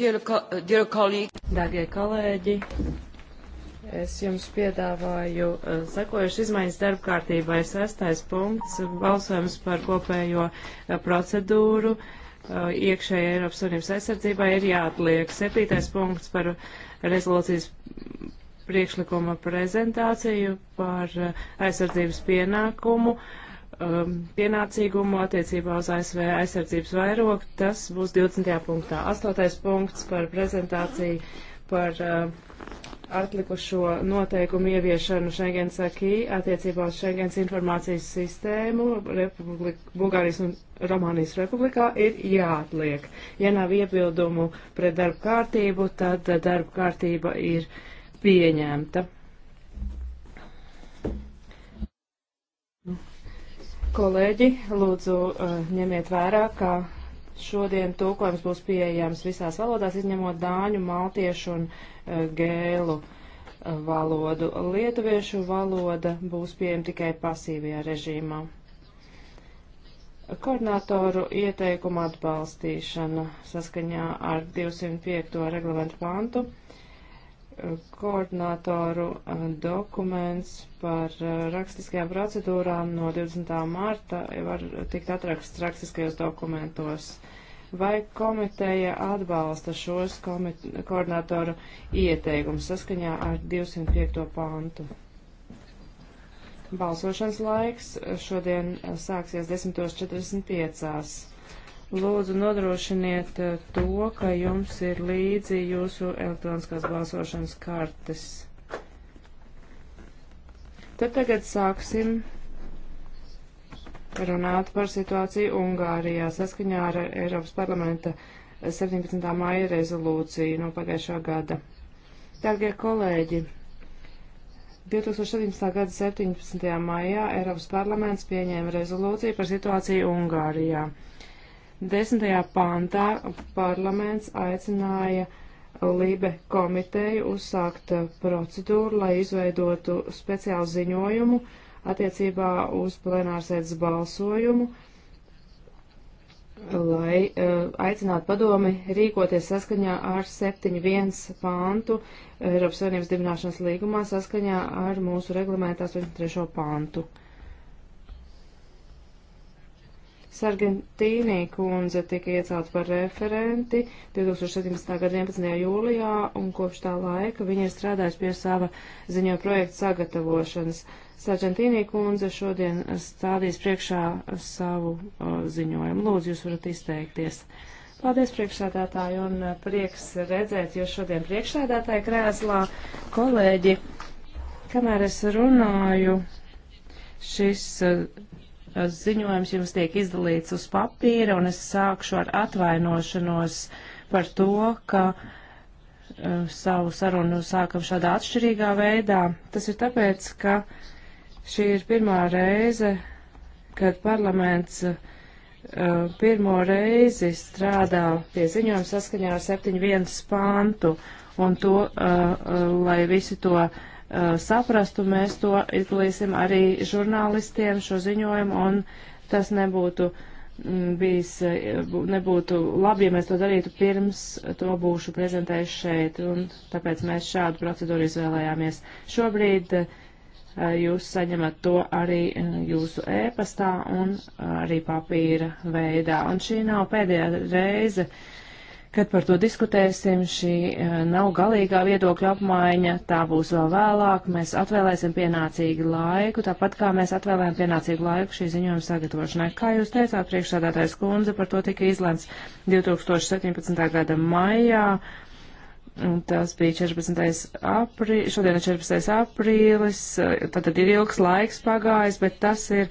Dārgie kolēģi, es jums piedāvāju eh, sekojuši izmaiņas darba kārtībai sestais punkts - balsojums par kopējo eh, procedūru eh, iekšējai Eiropas Savienības aizsardzībai ir jāatliek. Septītais punkts par rezolūcijas priekšlikuma prezentāciju par aizsardzības pienākumu. Uh, um, pienācīgumu attiecībā uz ASV aizsardzības vairogu. Tas būs 20. punktā. 8. punkts par prezentāciju par uh, atlikušo noteikumu ieviešanu Schengens akī attiecībā uz Schengens informācijas sistēmu Republik Bulgārijas un Romānijas republikā ir jāatliek. Ja nav iebildumu pret darba kārtību, tad darba kārtība ir pieņemta. Kolēģi, lūdzu eh, ņemiet vērā, ka šodien tulkojums būs pieejams visās valodās, izņemot dāņu, maltiešu un eh, gēlu eh, valodu. Lietuviešu valoda būs pieejama tikai pasīvajā režīmā. Koordinātoru ieteikumu atbalstīšana saskaņā ar 205. reglamentu pantu koordinātoru eh, dokuments par eh, rakstiskajām procedūrām no 20. marta var tikt atraksts rakstiskajos dokumentos. Vai komiteja atbalsta šos komit koordinātoru ieteikumus saskaņā ar 205. pantu? Balsošanas laiks šodien eh, sāksies 10.45. Lūdzu nodrošiniet eh, to, ka jums ir līdzi jūsu elektroniskās balsošanas kartes. Tad tagad sāksim runāt par situāciju Ungārijā saskaņā ar Eiropas parlamenta 17. māja rezolūciju no pagājušā gada. Dargie kolēģi, 2017. gada 17. maijā Eiropas parlaments pieņēma rezolūciju par situāciju Ungārijā. Desmitajā pantā parlaments aicināja Libe komiteju uzsākt procedūru, lai izveidotu speciālu ziņojumu attiecībā uz plenārsēdes balsojumu, lai uh, aicinātu padomi rīkoties saskaņā ar 7.1 pāntu Eiropas Savienības dibināšanas līgumā saskaņā ar mūsu reglamentu 83. pāntu. Uh, Sargentīnī kundze tika iecelt par referenti 2017. gada 11. jūlijā, un kopš tā laika viņa ir strādājusi pie sava ziņo projekta sagatavošanas. Sargentīnī kundze šodien stādīs priekšā savu uh, ziņojumu. Lūdzu, jūs varat izteikties. Paldies priekšsēdētāji un e, prieks redzēt jūs šodien priekšsēdētāji krēslā. Kolēģi, kamēr es runāju, šis uh, Eh, ziņojums jums tiek izdalīts uz papīra, un es sākšu ar atvainošanos par to, ka eh, savu sarunu sākam šādā atšķirīgā veidā. Tas ir tāpēc, ka šī ir pirmā reize, kad parlaments uh, pirmo reizi strādā pie ziņojuma saskaņā ar 7.1 pantu, un to, uh, lai visi to uh, Eh, saprastu, mēs to izdalīsim arī žurnālistiem šo ziņojumu, un tas nebūtu mm, bijis, eh, nebūtu labi, ja mēs to darītu pirms to būšu prezentējis šeit, un tāpēc mēs šādu procedūru izvēlējāmies. Šobrīd eh, jūs saņemat to arī jūsu ēpastā un arī papīra veidā, un šī nav pēdējā reize, Kad par to diskutēsim, šī e, nav galīgā viedokļa apmaiņa, tā būs vēl vēlāk. Mēs atvēlēsim pienācīgu laiku, tāpat kā mēs atvēlējam pienācīgu laiku šī ziņojuma sagatavošanai. Kā jūs teicāt, priekšsādātais kundze par to tika izlēmts 2017. gada maijā. Un tas bija 14. aprīlis, šodien ir 14. aprīlis, tātad e, ir ilgs laiks pagājis, bet tas ir e,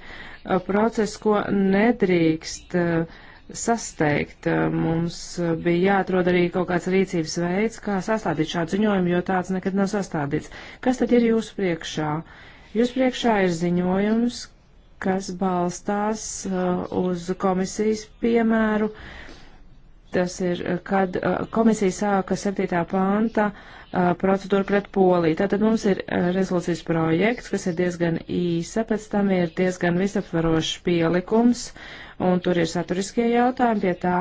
process, ko nedrīkst uh, sasteigt. Eh, mums bija jāatrod arī kaut kāds rīcības veids, kā sastādīt šādu ziņojumu, jo tāds nekad nav sastādīts. Kas tad ir jūsu priekšā? Jūs priekšā ir ziņojums, kas balstās eh, uz komisijas piemēru. Uh, Tas ir, eh, kad eh, komisija sāka 7. pānta eh, procedūru pret Poliju. Tātad mums ir rezolūcijas projekts, kas ir diezgan īsa, pēc tam ir diezgan visaptvarošs pielikums, un tur ir saturiskie jautājumi, pie tā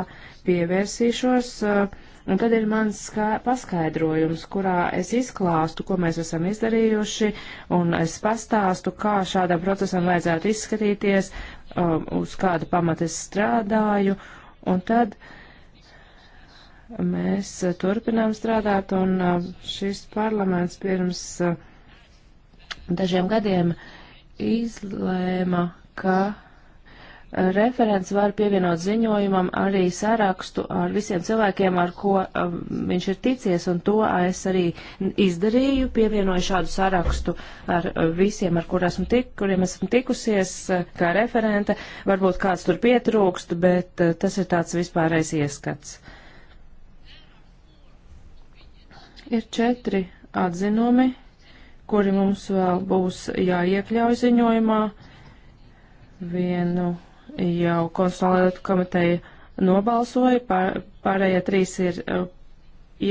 pievērsīšos. Un tad ir mans paskaidrojums, kurā es izklāstu, ko mēs esam izdarījuši, un es pastāstu, kā šādam procesam vajadzētu izskatīties, uz kādu pamatu es strādāju, un tad uh, Mēs eh, turpinām strādāt, un eh, šis parlaments pirms eh, dažiem gadiem izlēma, ka referents var pievienot ziņojumam arī sarakstu ar visiem cilvēkiem, ar ko viņš ir ticies, un to es arī izdarīju, pievienoju šādu sarakstu ar visiem, ar kur esmu tik, kuriem esmu tikusies kā referente. Varbūt kāds tur pietrūkst, bet tas ir tāds vispārējais ieskats. Ir četri atzinumi, kuri mums vēl būs jāiekļauj ziņojumā. Vienu jau konsultētu komiteja nobalsoja, pār, pārējie trīs ir uh,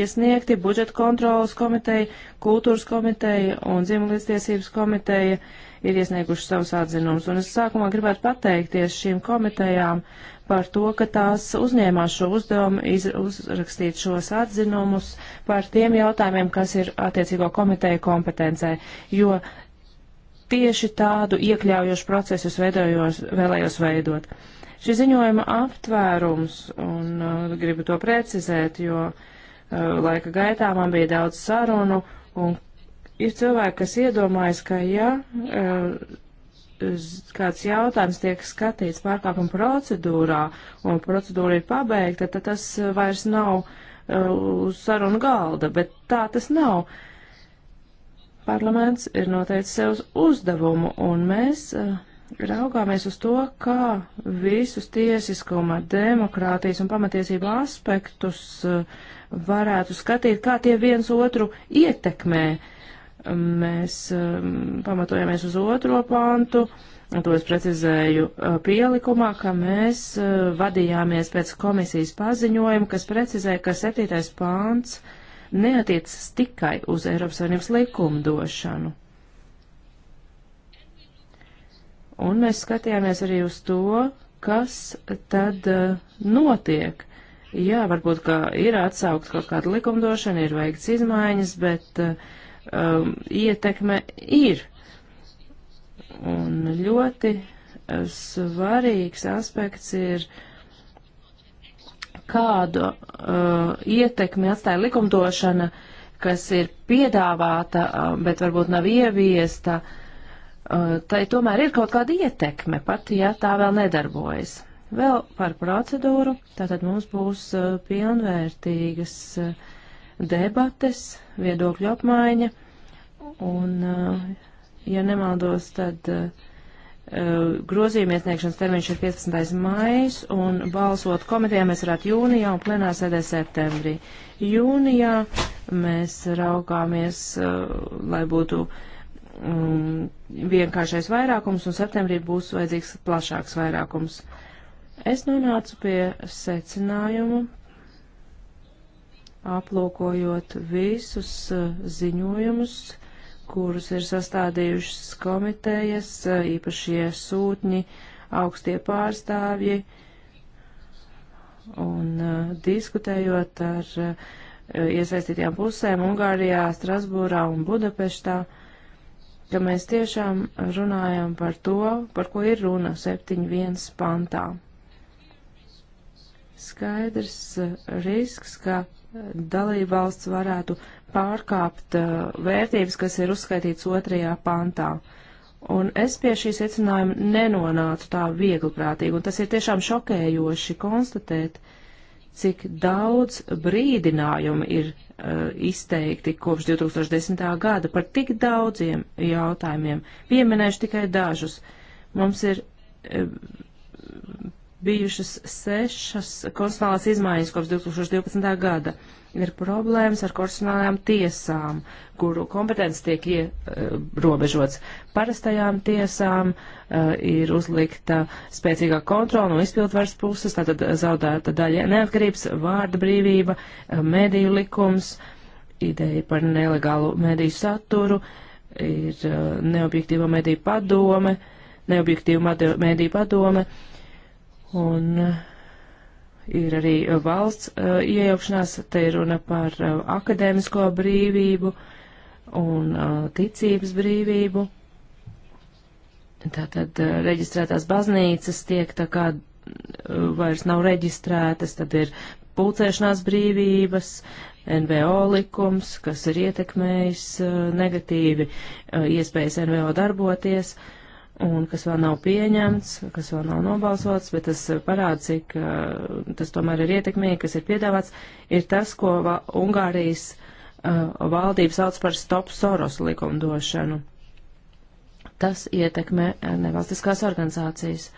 iesniegti budžeta kontrolas komiteja, kultūras komiteja un dzimumlīdztiesības komiteja. Uh, ir iesnieguši savus atzinumus. Un es sākumā gribētu pateikties šīm komitejām par to, ka tās uzņēmās šo uzdevumu iz, uzrakstīt šos atzinumus par tiem jautājumiem, kas ir attiecīgo komiteju kompetencē, jo tieši tādu iekļaujošu procesu es veidojos, vēlējos veidot. Šī ziņojuma aptvērums, un uh, gribu to precizēt, jo uh, laika gaitā man bija daudz sarunu, un ir cilvēki, kas iedomājas, ka ja eh, kāds jautājums tiek skatīts pārkāpuma procedūrā un procedūra ir pabeigta, tad tas vairs nav eh, uz sarunu galda, bet tā tas nav. Parlaments ir noteicis sev uzdevumu, un mēs eh, raugāmies uz to, kā visus tiesiskuma, demokrātijas un pamatiesību aspektus varētu skatīt, kā tie viens otru ietekmē. Uh, mēs um, pamatojamies uz otro pantu, to es precizēju uh, pielikumā, ka mēs uh, vadījāmies pēc komisijas paziņojuma, kas precizē, ka septītais pants neatiecas tikai uz Eiropas Savienības likumdošanu. Un mēs skatījāmies arī uz to, kas tad uh, notiek. Jā, varbūt, ka ir atsaukt kaut kāda likumdošana, ir veikts izmaiņas, bet uh, um, ietekme ir. Un ļoti uh, svarīgs aspekts ir, kādu uh, ietekmi atstāja likumdošana, kas ir piedāvāta, uh, bet varbūt nav ieviesta. Uh, tai tomēr ir kaut kāda ietekme, pat ja tā vēl nedarbojas. Vēl par procedūru, tātad mums būs uh, pilnvērtīgas. Uh, debates, viedokļu apmaiņa, un, eh, ja nemaldos, tad eh, grozījuma iesniegšanas termiņš ir 15. maijs, un balsot komitejā mēs varētu jūnijā un plenā sēdē septembrī. Jūnijā mēs raugāmies, eh, lai būtu um, vienkāršais vairākums, un septembrī būs vajadzīgs plašāks vairākums. Es nonācu pie secinājumu aplūkojot visus uh, ziņojumus, kurus ir sastādījušas komitejas, uh, īpašie sūtņi, augstie pārstāvji, un uh, diskutējot ar iesaistītajām pusēm Ungārijā, Strasbūrā un Budapeštā, ka mēs tiešām runājam par to, par ko ir runa 7.1 pantā. Skaidrs risks, ka dalība valsts varētu pārkāpt uh, vērtības, kas ir uzskaitīts otrajā pantā. Un es pie šī secinājuma nenonācu tā viegliprātīgi, un tas ir tiešām šokējoši konstatēt, cik daudz brīdinājumu ir uh, izteikti kopš 2010. gada par tik daudziem jautājumiem. Pieminēšu tikai dažus. Mums ir uh, bijušas sešas konstitucionālās izmaiņas kopš 2012. gada. Ir problēmas ar konstitucionālajām tiesām, kuru kompetences tiek ierobežots. Parastajām tiesām uh, ir uzlikta spēcīgā kontrola no izpildvaras puses, tātad zaudēta daļa neatkarības, vārda brīvība, eh, mediju likums, ideja par nelegālu mediju saturu, ir uh, eh, neobjektīva mediju padome, neobjektīva mediju padome. Uh, Un eh, ir arī eh, valsts uh, iejaukšanās, te ir runa par uh, akadēmisko brīvību un uh, ticības brīvību. Tātad reģistrētās baznīcas tiek tā kā vairs nav reģistrētas, tad ir pulcēšanās brīvības, NVO likums, kas ir ietekmējis negatīvi iespējas NVO darboties. Uh, un kas vēl nav pieņemts, kas vēl nav nobalsots, bet tas parāda, cik uh, tas tomēr ir ietekmīgi, kas ir piedāvāts, ir tas, ko va Ungārijas uh, valdība sauc par stop Soros likumdošanu. Tas ietekmē uh, nevalstiskās organizācijas.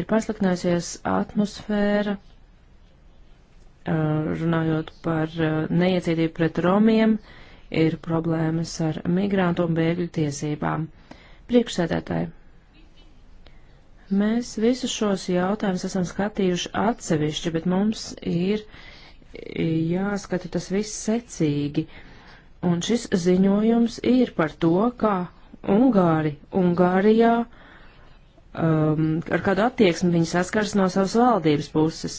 Ir pasliknējusies atmosfēra, uh, runājot par uh, neiecietību pret romiem, ir problēmas ar migrantu un bēgļu tiesībām Priekšsēdētāji, mēs visus šos jautājumus esam skatījuši atsevišķi, bet mums ir jāskata tas viss secīgi. Un šis ziņojums ir par to, kā Ungāri Ungārijā, um, ar kādu attieksmi viņi saskars no savas valdības puses,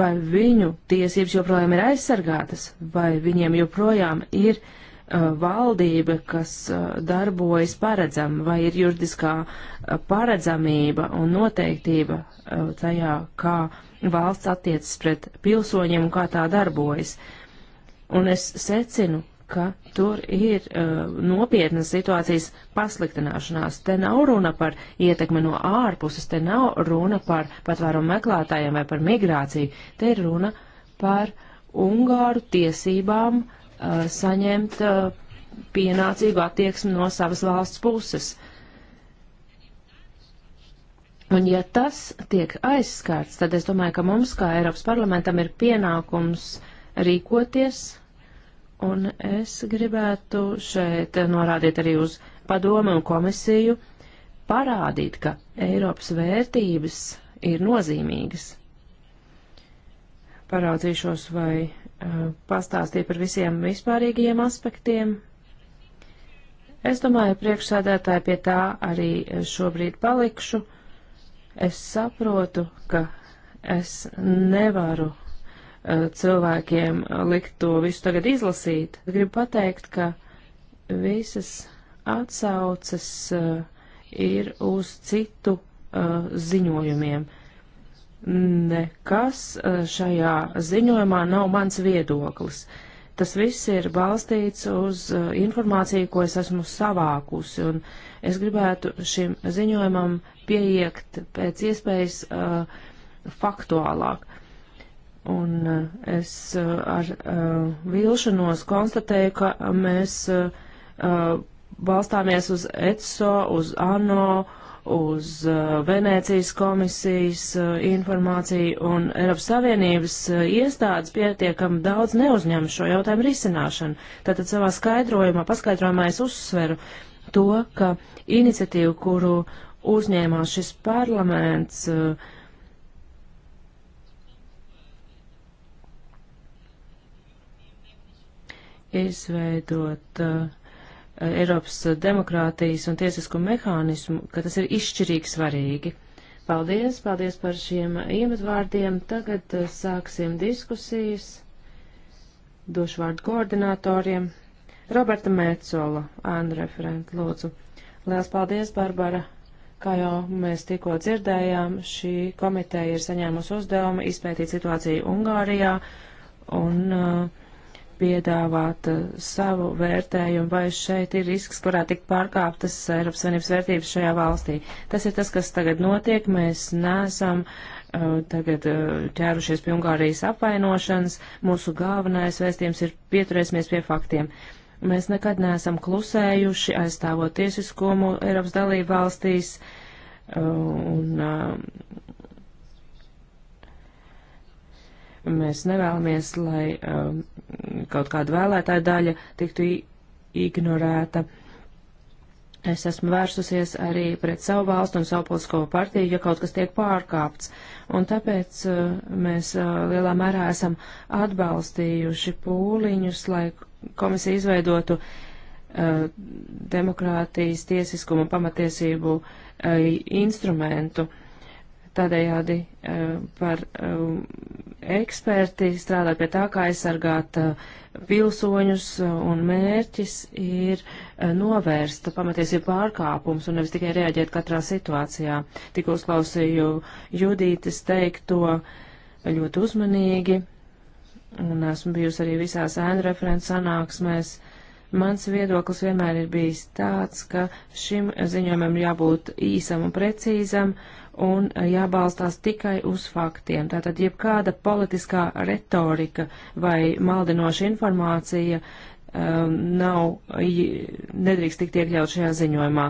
vai viņu tiesības joprojām ir aizsargātas, vai viņiem joprojām ir uh, Uh, valdība, kas uh, darbojas paredzama, vai ir juridiskā uh, paredzamība un noteiktība tajā, kā valsts attiecas pret pilsoņiem un kā tā darbojas. Un es secinu, ka tur ir uh, nopietnas situācijas pasliktināšanās. Te nav runa par ietekmi no ārpuses, te nav runa par patvērumu meklētājiem vai par migrāciju. Te ir runa par Ungāru tiesībām uh, Uh, saņemt uh, pienācīgu attieksmi no savas valsts puses. Un ja tas tiek aizskārts, tad es domāju, ka mums kā Eiropas parlamentam ir pienākums rīkoties, un es gribētu šeit norādīt arī uz padomu un komisiju, parādīt, ka Eiropas vērtības ir nozīmīgas. Paraudzīšos, vai Eh, pastāstīja par visiem vispārīgajiem aspektiem. Es domāju, priekšsēdētāji pie tā arī eh, šobrīd palikšu. Es saprotu, ka es nevaru eh, cilvēkiem likt to visu tagad izlasīt. Gribu pateikt, ka visas atsauces ir uz citu ziņojumiem. Uh, Nekas eh, šajā ziņojumā nav mans viedoklis. Tas viss ir balstīts uz eh, informāciju, ko es esmu savākusi, un es gribētu šim ziņojumam pieiekt pēc iespējas uh, faktuālāk. Un uh, es uh, ar uh, vilšanos konstatēju, ka mēs uh, balstāmies uz ECO, uz ANO, uh, uz uh, Venēcijas komisijas uh, informāciju un Eiropas Savienības uh, iestādes pietiekami daudz neuzņem šo jautājumu risināšanu. Tātad savā skaidrojumā, paskaidrojumā es uzsveru to, ka iniciatīvu, kuru uzņēmās šis parlaments, uh, izveidot uh, Eiropas demokrātijas un tiesisku mehānismu, ka tas ir izšķirīgi svarīgi. Paldies, paldies par šiem ievadvārdiem. Tagad eh, sāksim diskusijas. Došu vārdu koordinatoriem. Roberta Mēcola, Anna referenta, lūdzu. Liels paldies, Barbara. Kā jau mēs tikko dzirdējām, šī komiteja ir saņēmusi uzdevumu izpētīt situāciju Ungārijā un uh, piedāvāt eh, savu vērtējumu, vai šeit ir risks, kurā tikt pārkāptas Eiropas Savienības vērtības šajā valstī. Tas ir tas, kas tagad notiek. Mēs neesam uh, tagad uh, ķērušies pie Ungārijas apvainošanas. Mūsu galvenais vēstījums ir pieturēsimies pie faktiem. Mēs nekad neesam klusējuši, aizstāvot tiesiskumu Eiropas dalību valstīs. Uh, un, mēs nevēlamies, lai um, kaut kāda vēlētāja daļa tiktu ignorēta. Es esmu vērsusies arī pret savu valstu un savu politisko partiju, ja kaut kas tiek pārkāpts. Un tāpēc uh, mēs uh, lielā mērā esam atbalstījuši pūliņus, lai komisija izveidotu uh, demokrātijas, tiesiskumu, pamatiesību uh, instrumentu. Tādējādi eh, par eh, eksperti strādā pie tā, kā aizsargāt eh, pilsoņus, un mērķis ir novērst pamatiesību pārkāpums un nevis tikai reaģēt katrā situācijā. Tikko uzklausīju Judītes teikto ļoti uzmanīgi, un esmu bijusi arī visās ēnu referents sanāksmēs. Uh, Mans viedoklis vienmēr ir bijis tāds, ka šim ziņojumam jābūt īsam un precīzam un jābalstās tikai uz faktiem. Tātad jebkāda politiskā retorika vai maldinoša informācija um, nav, nedrīkst tikt iekļaut šajā ziņojumā.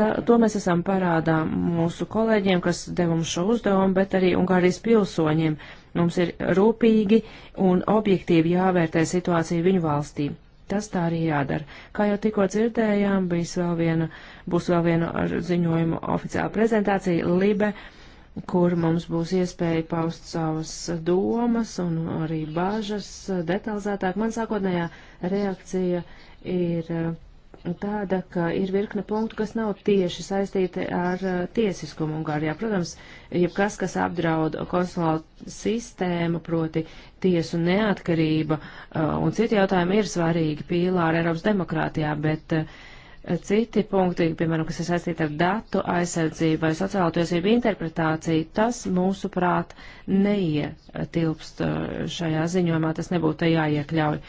Ta, to mēs esam parādā mūsu kolēģiem, kas deva mums šo uzdevumu, bet arī Ungārijas pilsoņiem. Mums ir rūpīgi un objektīvi jāvērtē situācija viņu valstīm. Tas tā arī jādara. Kā jau tikko dzirdējām, bijis vēl viena, būs vēl viena ziņojuma oficiāla prezentācija Libe, kur mums būs iespēja paust savas domas un arī bāžas detalizētāk. Man sākotnējā reakcija ir. Uh, tāda, ka ir virkne punktu, kas nav tieši saistīti ar uh, tiesiskumu Ungārijā. Protams, jebkas, kas apdraud konsulāru sistēmu, proti tiesu neatkarība uh, un citi jautājumi ir svarīgi pīlāri Eiropas demokrātijā, bet uh, citi punkti, piemēram, kas ir saistīti ar datu aizsardzību vai sociālo tiesību interpretāciju, tas, mūsuprāt, neietilpst uh, šajā ziņojumā, tas nebūtu jāiekļauj.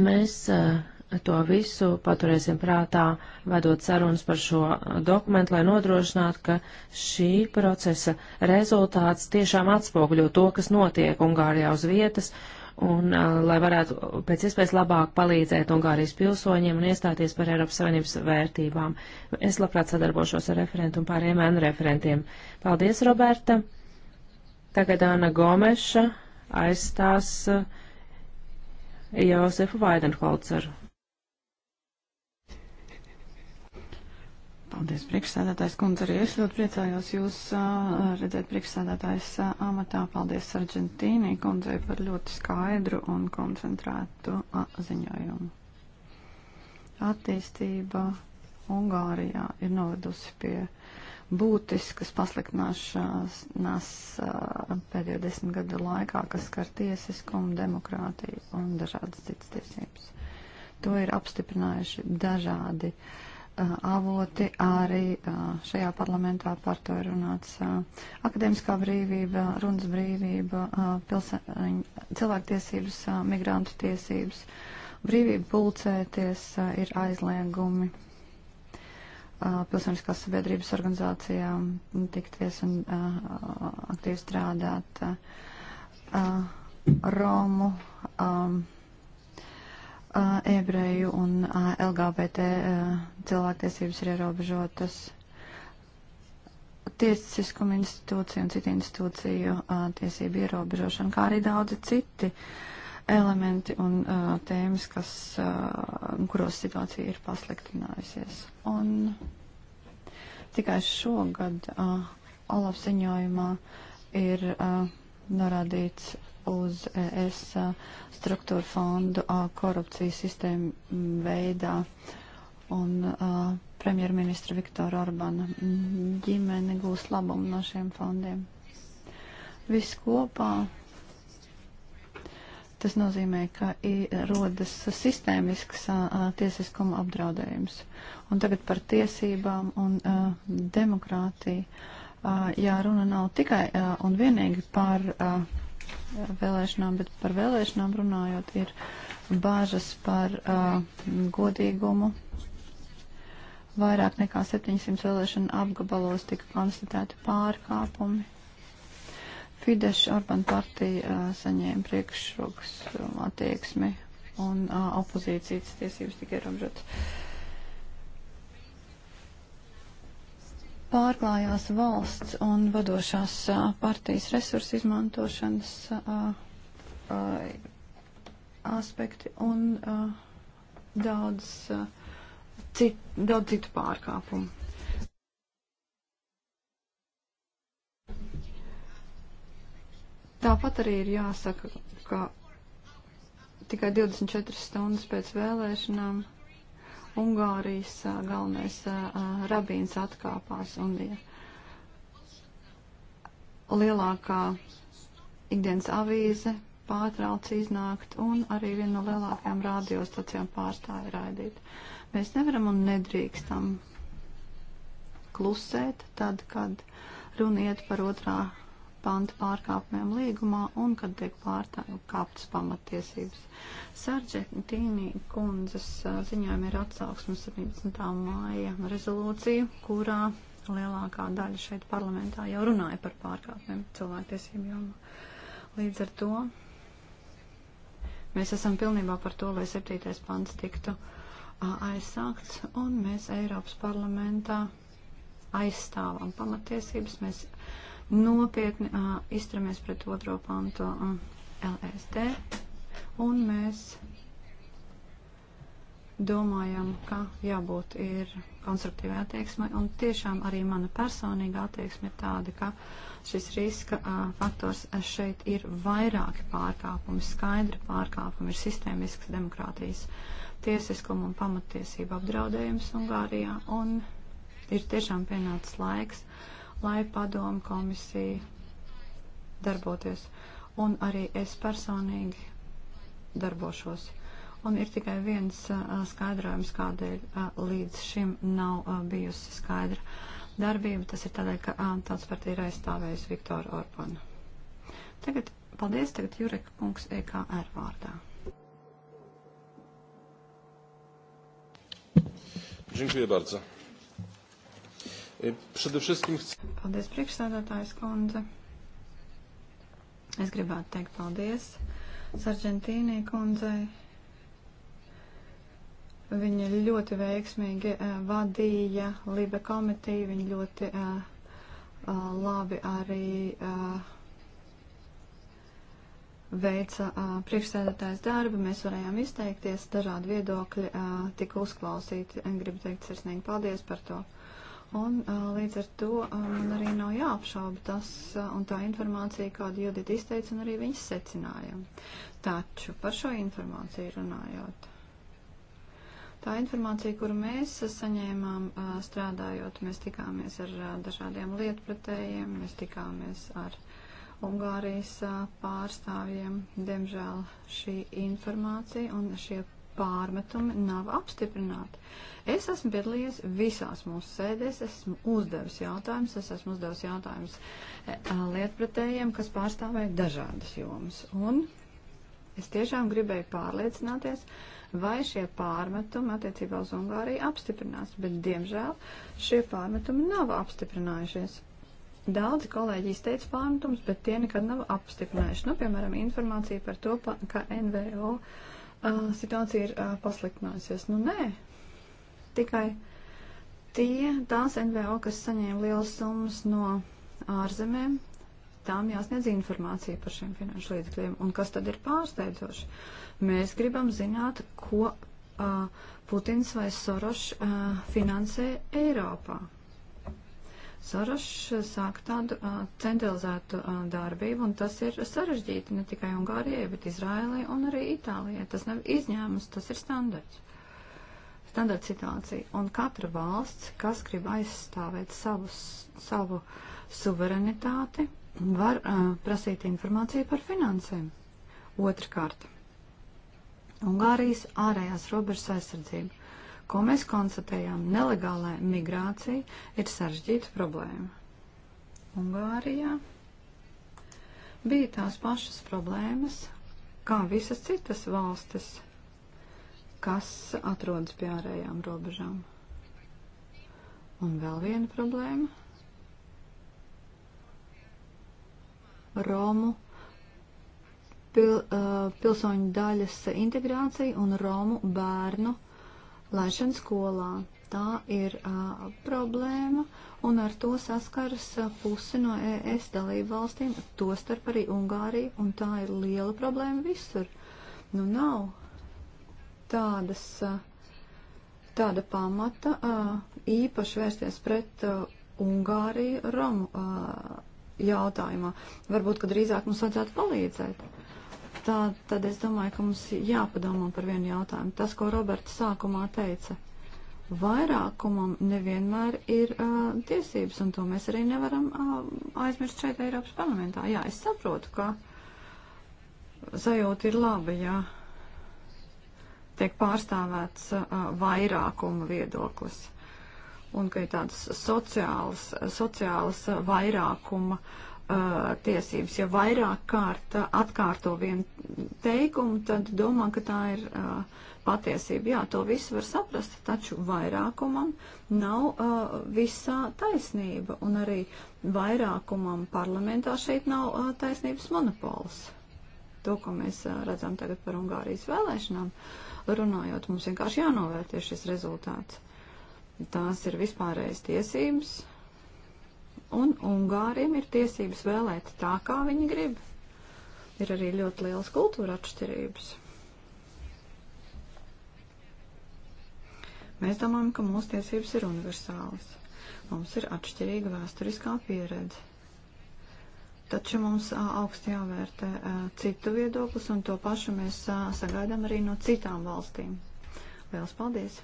Mēs uh, to visu paturēsim prātā, vedot sarunas par šo dokumentu, lai nodrošinātu, ka šī procesa rezultāts tiešām atspoguļo to, kas notiek Ungārijā uz vietas, un uh, lai varētu pēc iespējas labāk palīdzēt Ungārijas pilsoņiem un iestāties par Eiropas Savienības vērtībām. Es labprāt sadarbošos ar referentu un pāriem N referentiem. Paldies, Roberta! Tagad Ana Gomeša aizstās uh, Josefu Vaidenholceru. Paldies, priekšsēdētājs kundze. Arī es ļoti priecājos jūs uh, redzēt priekšsēdētājs uh, amatā. Paldies Argentīnī kundzei par ļoti skaidru un koncentrētu uh, ziņojumu. Attīstība Ungārijā ir novedusi pie būtiskas pasliktināšanās pēdējo desmit gadu laikā, kas skar tiesiskumu, demokrātiju un dažādas citas tiesības. To ir apstiprinājuši dažādi uh, Eh, avoti arī eh, šajā parlamentā par to ir runāts. Eh, Akademiskā brīvība, runas brīvība, cilvēktiesības, migrantu tiesības, brīvība pulcēties ir aizliegumi pilsoniskās sabiedrības organizācijām tikties un aktīvi strādāt. Romu. Um, ebreju un LGBT e, cilvēktiesības ir ierobežotas. Tiesiskuma institūcija un citu institūciju tiesību ierobežošana, kā arī daudzi citi elementi un tēmas, kas, kuros situācija ir pasliktinājusies. Un tikai šogad Olaf ziņojumā ir norādīts uz ES struktūra fondu korupcijas sistēmu veidā un premjerministra Viktora Orbana ģimene gūs labumu no šiem fondiem. Viss kopā tas nozīmē, ka rodas sistēmisks tiesiskuma apdraudējums. Un tagad par tiesībām un a, demokrātiju. A, jā, runa nav tikai a, un vienīgi par vēlēšanām, bet par vēlēšanām runājot, ir bāžas par uh, godīgumu. Vairāk nekā 700 vēlēšana apgabalos tika konstatēti pārkāpumi. Fidesz Orbán partija uh, saņēma priekšroks attieksmi un uh, opozīcijas tiesības tika ierobežotas. pārklājās valsts un vadošās partijas resursu izmantošanas aspekti un daudz, cit, daudz citu pārkāpumu. Tāpat arī ir jāsaka, ka tikai 24 stundas pēc vēlēšanām Ungārijas galvenais rabīns atkāpās un bija lielākā ikdienas avīze pārtrauc iznākt un arī viena no lielākajām radiostacijām pārstāja raidīt. Mēs nevaram un nedrīkstam klusēt tad, kad runiet par otrā pantu pārkāpumiem līgumā un kad tiek pārkāptas pamatiesības. Sarģetīnī kundzes ziņojumi ir atsauksmes 17. māja rezolūcija, kurā lielākā daļa šeit parlamentā jau runāja par pārkāpumiem cilvēktiesību jomā. Līdz ar to mēs esam pilnībā par to, lai septītais pants tiktu aizsākts, un mēs Eiropas parlamentā aizstāvam pamatiesības. Mēs nopietni uh, izturamies pret otro pantu uh, LSD, un mēs domājam, ka jābūt ir konstruktīvai attieksmai, un tiešām arī mana personīga attieksme ir tāda, ka šis riska uh, faktors šeit ir vairāki pārkāpumi, skaidri pārkāpumi, ir sistēmisks demokrātijas tiesiskuma un pamatiesība apdraudējums Ungārijā, un ir tiešām pienācis laiks uh, lai padomu komisija darboties. Un arī es personīgi darbošos. Un ir tikai viens uh, skaidrojums, kādēļ uh, līdz šim nav uh, bijusi skaidra darbība. Tas ir tādēļ, ka uh, tāds partija ir aizstāvējis Viktoru Orbanu. Tagad paldies, tagad Jureka kungs EKR vārdā. Dziękuję bardzo. Przede wszystkim chcę. Paldies, priekšsēdētājs kundze. Es gribētu teikt paldies Sargentīnī kundzei. Viņa ļoti veiksmīgi uh, vadīja Libe komitiju, viņa ļoti uh, uh, labi arī uh, veica uh, priekšsēdētājs darbu, mēs varējām izteikties, dažādi viedokļi uh, tika uzklausīti. Gribu teikt sirsnīgi paldies par to. Uh, Un līdz ar to man arī nav jāapšauba tas un tā informācija, kādu Judita izteica un arī viņas secinājumi. Taču par šo informāciju runājot. Tā informācija, kuru mēs saņēmām strādājot, mēs tikāmies ar dažādiem lietpratējiem, mēs tikāmies ar Ungārijas pārstāvjiem. Diemžēl šī informācija un šie pārmetumi nav apstiprināti. Es esmu piedalījies visās mūsu sēdēs, esmu uzdevis jautājumus, es esmu uzdevis jautājumus eh, eh, lietpratējiem, kas pārstāvēja dažādas jomas. Un es tiešām gribēju pārliecināties, vai šie pārmetumi attiecībā uz Ungāriju apstiprinās, bet diemžēl šie pārmetumi nav apstiprinājušies. Daudzi kolēģi izteica pārmetumus, bet tie nekad nav apstiprinājuši. Nu, piemēram, informācija par to, ka NVO uh, situācija ir pasliktinājusies. Nu nē, tikai tie, tās NVO, kas saņēma lielas summas no ārzemēm, tām jāsniedz informācija par šiem finanšu līdzekļiem. Un kas tad ir pārsteidzoši? Mēs gribam zināt, ko uh, Putins vai Sorošs uh, finansē Eiropā. Sorošs sāk tādu uh, centralizētu uh, darbību, un tas ir sarežģīti ne tikai Ungārijai, bet Izrēlai un arī Itālijai. Tas nav izņēmums, tas ir standarts. Standarta situācija. Un katra valsts, kas grib aizstāvēt savus, savu suverenitāti, var uh, prasīt informāciju par finansēm. Otrakārt. Ungārijas ārējās robežas aizsardzība ko mēs konstatējām, nelegālā migrācija ir sarežģīta problēma. Ungārijā bija tās pašas problēmas, kā visas citas valstis, kas atrodas pie ārējām robežām. Un vēl viena problēma - Romu pil, uh, pilsoņu daļas integrācija un Romu bērnu integrācija lēšana skolā. Tā ir uh, problēma, un ar to saskaras uh, pusi no ES dalību valstīm, tostarp arī Ungārija, un tā ir liela problēma visur. Nu, nav tādas, uh, tāda pamata uh, īpaši vērsties pret uh, Ungāriju Romu uh, jautājumā. Varbūt, ka drīzāk mums vajadzētu palīdzēt. Uh, Tā tad es domāju, ka mums jāpadomā par vienu jautājumu. Tas, ko Roberts sākumā teica, vairākumam nevienmēr ir uh, tiesības, un to mēs arī nevaram uh, aizmirst šeit Eiropas parlamentā. Jā, es saprotu, ka sajūta ir laba, jā, tiek pārstāvēts uh, vairākuma viedoklis, un ka ir tādas sociālas, sociālas vairākuma. Uh, uh, tiesības. Ja vairāk kārt uh, atkārto vienu teikumu, tad domā, ka tā ir uh, patiesība. Jā, to visu var saprast, taču vairākumam nav uh, visā taisnība, un arī vairākumam parlamentā šeit nav uh, taisnības monopols. To, ko mēs uh, redzam tagad par Ungārijas vēlēšanām, runājot, mums vienkārši jānovērtē šis rezultāts. Tās ir vispārējais tiesības, un Ungāriem ir tiesības vēlēt tā, kā viņi grib. Ir arī ļoti lielas kultūra atšķirības. Mēs domājam, ka mūsu tiesības ir universālas. Mums ir atšķirīga vēsturiskā pieredze. Taču mums augsti jāvērtē citu viedoklis, un to pašu mēs sagaidām arī no citām valstīm. Lielas paldies!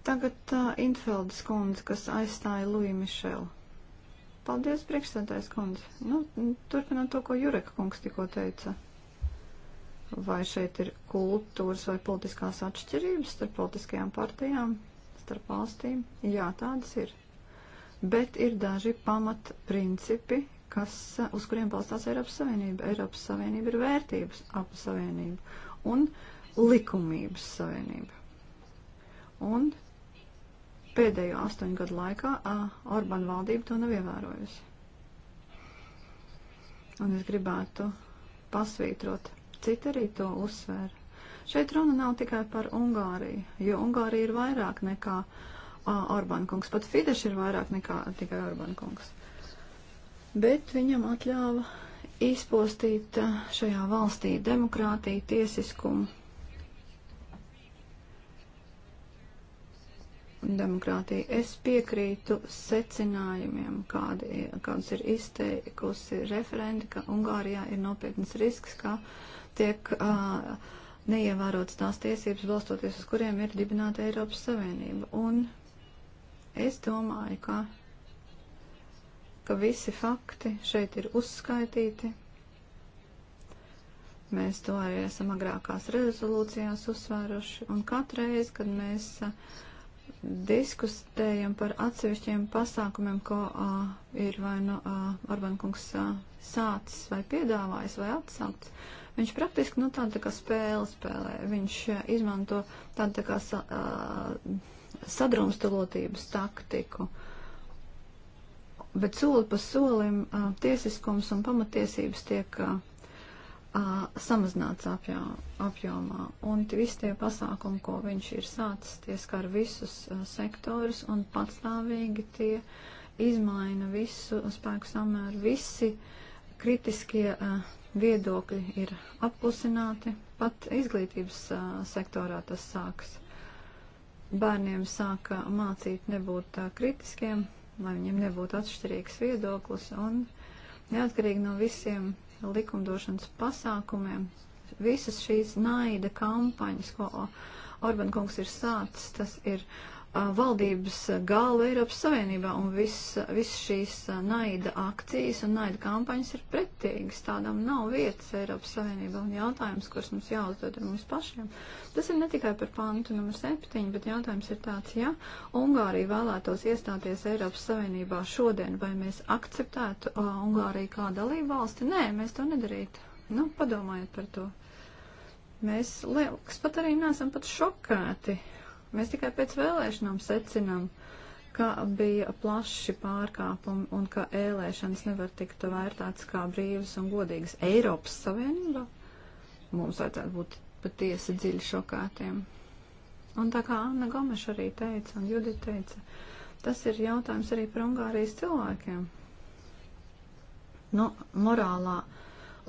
Tagad uh, Intfeldes kundze, kas aizstāja Lui Mišelu. Paldies, priekšsēdājs kundze. Nu, turpinot to, ko Jureka kungs tikko teica. Vai šeit ir kultūras vai politiskās atšķirības starp politiskajām partijām, starp valstīm? Jā, tādas ir. Bet ir daži pamatprincipi, kas, uh, uz kuriem balstās Eiropas Savienība. Eiropas Savienība ir vērtības apa savienība un likumības savienība. Un pēdējo astoņu gadu laikā Orbán valdība to nav ievērojusi. Un es gribētu pasvītrot. Citi arī to uzsver. Šeit runa nav tikai par Ungāriju, jo Ungārija ir vairāk nekā Orbán kungs. Pat Fidesz ir vairāk nekā tikai Orbán kungs. Bet viņam atļāva izpostīt šajā valstī demokrātiju, tiesiskumu, demokrātija. Es piekrītu secinājumiem, kādi, kādas ir izteikusi referenti, ka Ungārijā ir nopietnas risks, ka tiek uh, neievērotas tās tiesības, balstoties uz kuriem ir dibināta Eiropas Savienība. Un es domāju, ka, ka visi fakti šeit ir uzskaitīti. Mēs to arī esam agrākās rezolūcijās uzsvēruši, un katreiz, kad mēs uh, diskustējam par atsevišķiem pasākumiem, ko uh, ir vai nu uh, Orbán kungs uh, sācis vai piedāvājis vai atsākts, viņš praktiski nu, tādu tā kā spēli spēlē. Viņš uh, izmanto tādu tā kā sa, uh, sadrumstalotības taktiku. Bet soli pa solim uh, tiesiskums un pamatiesības tiek uh, uh, samazināts apjā, apjomā. Un visi tie pasākumi, ko viņš ir sācis, tie skar visus uh, sektorus un patstāvīgi tie izmaina visu spēku samēru. Visi kritiskie uh, viedokļi ir apklusināti, pat izglītības uh, sektorā tas sāks. Bērniem sāka mācīt nebūt uh, kritiskiem, lai viņiem nebūtu atšķirīgs viedoklis un neatkarīgi no visiem likumdošanas pasākumiem. Visas šīs naida kampaņas, ko Orbán kungs ir sācis, tas ir uh, valdības galva Eiropas Savienībā, un viss vis šīs naida akcijas un naida kampaņas ir pretīgas. Tādam nav vietas Eiropas Savienībā, un jautājums, kurus mums jāuzdod ir mums pašiem. Tas ir ne tikai par pantu numur 7, bet jautājums ir tāds, ja Ungārija vēlētos iestāties Eiropas Savienībā šodien, vai mēs akceptētu uh, Ungāriju kā dalību valsti? Nē, mēs to nedarītu. Nu, padomājiet par to. Mēs, liekas, pat arī neesam pat šokēti. Uh, Mēs tikai pēc vēlēšanām secinām, ka bija plaši pārkāpumi un ka ēlēšanas nevar tikt vērtāts kā brīvas un godīgas Eiropas Savienībā. Mums vajadzētu būt patiesi dziļi šokētiem. Un tā kā Anna Gomeša arī teica, un Judita teica, tas ir jautājums arī par Ungārijas cilvēkiem. Nu, morālā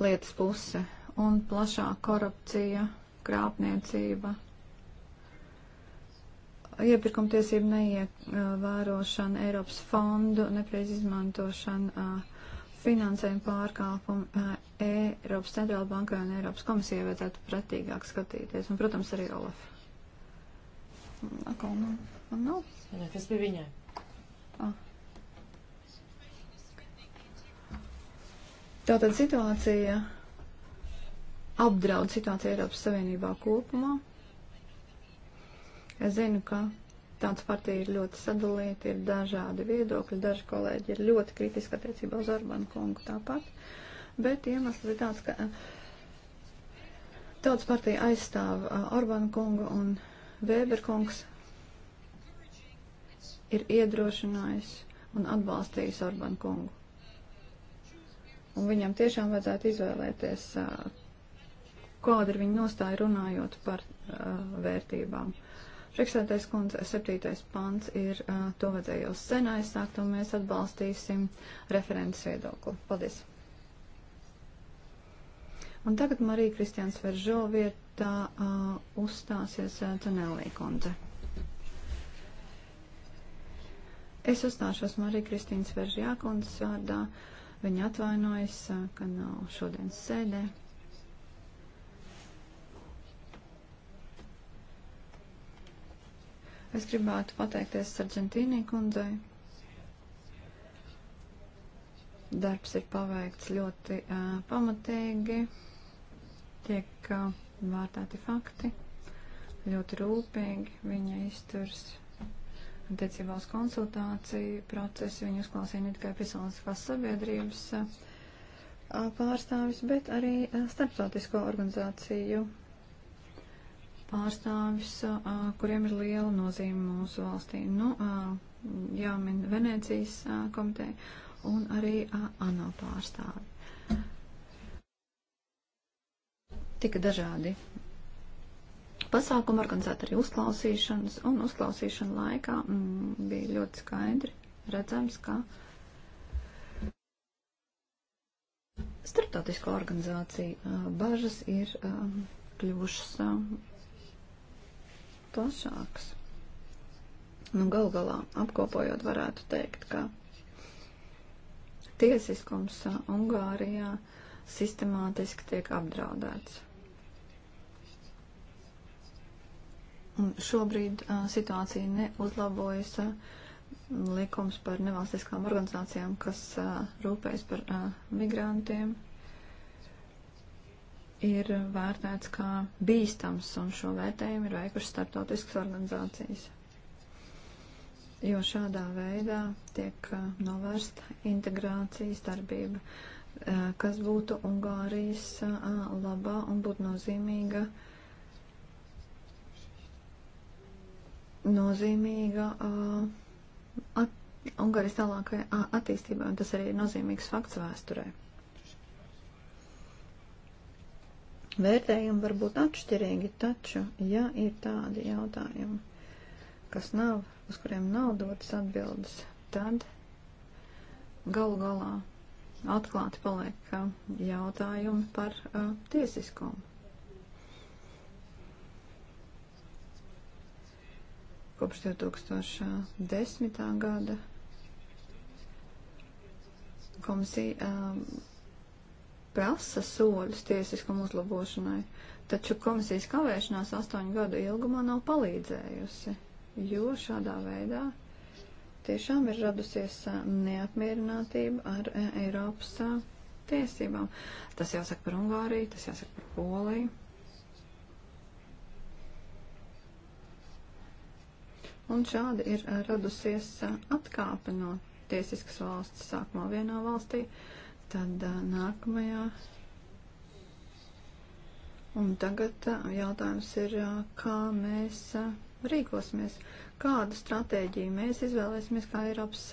lietas puse un plašā korupcija, krāpniecība, iepirkumtiesību neievērošana, Eiropas fondu nepreiz izmantošana, finansējuma pārkāpuma, eh, Eiropas centrāla bankai un Eiropas komisijai vajadzētu pretīgāk skatīties, un, protams, arī Olaf. Atkal nav. Nu, man nav. Jā, kas bija viņai? Ah. Tātad situācija apdraud situāciju Eiropas Savienībā kopumā. Es zinu, ka tāds partija ir ļoti sadalīta, ir dažādi viedokļi, daži kolēģi ir ļoti kritiski attiecībā uz Orbanu kungu tāpat, bet iemesls ir tāds, ka eh, tautas partija aizstāv eh, Orbanu kungu un Vēber kungs ir iedrošinājis un atbalstījis Orbanu kungu. Un viņam tiešām vajadzētu izvēlēties, eh, kāda ir viņa nostāja runājot par uh, vērtībām. Uh, Priekšsēdētais kundze, septītais pants ir, uh, to vajadzēja jau sen aizsākt, un mēs atbalstīsim referents viedokli. Paldies. Un tagad Marija Kristiāns Veržo vietā uh, uzstāsies uh, Tanelī kundze. Es uzstāšos Marija Kristīnas Veržjā kundzes vārdā. Viņa atvainojas, uh, ka nav šodien sēdē. Es gribētu pateikties Sargentīnī kundzei. Darbs ir paveikts ļoti uh, pamatīgi, tiek uh, vārtāti fakti, ļoti rūpīgi viņa izturs attiecībā uz konsultāciju procesu. Viņa uzklausīja ne tikai pilsoniskās sabiedrības. Uh, pārstāvis, bet arī starptautisko organizāciju pārstāvis, kuriem ir liela nozīme mūsu valstī. Nu, jāmin Venēcijas komiteja un arī ANO pārstāvi. Tika dažādi pasākumi organizēti arī uzklausīšanas, un uzklausīšana laikā m, mm, bija ļoti skaidri redzams, ka starptautisko organizāciju bažas ir kļuvušas plašāks. Nu, gal galā apkopojot varētu teikt, ka tiesiskums Ungārijā sistemātiski tiek apdraudēts. Un šobrīd a, situācija neuzlabojas. A, likums par nevalstiskām organizācijām, kas a, rūpējas par migrantiem, ir vērtēts kā bīstams, un šo vērtējumu ir veikuši startautiskas organizācijas. Jo šādā veidā tiek uh, novērsta integrācijas darbība, uh, kas būtu Ungārijas uh, labā un būtu nozīmīga, nozīmīga at, Ungārijas tālākai attīstībai, un tas arī ir nozīmīgs fakts vēsturē. Vērtējumi var būt atšķirīgi, taču, ja ir tādi jautājumi, kas nav, uz kuriem nav dotas atbildes, tad galu galā atklāti paliek jautājumi par uh, tiesiskumu. Kopš 2010. gada komisija. Uh, prasa soļus tiesiskam uzlabošanai, taču komisijas kavēšanās astoņu gadu ilgumā nav palīdzējusi, jo šādā veidā tiešām ir radusies neapmierinātība ar Eiropas tiesībām. Tas jāsaka par Ungāriju, tas jāsaka par Poliju. Un šādi ir radusies atkāpe no tiesiskas valsts sākumā vienā valstī, uh, Tad nākamajā. Un tagad jautājums ir, kā mēs rīkosimies, kādu stratēģiju mēs izvēlēsimies kā Eiropas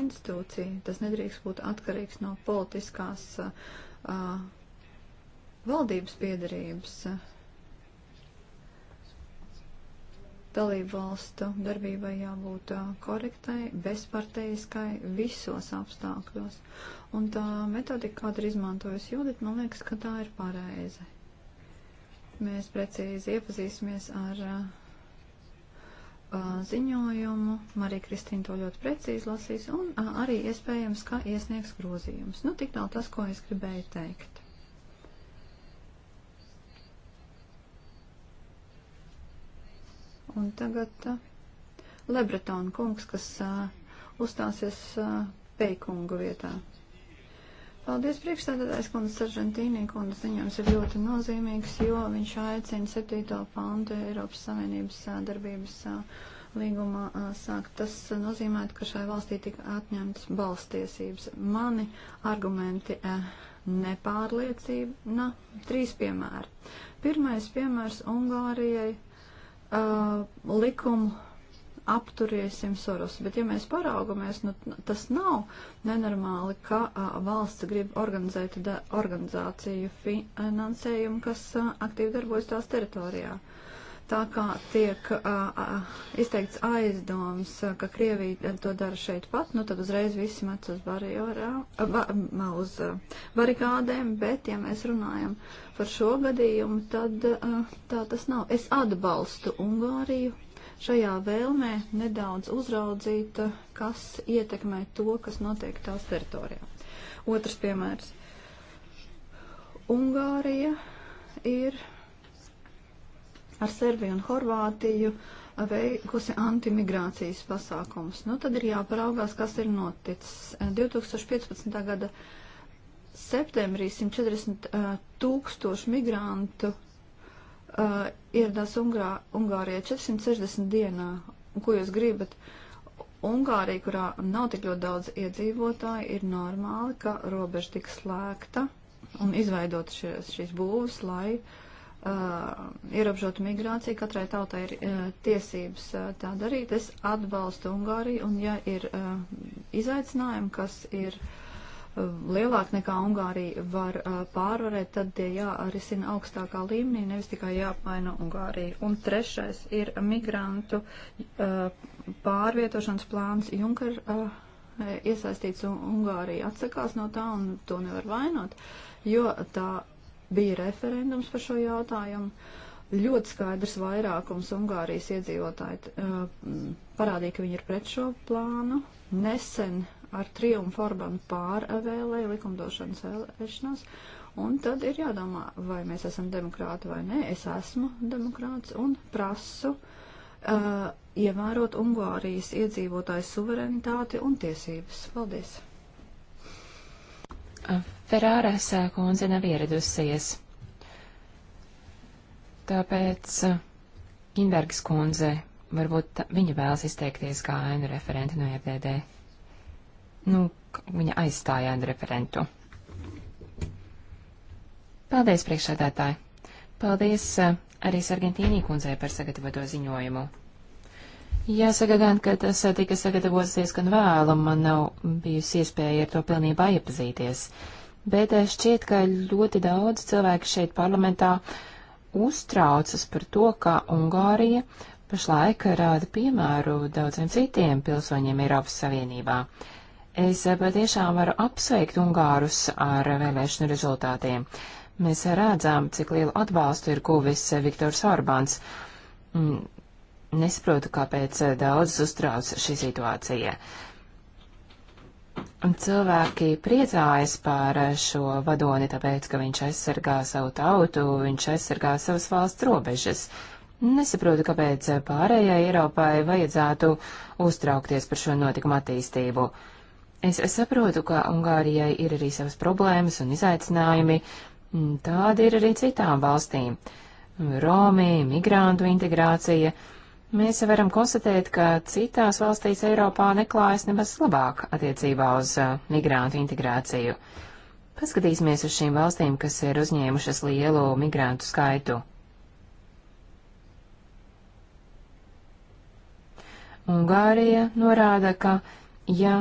institūcija. Tas nedrīkst būt atkarīgs no politiskās valdības piedarības. Dalību valstu darbībai jābūt korektai, bezparteiskai visos apstākļos. Un tā metodika, kāda ir izmantojusi Judita, man liekas, ka tā ir pareize. Mēs precīzi iepazīsimies ar uh, ziņojumu. Marija Kristīna to ļoti precīzi lasīs un arī iespējams, ka iesniegs grozījums. Nu, tik tālu tas, ko es gribēju teikt. Un tagad uh, Lebretona kungs, kas uh, uzstāsies uh, Peikunga vietā. Paldies priekšstādātājs kundze Saržantīnī kundze ziņojums ir ļoti nozīmīgs, jo viņš aicina 7. pāntu Eiropas Savienības uh, darbības uh, līgumā uh, sākt. Tas uh, nozīmē, ka šai valstī tika atņemtas balstiesības. Mani argumenti uh, nepārliecina. Trīs piemēri. Pirmais piemērs Ungārijai uh, likumu apturiesim sorus. Bet, ja mēs paraugamies, nu, tas nav nenormāli, ka uh, valsts grib organizēt da, organizāciju finansējumu, kas uh, aktīvi darbojas tās teritorijā. Uh, Tā kā tiek uh, izteikts aizdoms, ka Krievija to dara šeit pat, nu tad uzreiz visi met uz, barjorā, ba, uz barikādēm, bet ja mēs runājam par šo gadījumu, tad uh, tā tas nav. Es atbalstu Ungāriju šajā vēlmē nedaudz uzraudzīt, kas ietekmē to, kas notiek tās teritorijā. Otrs piemērs. Ungārija ir ar Serbiju un Horvātiju veikusi antimigrācijas pasākums. Nu, tad ir jāparaugās, kas ir noticis. 2015. Eh, gada septembrī 140 eh, tūkstoši migrantu uh, ieradās Ungrā, Ungārijā 460 dienā. Ko jūs gribat? Ungārija, kurā nav tik ļoti daudz iedzīvotāji, ir normāli, ka robeža tik slēgta un izveidot šies, šīs būvas, lai uh, uh, ierobežotu migrāciju, katrai tautai ir uh, tiesības uh, tā darīt. Es atbalstu Ungāriju, un ja ir uh, izaicinājumi, kas ir uh, lielāk nekā Ungārija var uh, pārvarēt, tad tie jārisina augstākā līmenī, nevis tikai jāpaina Ungārija. Un trešais ir migrantu uh, pārvietošanas plāns Junker. Uh, iesaistīts un Ungārija atsakās no tā un to nevar vainot, jo tā bija referendums par šo jautājumu. Ļoti skaidrs vairākums Ungārijas iedzīvotāji parādīja, ka viņi ir pret šo plānu. Nesen ar triumfu Orbanu pārvēlēja likumdošanas vēlēšanās. Un tad ir jādomā, vai mēs esam demokrāti vai nē. Es esmu demokrāts un prasu uh, ievērot Ungārijas iedzīvotāju suverenitāti un tiesības. Paldies! Ferāras eh, kundze nav ieradusies. Tāpēc eh, Inbergs kundze, varbūt viņa vēlas izteikties kā ainu referenti no FDD. Nu, viņa aizstāja ainu referentu. Paldies, priekšsēdētāji! Paldies eh, arī Sargentīnī kundzei par sagatavoto ziņojumu. Jāsaka gan, ka tas tika sagatavots diezgan vēlu, man nav bijusi iespēja ar to pilnībā iepazīties bet eh, šķiet, ka ļoti daudz cilvēku šeit parlamentā uztraucas par to, ka Ungārija pašlaik rāda piemēru daudziem citiem pilsoņiem Eiropas Savienībā. Es eh, patiešām varu apsveikt Ungārus ar vēlēšanu rezultātiem. Mēs redzam, cik lielu atbalstu ir guvis eh, Viktors Orbāns. Mm, nesaprotu, kāpēc daudz uztrauc šī situācija. Uh, Un cilvēki priecājas par šo vadoni, tāpēc, ka viņš aizsargā savu tautu, viņš aizsargā savas valsts robežas. Nesaprotu, kāpēc pārējai Eiropai vajadzētu uztraukties par šo notikumu attīstību. Es saprotu, ka Ungārijai ir arī savas problēmas un izaicinājumi, tādi ir arī citām valstīm. Romi, migrantu integrācija, uh, Mēs varam konstatēt, ka citās valstīs Eiropā neklājas nemaz labāk attiecībā uz uh, migrantu integrāciju. Paskatīsimies uz šīm valstīm, kas ir uzņēmušas lielu migrantu skaitu. Ungārija norāda, ka ja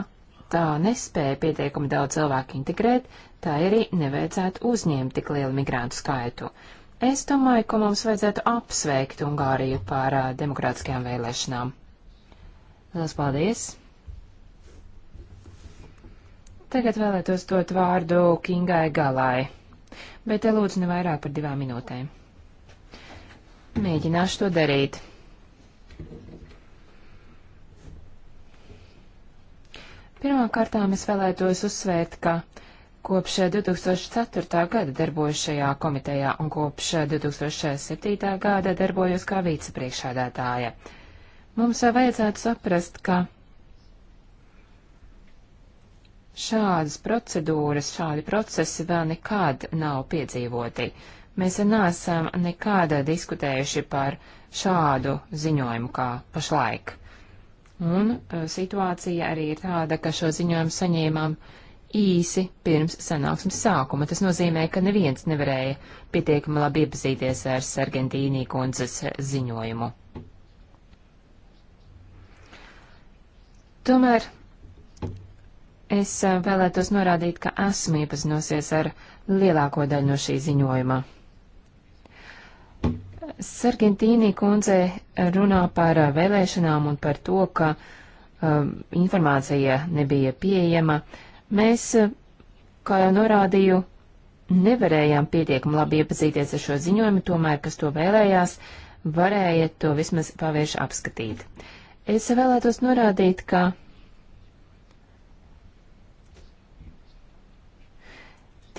tā nespēja pietiekami daudz cilvēku integrēt, tā arī nevajadzētu uzņemt tik lielu migrantu skaitu. Uh, Es domāju, ka mums vajadzētu apsveikt Ungāriju par uh, demokrātiskajām vēlēšanām. Lielas paldies! Tagad vēlētos dot vārdu Kingai Galai, bet te lūdzu ne vairāk par divām minūtēm. Mēģināšu to darīt. Pirmkārt, es vēlētos uzsvērt, ka Kopš 2004. gada darbojos šajā komitejā un kopš 2007. gada darbojos kā vicepriekšādātāja. Mums vajadzētu saprast, ka šādas procedūras, šādi procesi vēl nekad nav piedzīvoti. Mēs neesam nekad diskutējuši par šādu ziņojumu kā pašlaik. Un e, situācija arī ir tāda, ka šo ziņojumu saņēmām īsi pirms sanāksmes sākuma. Tas nozīmē, ka neviens nevarēja pietiekami labi iepazīties ar Sargentīnī kundzes ziņojumu. Tomēr es eh, vēlētos norādīt, ka esmu iepazinosies ar lielāko daļu no šī ziņojuma. Sargentīnī kundze runā par eh, vēlēšanām un par to, ka um, informācija nebija pieejama, uh, Mēs, eh, kā jau norādīju, nevarējām pietiekami labi iepazīties ar šo ziņojumu, tomēr, kas to vēlējās, varēja to vismaz pavērši apskatīt. Es vēlētos norādīt, ka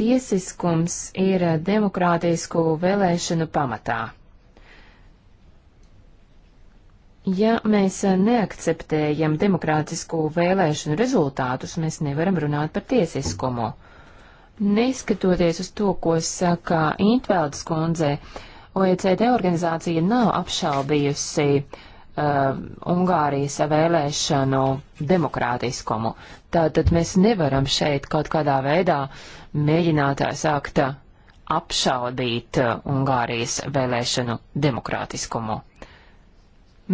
tiesiskums ir demokrātisku vēlēšanu pamatā. Ja mēs eh, neakceptējam demokrātisko vēlēšanu rezultātus, mēs nevaram runāt par tiesiskumu. Neskatoties uz to, ko saka Intveldes kundze, OECD organizācija nav apšaubījusi uh, Ungārijas vēlēšanu demokrātiskumu. Tātad mēs nevaram šeit kaut kādā veidā mēģināt sākt apšaudīt eh, Ungārijas vēlēšanu demokrātiskumu.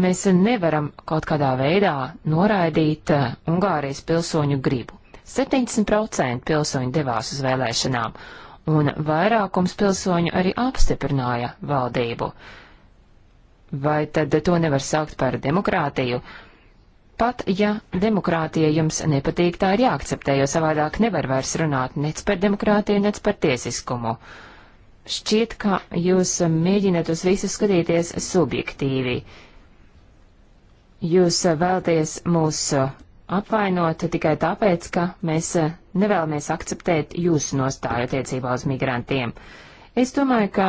Mēs nevaram kaut kādā veidā noraidīt eh, Ungārijas pilsoņu gribu. 70% pilsoņu devās uz vēlēšanām, un vairākums pilsoņu arī apstiprināja valdību. Vai tad to nevar saukt par demokrātiju? Pat ja demokrātija jums nepatīk, tā ir jāakceptē, jo savādāk nevar vairs runāt nec par demokrātiju, nec par tiesiskumu. Šķiet, ka jūs mēģināt uz visu skatīties subjektīvi jūs eh, vēlties mūs eh, apvainot tikai tāpēc, ka mēs eh, nevēlamies akceptēt jūsu nostāju attiecībā uz migrantiem. Es domāju, ka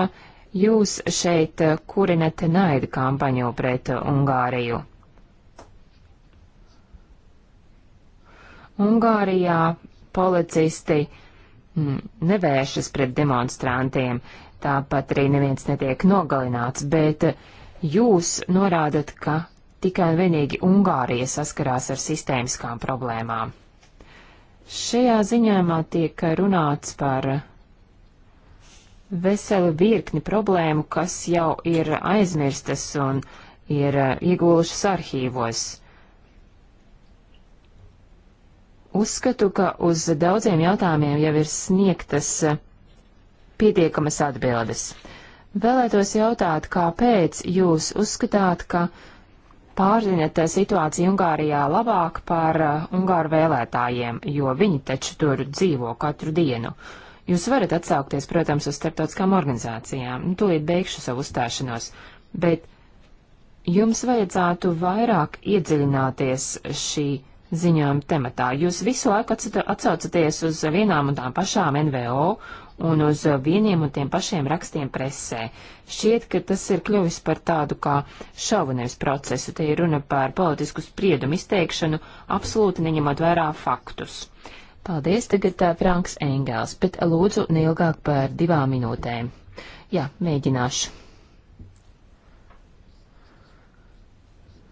jūs šeit kurinat naidu kampaņu pret Ungāriju. Ungārijā policisti mm, nevēršas pret demonstrantiem, tāpat arī neviens netiek nogalināts, bet jūs norādat, ka tikai un vienīgi Ungārija saskarās ar sistēmiskām problēmām. Šajā ziņāmā tiek runāts par veselu virkni problēmu, kas jau ir aizmirstas un ir uh, iegūlušas arhīvos. Uzskatu, ka uz daudziem jautājumiem jau ir sniegtas uh, pietiekamas atbildes. Vēlētos jautāt, kāpēc jūs uzskatāt, ka pārzinat eh, situāciju Ungārijā labāk par eh, Ungāru vēlētājiem, jo viņi taču tur dzīvo katru dienu. Jūs varat atsaukties, protams, uz starptautiskām organizācijām, nu, tūlīt beigšu savu uzstāšanos, bet jums vajadzētu vairāk iedziļināties šī ziņojuma tematā. Jūs visu laiku atsaucaties uz vienām un tām pašām NVO un uz uh, vieniem un tiem pašiem rakstiem presē. Šķiet, ka tas ir kļuvis par tādu kā šaubu nevis procesu, te ir runa par politisku spriedumu izteikšanu, absolūti neņemot vērā faktus. Paldies, tagad uh, Franks Engels, bet lūdzu neilgāk par divām minūtēm. Jā, mēģināšu.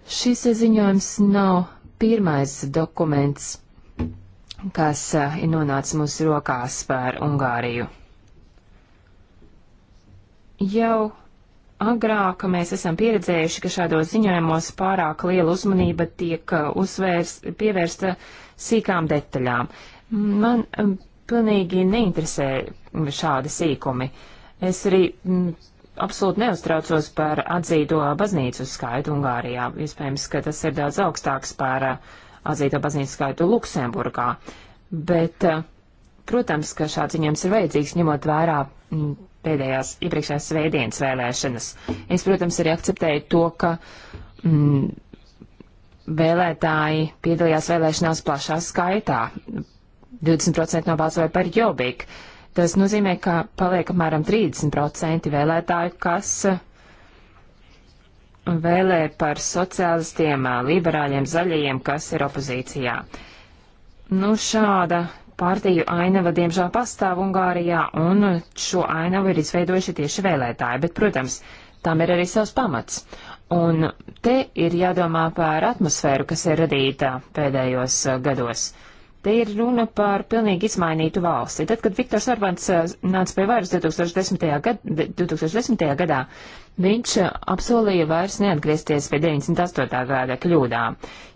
Šis ziņojums nav pirmais dokuments, kas uh, ir nonācis mūsu rokās par Ungāriju. Jau agrāk mēs esam pieredzējuši, ka šādos ziņojumos pārāk liela uzmanība tiek uh, uzvērs, pievērsta sīkām detaļām. Man um, pilnīgi neinteresē šādi sīkumi. Es arī m, mm, absolūti neuztraucos par atzīto baznīcu skaitu Ungārijā. Iespējams, ka tas ir daudz augstāks par uh, atzīto baznīcu skaitu Luksemburgā. Bet, uh, protams, ka šāds viņiem ir vajadzīgs, ņemot vērā m, mm, pēdējās iepriekšējās svētdienas vēlēšanas. Es, protams, arī akceptēju to, ka mm, vēlētāji piedalījās vēlēšanās plašā skaitā. 20% nobalsoja par Jobiku. Tas nozīmē, ka paliek apmēram 30% vēlētāju, kas mm, vēlē par sociālistiem, liberāļiem, zaļajiem, kas ir opozīcijā. Nu, šāda Partiju ainava diemžēl pastāv Ungārijā, un šo ainavu ir izveidojuši tieši vēlētāji, bet, protams, tam ir arī savs pamats. Un te ir jādomā par atmosfēru, kas ir radīta pēdējos uh, gados. Te ir runa par pilnīgi izmainītu valsti. Tad, kad Viktors Orbāns uh, nāca pie varas 2010. Gad, 2010. gadā, Viņš eh, apsolīja vairs neatgriezties pie 98. gada kļūdām,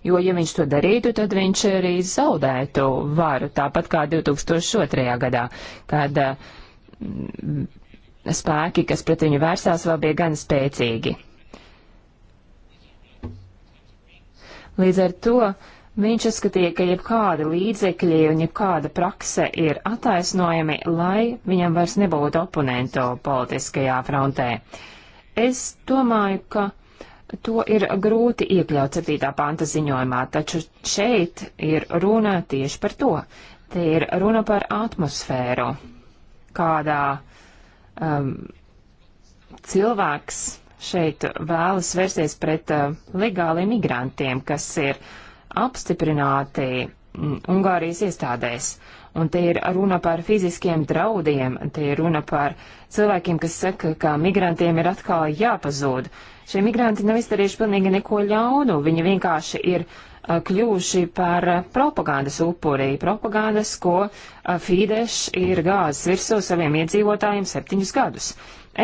jo, ja viņš to darītu, tad viņš arī zaudētu varu, tāpat kā 2002. gadā, kad eh, spēki, kas pret viņu vērsās, vēl bija gan spēcīgi. Līdz ar to viņš uzskatīja, ka jebkāda līdzekļi un jebkāda prakse ir attaisnojami, lai viņam vairs nebūtu oponentu politiskajā frontē. Es domāju, ka to ir grūti iekļaut 7. panta ziņojumā, taču šeit ir runa tieši par to. Te ir runa par atmosfēru, kādā um, cilvēks šeit vēlas vērsties pret uh, legāliem migrantiem, kas ir apstiprināti mm, Ungārijas iestādēs. Uh, Un te ir runa par fiziskiem draudiem, te ir runa par cilvēkiem, kas saka, ka migrantiem ir atkal jāpazūd. Šie migranti nav izdarījuši pilnīgi neko ļaunu, viņi vienkārši ir kļuvuši par propagandas upurī, propagandas, ko Fīdeš ir gāzes virsū saviem iedzīvotājiem septiņus gadus.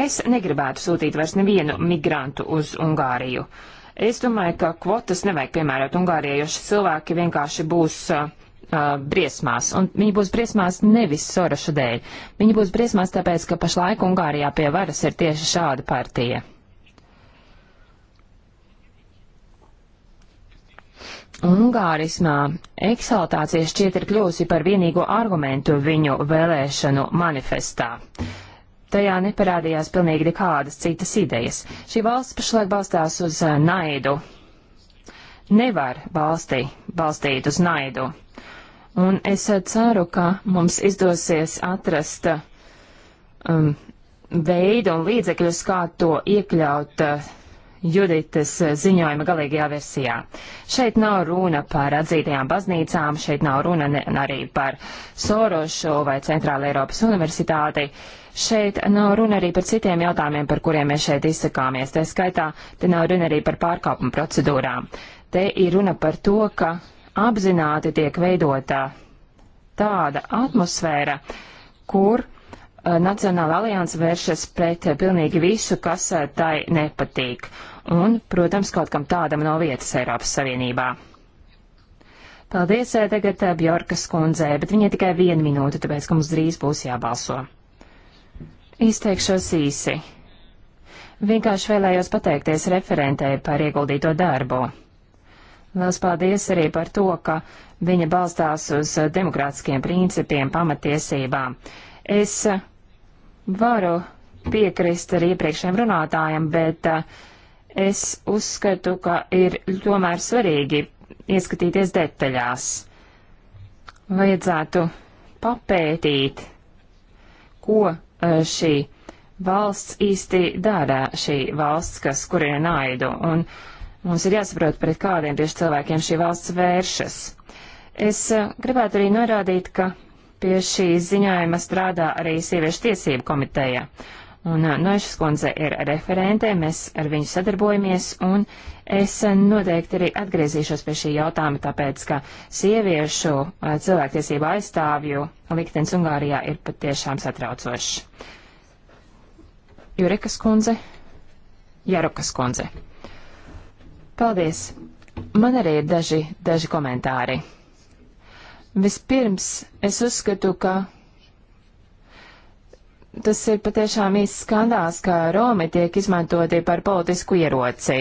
Es negribētu sūtīt vairs nevienu migrantu uz Ungāriju. Es domāju, ka kvotas nevajag piemērot Ungārijai, jo šie cilvēki vienkārši būs uh, uh, briesmās, un viņi būs briesmās nevis Soroša dēļ. Viņi būs briesmās tāpēc, ka pašlaik Ungārijā pie varas ir tieši šāda partija. Ungārismā eksaltācija šķiet ir kļūsi par vienīgo argumentu viņu vēlēšanu manifestā. Tajā neparādījās pilnīgi nekādas citas idejas. Šī valsts pašlaik balstās uz naidu. Nevar valstī balstīt uz naidu. Un es ceru, ka mums izdosies atrast um, veidu un līdzekļus, kā to iekļaut uh, Juditas ziņojuma galīgajā versijā. Šeit nav runa par atzītajām baznīcām, šeit nav runa ne, arī par Sorošu vai Centrāla Eiropas Universitāti. Šeit nav runa arī par citiem jautājumiem, par kuriem mēs šeit izsakāmies. Tā skaitā, te nav runa arī par pārkāpumu procedūrām. Te ir runa par to, ka apzināti tiek veidotā tāda atmosfēra, kur eh, Nacionāla alianse vēršas pret eh, pilnīgi visu, kas eh, tai nepatīk. Un, protams, kaut kam tādam nav vietas Eiropas Savienībā. Paldies tagad Bjorkas kundzē, bet viņai tikai viena minūte, tāpēc, ka mums drīz būs jābalso. Izteikšos īsi. Vienkārši vēlējos pateikties referentē par ieguldīto darbu. Liels paldies arī par to, ka viņa balstās uz eh, demokrātiskiem principiem, pamatiesībām. Es eh, varu piekrist arī iepriekšējiem runātājiem, bet eh, es uzskatu, ka ir tomēr svarīgi ieskatīties detaļās. Vajadzētu papētīt, ko šī valsts īsti dara, šī valsts, kas kurina naidu. Un, uh, Mums ir jāsaprot, pret kādiem tieši cilvēkiem šī valsts vēršas. Es eh, gribētu arī norādīt, ka pie šī ziņojuma strādā arī sieviešu tiesību komiteja. Un eh, Noišas kundze ir referente, mēs ar viņu sadarbojamies, un es eh, noteikti arī atgriezīšos pie šī jautājuma, tāpēc, ka sieviešu cilvēktiesību aizstāvju liktenis Ungārijā ir patiešām satraucošs. Jurekas kundze, Jarukas kundze. Paldies! Man arī ir daži, daži komentāri. Vispirms es uzskatu, ka tas ir patiešām īsts skandāls, ka Romi tiek izmantoti par politisku ieroci.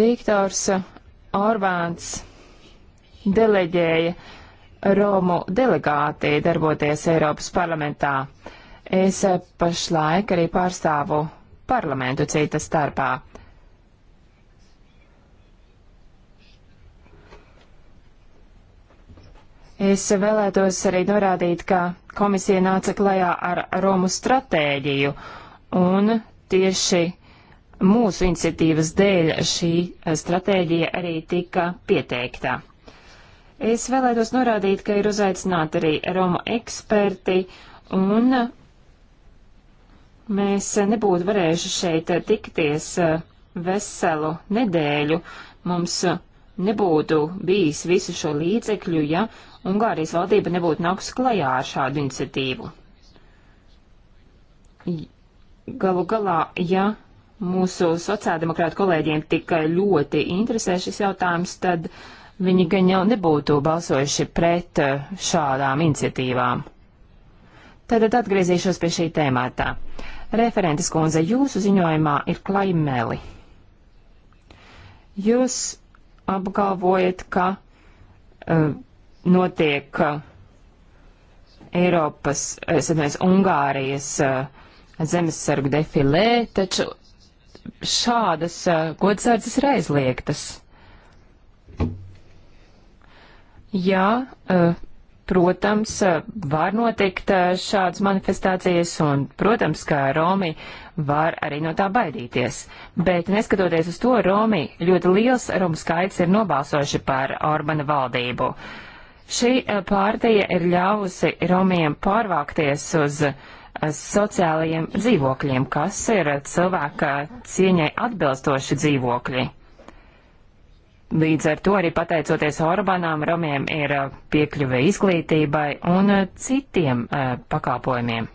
Viktors Orbāns deleģēja Romu delegāti darboties Eiropas parlamentā. Es pašlaik arī pārstāvu parlamentu citas starpā. Es vēlētos arī norādīt, ka komisija nāca klajā ar Romu stratēģiju, un tieši mūsu iniciatīvas dēļ šī eh, stratēģija arī tika pieteikta. Es vēlētos norādīt, ka ir uzaicināti arī Roma eksperti, un mēs nebūtu varējuši šeit tikties eh, veselu nedēļu. Mums nebūtu bijis visu šo līdzekļu, ja Ungārijas valdība nebūtu nākus klajā ar šādu iniciatīvu. Galu galā, ja mūsu sociāldemokrātu kolēģiem tik ļoti interesē šis jautājums, tad viņi gan jau nebūtu balsojuši pret eh, šādām iniciatīvām. Tātad atgriezīšos pie šī tēmātā. Referentes kundze, jūsu ziņojumā ir klaimeli. Jūs apgalvojat, ka uh, notiek uh, Eiropas, eh, es atceros, Ungārijas uh, zemesargu defilē, taču šādas uh, godsārdzes ir aizliegtas. Jā, uh, Protams, var notikt eh, šādas manifestācijas, un, protams, ka Romi var arī no tā baidīties. Bet, neskatoties uz to, Romi ļoti liels Romu skaits ir nobalsojuši par Orbana valdību. Šī eh, pārtīja ir ļāvusi Romiem pārvākties uz eh, sociālajiem dzīvokļiem, kas ir cilvēka cieņai atbilstoši dzīvokļi. Līdz ar to arī pateicoties Orbanām, Romiem ir uh, piekļuve izglītībai un uh, citiem uh, pakāpojumiem.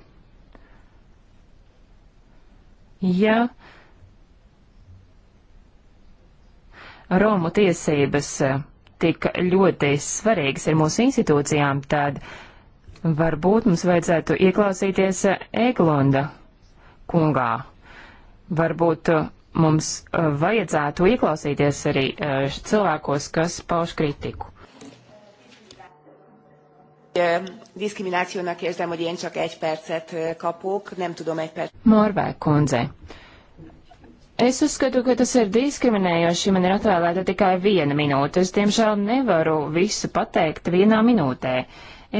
Ja Romu tiesības uh, tik ļoti svarīgas ir mūsu institūcijām, tad varbūt mums vajadzētu ieklausīties Eglonda kungā. Varbūt mums eh, vajadzētu ieklausīties arī eh, cilvēkos, kas pauž kritiku. Diszkriminációnak érzem, hogy én csak egy percet kapok, nem tudom egy percet. Morvák kundze. Es uzskatu, ka tas ir diskriminējoši, man ir atvēlēta tikai viena minūte. Es, diemžēl, nevaru visu pateikt vienā minūtē.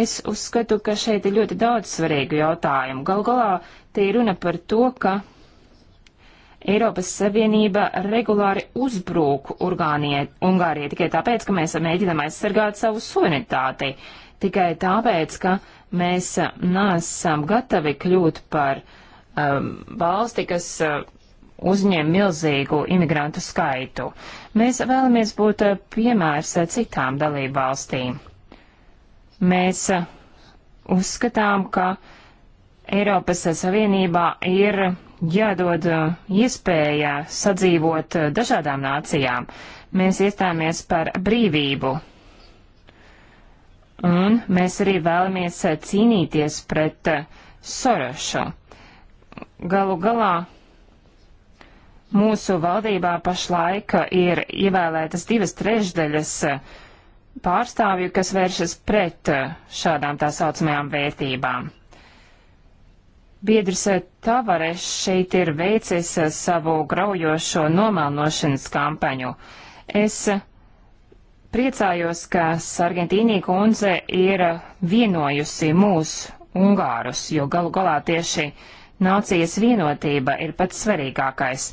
Es uzskatu, ka šeit ir ļoti daudz svarīgu jautājumu. Gal galā te ir runa par to, ka Eiropas Savienība regulāri uzbrūk Urgānijai, Ungārijai tikai tāpēc, ka mēs mēģinām aizsargāt savu suverenitāti, tikai tāpēc, ka mēs nesam gatavi kļūt par um, valsti, kas uh, uzņem milzīgu imigrantu skaitu. Mēs vēlamies būt uh, piemērs uh, citām dalību valstīm. Mēs uh, uzskatām, ka Eiropas Savienībā ir jādod iespēja sadzīvot dažādām nācijām. Mēs iestājāmies par brīvību. Un mēs arī vēlamies cīnīties pret Sorošu. Galu galā mūsu valdībā pašlaik ir ievēlētas divas trešdaļas pārstāvju, kas vēršas pret šādām tā saucamajām vērtībām. Biedrs eh, Tavares šeit ir veicis eh, savu graujošo nomelnošanas kampaņu. Es eh, priecājos, ka Sargentīnī kundze ir vienojusi mūs, Ungārus, jo galu galā tieši nācijas vienotība ir pats svarīgākais.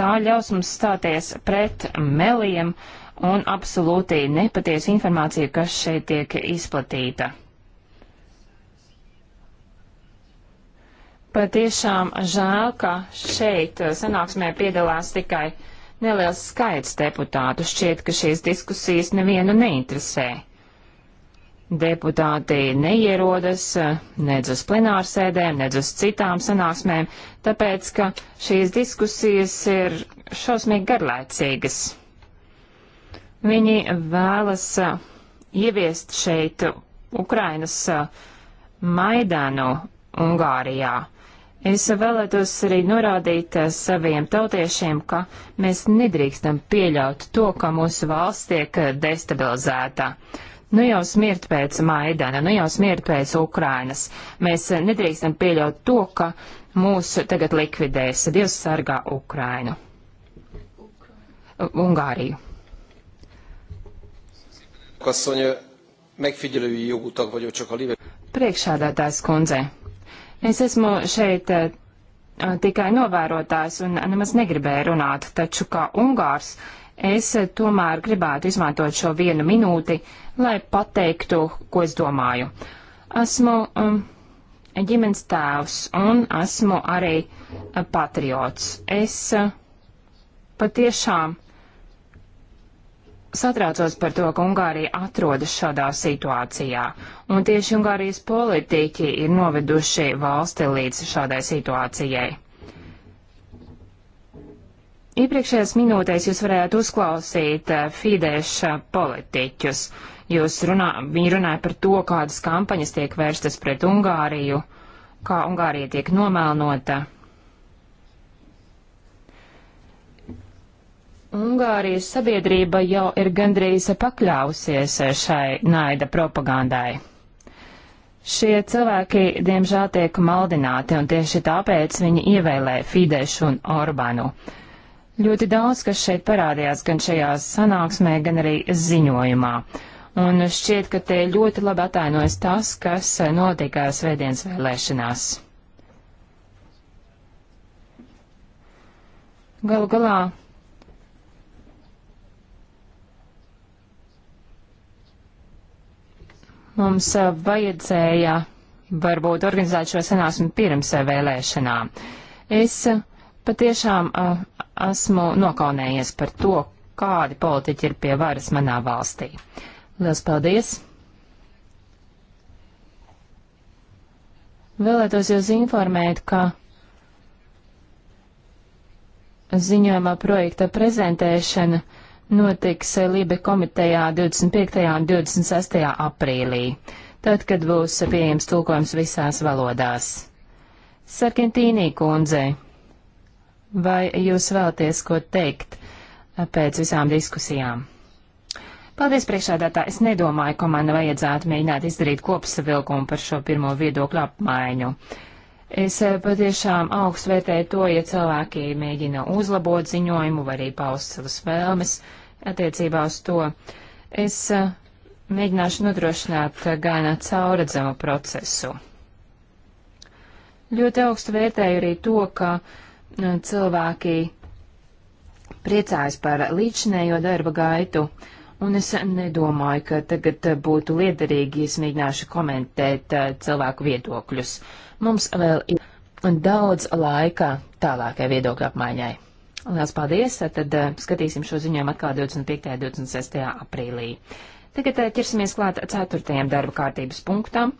Tā ļaus mums stāties pret meliem un absolūtī nepatiesu informāciju, kas šeit tiek izplatīta. Patiešām žēl, ka šeit uh, sanāksmē piedalās tikai neliels skaits deputātu. Šķiet, ka šīs diskusijas nevienu neinteresē. Deputāti neierodas uh, nedz uz plenārsēdēm, nedz uz citām sanāksmēm, tāpēc, ka šīs diskusijas ir šausmīgi garlaicīgas. Viņi vēlas uh, ieviest šeit Ukrainas Maidanu Ungārijā. Es vēlētos arī norādīt eh, saviem tautiešiem, ka mēs nedrīkstam pieļaut to, ka mūsu valsts tiek eh, destabilizēta. Nu jau smirt pēc Maidana, nu jau smirt pēc Ukrainas. Mēs eh, nedrīkstam pieļaut to, ka mūs tagad likvidēs. Dievs sargā Ukrainu. Ungāriju. Priekšādātājs kundzei. Es esmu šeit eh, tikai novērotājs un nemaz negribēju runāt, taču kā Ungārs es eh, tomēr gribētu izmantot šo vienu minūti, lai pateiktu, ko es domāju. Esmu um, ģimenes tēvs un esmu arī eh, patriots. Es uh, patiešām satraucos par to, ka Ungārija atrodas šādā situācijā, un tieši Ungārijas politiķi ir noveduši valsti līdz šādai situācijai. Iepriekšējās minūtēs jūs varējāt uzklausīt eh, Fideša eh, politiķus. Jūs runā, viņi runāja par to, kādas kampaņas tiek vērstas pret Ungāriju, kā Ungārija tiek nomēlnota, Ungārijas sabiedrība jau ir gandrīz pakļāvusies šai naida propagandai. Šie cilvēki, diemžēl, tiek maldināti, un tieši tāpēc viņi ievēlē Fidešu un Orbanu. Ļoti daudz, kas šeit parādījās gan šajā sanāksmē, gan arī ziņojumā. Un šķiet, ka te ļoti labi atainojas tas, kas notika svētdienas vēlēšanās. Galu galā Mums vajadzēja varbūt organizēt šo sanāksmi pirms vēlēšanām. Es patiešām esmu nokaunējies par to, kādi politiķi ir pie varas manā valstī. Lielas paldies! Vēlētos jūs informēt, ka ziņojumā projekta prezentēšana notiks Lībe komitejā 25. un 26. aprīlī, tad, kad būs pieejams tulkojums visās valodās. Sarkentīnī kundze, vai jūs vēlaties ko teikt pēc visām diskusijām? Paldies, priekšādātā. Es nedomāju, ka man vajadzētu mēģināt izdarīt kopsavilkumu par šo pirmo viedokļu apmaiņu. Es eh, patiešām augstu vērtēju to, ja cilvēki mēģina uzlabot ziņojumu vai arī paust savas vēlmes. Uh, attiecībā uz to. Es eh, mēģināšu nodrošināt eh, gan cauradzamu procesu. Ļoti augstu vērtēju arī to, ka eh, cilvēki priecājas par līdzinējo darba gaitu, un es nedomāju, ka tagad būtu liederīgi, es mēģināšu komentēt cilvēku viedokļus. Mums vēl ir daudz laika tālākai viedokļu apmaiņai. Lielas paldies! Tad eh, skatīsim šo ziņojumu atkal 25. un 26. aprīlī. Tagad eh, ķersimies klāt 4. darba kārtības punktam.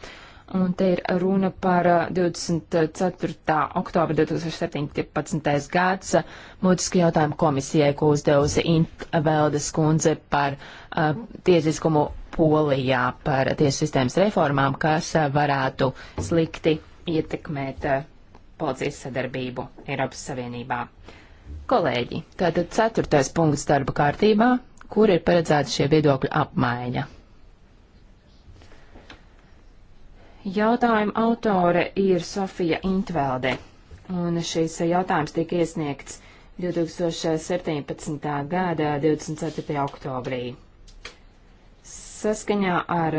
Un te ir runa par 24. Eh, oktobra 2017. gads mūtisku jautājumu komisijai, ko uzdevusi Intveldes kundze par uh, tiesiskumu Polijā, par tiesu sistēmas reformām, kas uh, varētu slikti ietekmēt uh, policijas sadarbību Eiropas Savienībā. Uh, Kolēģi, tātad ceturtais punkts darba kārtībā, kur ir paredzēta šie viedokļu apmaiņa. Jautājuma autore ir Sofija Intvelde, un šīs jautājums tika iesniegts 2017. gada 24. oktobrī. Saskaņā ar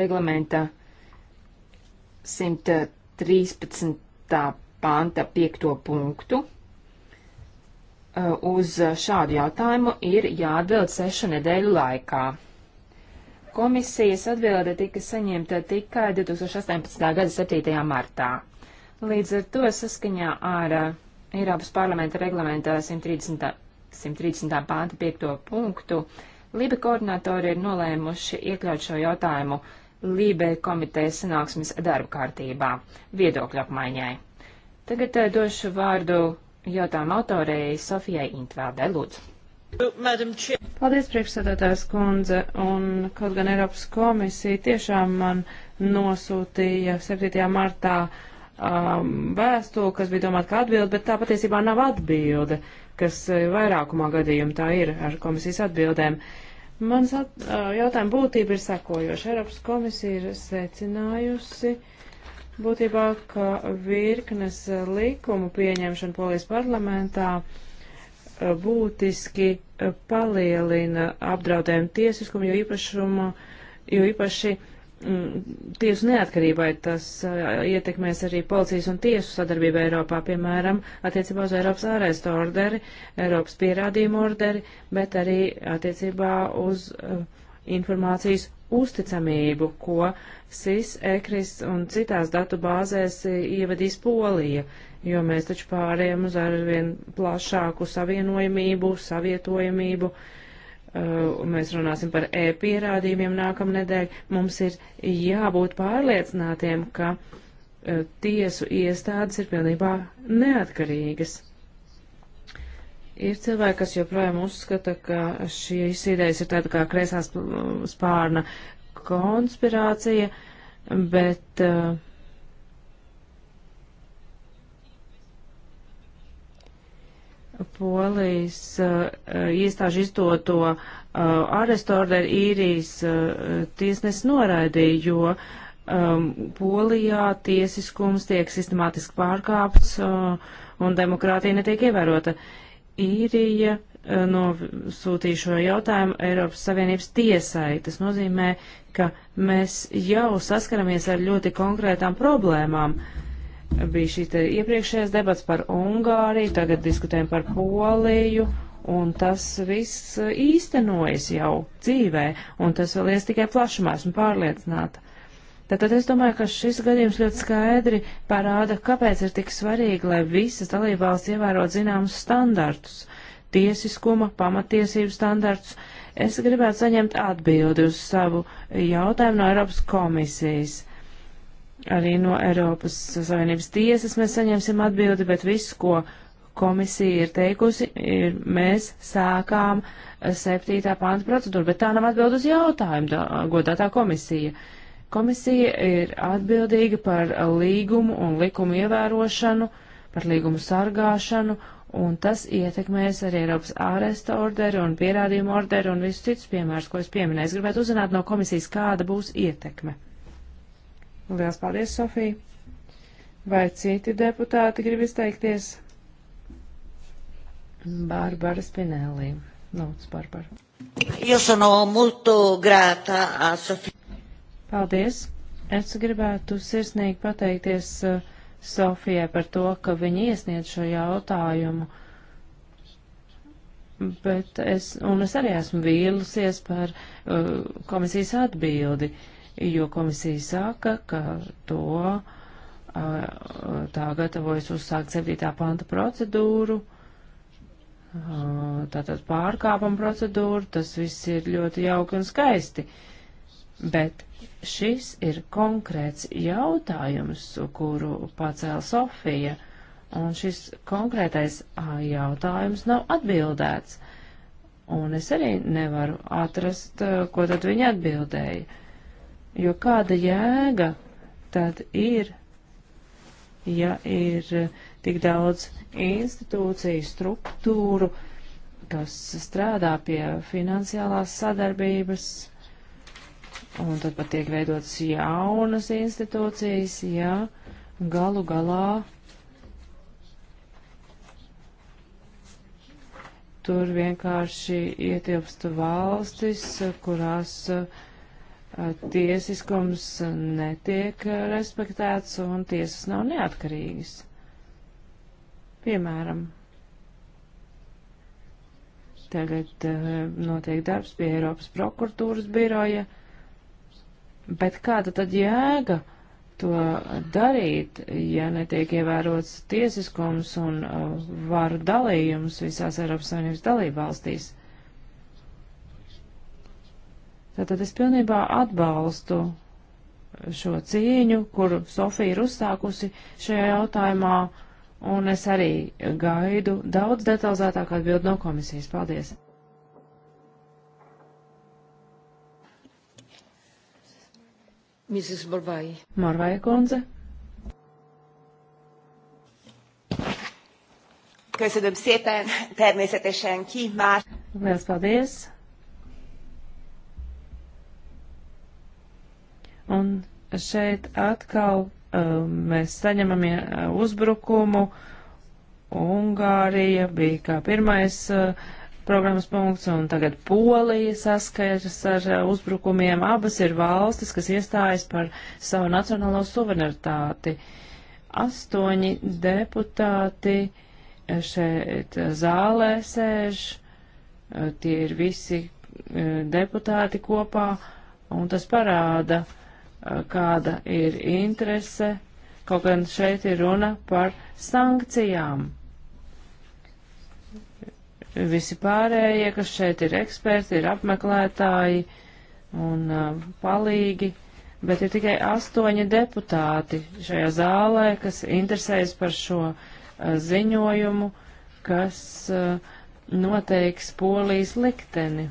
reglamenta 113. panta 5. punktu Eh, uz šādu jautājumu ir jāatbild sešu nedēļu laikā. Komisijas atbilde tika saņemta tikai 2018. gada 7. martā. Līdz ar to saskaņā ar eh, Eiropas parlamenta reglamentā 130. 130. pānta 5. punktu Libe koordinatori ir nolēmuši iekļaut šo jautājumu Libe komitejas sanāksmes darba kārtībā viedokļu apmaiņai. Tagad eh, došu vārdu Jautājuma autorei Sofijai Intvēldē, lūdzu. Paldies, priekšsēdētājs kundze, un kaut gan Eiropas komisija tiešām man nosūtīja 7. martā um, vēstuli, kas bija domāta kā atbilde, bet tā patiesībā nav atbilde, kas eh, vairākumā gadījumā tā ir ar komisijas atbildēm. Mans at, uh, jautājuma būtība ir sekojoša. Eiropas komisija ir secinājusi. Uh, būtībā, ka virknes likumu pieņemšana polijas parlamentā eh, būtiski eh, palielina apdraudējumu tiesiskumu, jo īpašumu, jo īpaši mm, tiesu neatkarībai tas eh, ietekmēs arī policijas un tiesu sadarbību Eiropā, piemēram, attiecībā uz Eiropas ārēstu orderi, Eiropas pierādījumu orderi, bet arī attiecībā uz uh, informācijas uzticamību, ko SIS, ECRIS un citās datu bāzēs ievadīs Polija, jo mēs taču pārējām uz arvien plašāku savienojamību, savietojamību. Uh, mēs runāsim par e-pierādījumiem nākamnedēļ. Mums ir jābūt pārliecinātiem, ka uh, tiesu iestādes ir pilnībā neatkarīgas Ir cilvēki, kas joprojām uzskata, ka šīs idejas ir tāda kā kreisās spārna konspirācija, bet uh, polijas uh, iestāžu izdoto uh, arestu orderi īrijas uh, tiesnes noraidīja, jo um, polijā tiesiskums tiek sistemātiski pārkāpts uh, un demokrātija netiek ievērota. Uh, īrija eh, nosūtīja šo jautājumu Eiropas Savienības tiesai. Tas nozīmē, ka mēs jau saskaramies ar ļoti konkrētām problēmām. Bija šī iepriekšējais debats par Ungāriju, tagad diskutējam par Poliju, un tas viss eh, īstenojas jau dzīvē, un tas vēl ies tikai plašumā, esmu pārliecināta. Tātad es domāju, ka šis gadījums ļoti skaidri parāda, kāpēc ir tik svarīgi, lai visas dalībvalsts ievērot zināmus standartus - tiesiskuma, pamatiesību standartus. Es gribētu saņemt atbildi uz savu jautājumu no Eiropas komisijas. Arī no Eiropas Savienības tiesas mēs saņemsim atbildi, bet viss, ko komisija ir teikusi, ir, mēs sākām septītā panta procedūru, bet tā nav atbild uz jautājumu, godātā komisija. Uh, Komisija ir atbildīga par līgumu un likumu ievērošanu, par līgumu sargāšanu, un tas ietekmēs arī Eiropas āresta orderu un pierādījumu orderu un visus citus piemērus, ko es pieminēju. Es gribētu uzzināt no komisijas, kāda būs ietekme. Lielas paldies, Sofija! Vai citi deputāti grib izteikties? Barbara Spinelli. Lūdzu, Barbara. Io sono molto grata a Sofia. Paldies! Es gribētu sirsnīgi pateikties eh, Sofijai par to, ka viņa iesniedz šo jautājumu. Bet es, un es arī esmu vīlusies par uh, komisijas atbildi, jo komisija saka, ka to uh, tā gatavojas uzsākt 7. panta procedūru, tātad pārkāpuma procedūru, tas viss ir ļoti jauki un skaisti. Bet šis ir konkrēts jautājums, kuru pacēla Sofija, un šis konkrētais jautājums nav atbildēts. Un es arī nevaru atrast, ko tad viņa atbildēja. Jo kāda jēga tad ir, ja ir tik daudz institūciju, struktūru, kas strādā pie finansiālās sadarbības, un tad pat tiek veidotas jaunas institūcijas, ja galu galā tur vienkārši ietilpst valstis, kurās tiesiskums netiek respektēts un tiesas nav neatkarīgas. Piemēram, tagad notiek darbs pie Eiropas prokuratūras biroja. Ja Bet kāda tad jēga to darīt, ja netiek ievērots tiesiskums un uh, varu dalījums visās Eiropas Savienības dalībvalstīs? Tātad es pilnībā atbalstu šo cīņu, kuru Sofija ir uzsākusi šajā jautājumā, un es arī gaidu daudz detalizētāku atbildi no komisijas. Paldies! Mrs. Morvai. Morvai kundze. Köszönöm szépen, természetesen ki már. Liels paldies. Un šeit atkal uh, mēs saņemam uh, uzbrukumu. Ungārija bija kā pirmais uh, programmas punkts, un tagad Polija saskaras ar eh, uzbrukumiem. Abas ir valstis, kas iestājas par savu nacionālo suverenitāti. Astoņi deputāti eh, šeit eh, zālē sēž, tie ir visi deputāti kopā, un tas parāda, kāda ir interese, kaut gan šeit ir runa par sankcijām visi pārējie, kas šeit ir eksperti, ir apmeklētāji un uh, palīgi, bet ir tikai astoņi deputāti šajā zālē, kas interesējas par šo uh, ziņojumu, kas uh, noteiks polijas likteni.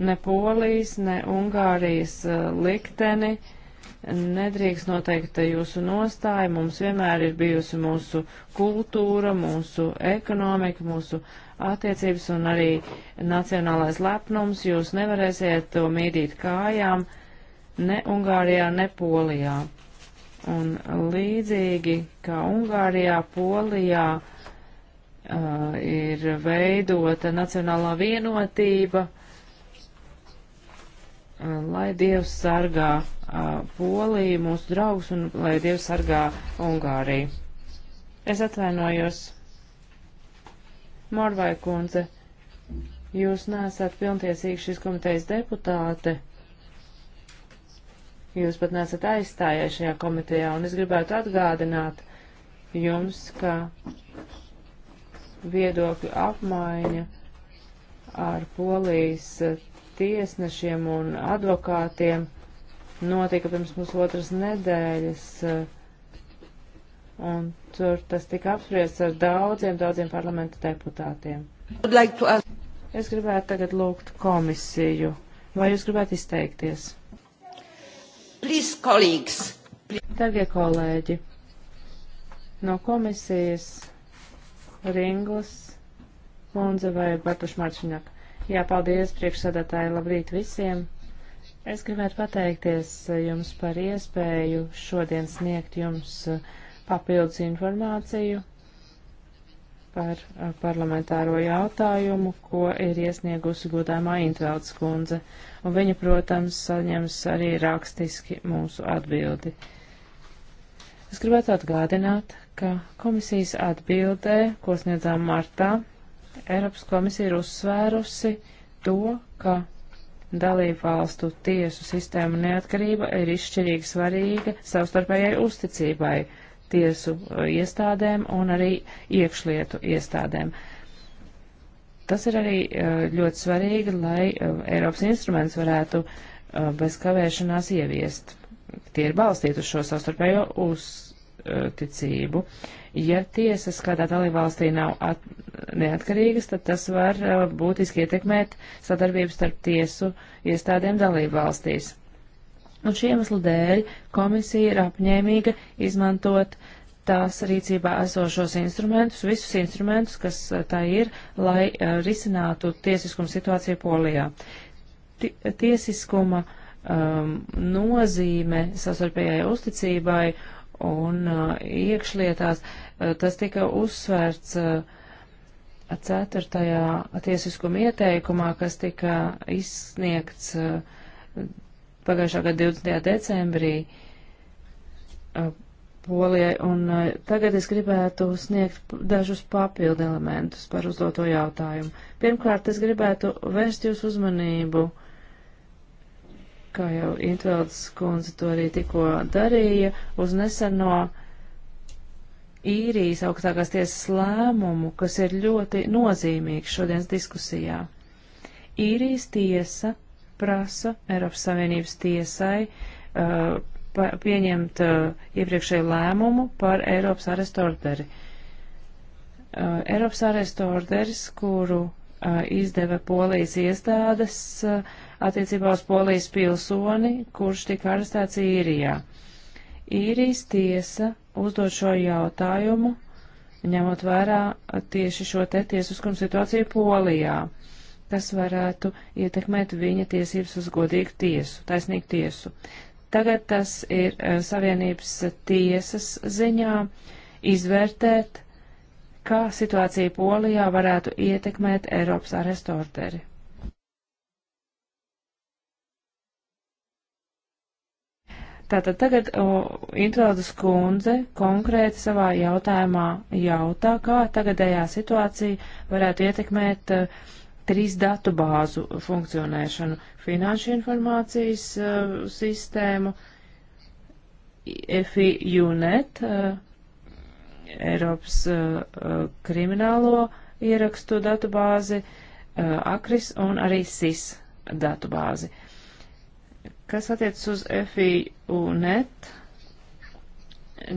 Ne polijas, ne Ungārijas uh, likteni nedrīkst noteikt jūsu nostāju. Mums vienmēr ir bijusi mūsu kultūra, mūsu ekonomika, mūsu attiecības un arī nacionālais lepnums. Jūs nevarēsiet to mīdīt kājām ne Ungārijā, ne Polijā. Un līdzīgi kā Ungārijā, Polijā uh, ir veidota nacionālā vienotība. Uh, Lai Dievs sargā Poliju, mūsu draugus, un lai Dievs sargā Ungāriju. Es atvainojos. Morvai kundze, jūs nesat pilntiesīgi šīs komitejas deputāte. Jūs pat nesat aizstājies šajā komitejā, un es gribētu atgādināt jums, ka viedokļu apmaiņa ar polijas tiesnešiem un advokātiem notika pirms mūsu otras nedēļas, eh, un tur tas tika apspriests ar daudziem, daudziem parlamenta deputātiem. Es gribētu tagad lūgt komisiju. Vai jūs gribētu izteikties? Please, colleagues. Dargie kolēģi, no komisijas Ringlas, Lundze vai Bartuš Marčiņak. Jā, paldies priekšsēdētāji, labrīt visiem. Es gribētu pateikties eh, jums par iespēju šodien sniegt jums eh, papildus informāciju par eh, parlamentāro jautājumu, ko ir iesniegusi godāmā Intveldes kundze, un viņa, protams, saņems arī rakstiski mūsu atbildi. Es gribētu atgādināt, ka komisijas atbildē, ko sniedzām martā, Eiropas komisija ir uzsvērusi to, ka dalībvalstu tiesu sistēmu neatkarība ir izšķirīgi svarīga savstarpējai uzticībai tiesu uh, iestādēm un arī iekšlietu iestādēm. Tas ir arī uh, ļoti svarīgi, lai uh, Eiropas instruments varētu bez kavēšanās ieviest. Tie ir balstīti uz šo savstarpējo uz, ticību. Ja tiesas kādā dalībvalstī nav at, neatkarīgas, tad tas var uh, būtiski ietekmēt sadarbību starp tiesu iestādēm dalībvalstīs. Un šī iemesla dēļ komisija ir apņēmīga izmantot tās rīcībā esošos instrumentus, visus instrumentus, kas uh, tā ir, lai uh, risinātu tiesiskumu situāciju Polijā. T tiesiskuma uh, um, nozīme sastarpējai uzticībai un uh, iekšlietās. Uh, tas tika uzsvērts uh, ceturtajā tiesiskuma ieteikumā, kas tika izsniegts pagājušā gada 20. decembrī Polijai, un tagad es gribētu sniegt dažus papildu elementus par uzdoto jautājumu. Pirmkārt, es gribētu vērst jūs uzmanību uh, kā jau Intvelds kundze to arī tikko darīja, uz neseno īrijas augstākās tiesas lēmumu, kas ir ļoti nozīmīgs šodienas diskusijā. Īrijas tiesa prasa Eiropas Savienības tiesai uh, pieņemt uh, iepriekšēju lēmumu par Eiropas arestu orderi. Uh, Eiropas arestu orderis, kuru uh, izdeva polijas iestādes, uh, attiecībā uz polijas pilsoni, kurš tika arestēts īrijā. Īrijas tiesa uzdod šo jautājumu, ņemot vērā tieši šo te tiesiskuma situāciju Polijā. Tas varētu ietekmēt viņa tiesības uz godīgu tiesu, taisnīgu tiesu. Tagad tas ir e, Savienības tiesas ziņā izvērtēt, kā situācija Polijā varētu ietekmēt Eiropas arestorderi. Tātad tagad Intraudas kundze konkrēti savā jautājumā jautā, kā tagadējā situācija varētu ietekmēt uh, trīs datu bāzu funkcionēšanu - finanšu informācijas uh, sistēmu, FIUNET, uh, e, Eiropas kriminālo ierakstu datu bāzi, ACRIS un arī SIS datu bāzi. Uh, Kas attiecas uz FIU net,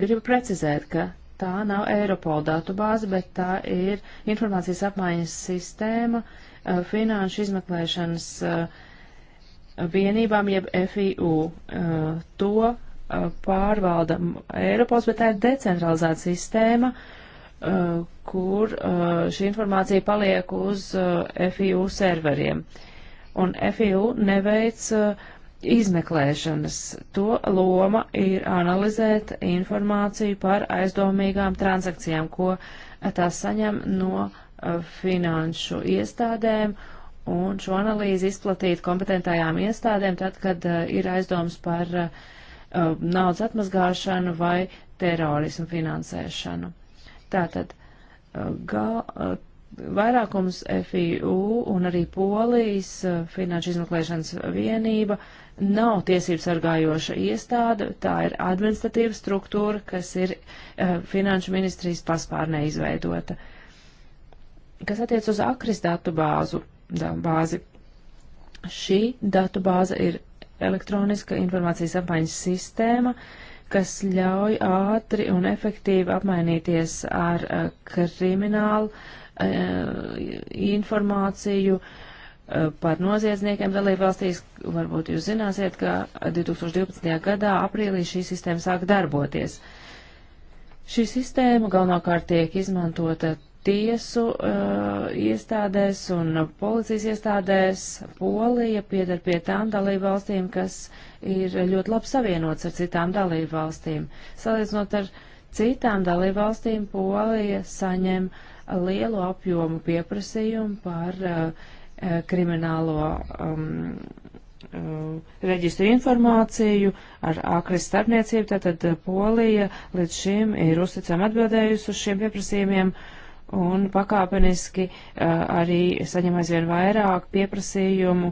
gribu precizēt, ka tā nav Eiropola datubāze, bet tā ir informācijas apmaiņas sistēma eh, finanšu izmeklēšanas eh, vienībām, jeb FIU. Eh, to pārvalda Eiropols, bet tā ir decentralizēta sistēma, kur šī informācija paliek uz FIU serveriem. Un FIU neveic uh, izmeklēšanas. To loma ir analizēt informāciju par aizdomīgām transakcijām, ko tās saņem no uh, finanšu iestādēm un šo analīzi izplatīt kompetentajām iestādēm tad, kad uh, ir aizdoms par uh, naudas atmazgāšanu vai terorismu finansēšanu. Tātad gal, vairākums FIU un arī Polijas finanšu izmeklēšanas vienība uh, nav tiesību sargājoša iestāde, tā ir administratīva struktūra, kas ir uh, Finanšu ministrijas paspārnē izveidota. Kas attiec uz akris datu bāzu, da, bāzi, šī datu bāze ir elektroniska informācijas apmaiņas sistēma, kas ļauj ātri un efektīvi apmainīties ar uh, kriminālu uh, informāciju, uh, Eh, par noziedzniekiem dalībvalstīs. Varbūt jūs zināsiet, ka 2012. gadā aprīlī šī sistēma sāk darboties. Šī sistēma galvenokārt tiek izmantota tiesu uh, iestādēs un policijas iestādēs. Polija piedar pie tām dalībvalstīm, kas ir ļoti labi savienots ar citām dalībvalstīm. Salīdzinot ar citām dalībvalstīm, Polija saņem lielu apjomu pieprasījumu par uh, Eh, kriminālo um, eh, reģistru informāciju ar ākris starpniecību, tātad eh, Polija līdz šim ir uzticam atbildējusi uz šiem pieprasījumiem un pakāpeniski arī saņem aizvien vairāk pieprasījumu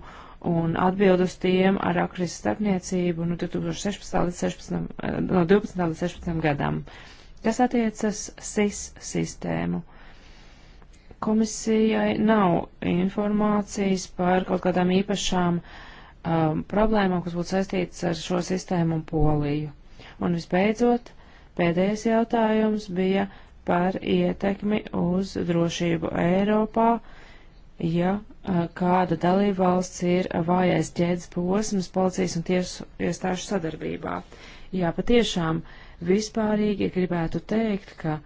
un atbild uz tiem ar ākris starpniecību nu, no 2016 līdz 16, no 12 līdz 16 gadam. Kas attiecas SIS sistēmu? Komisijai nav informācijas par kaut kādām īpašām um, problēmām, kas būtu saistītas ar šo sistēmu un poliju. Un visbeidzot, pēdējais jautājums bija par ietekmi uz drošību Eiropā, ja uh, kāda dalībvalsts ir vājais ķēdes posms policijas un tiesu iestāžu sadarbībā. Jā, patiešām vispārīgi gribētu teikt, ka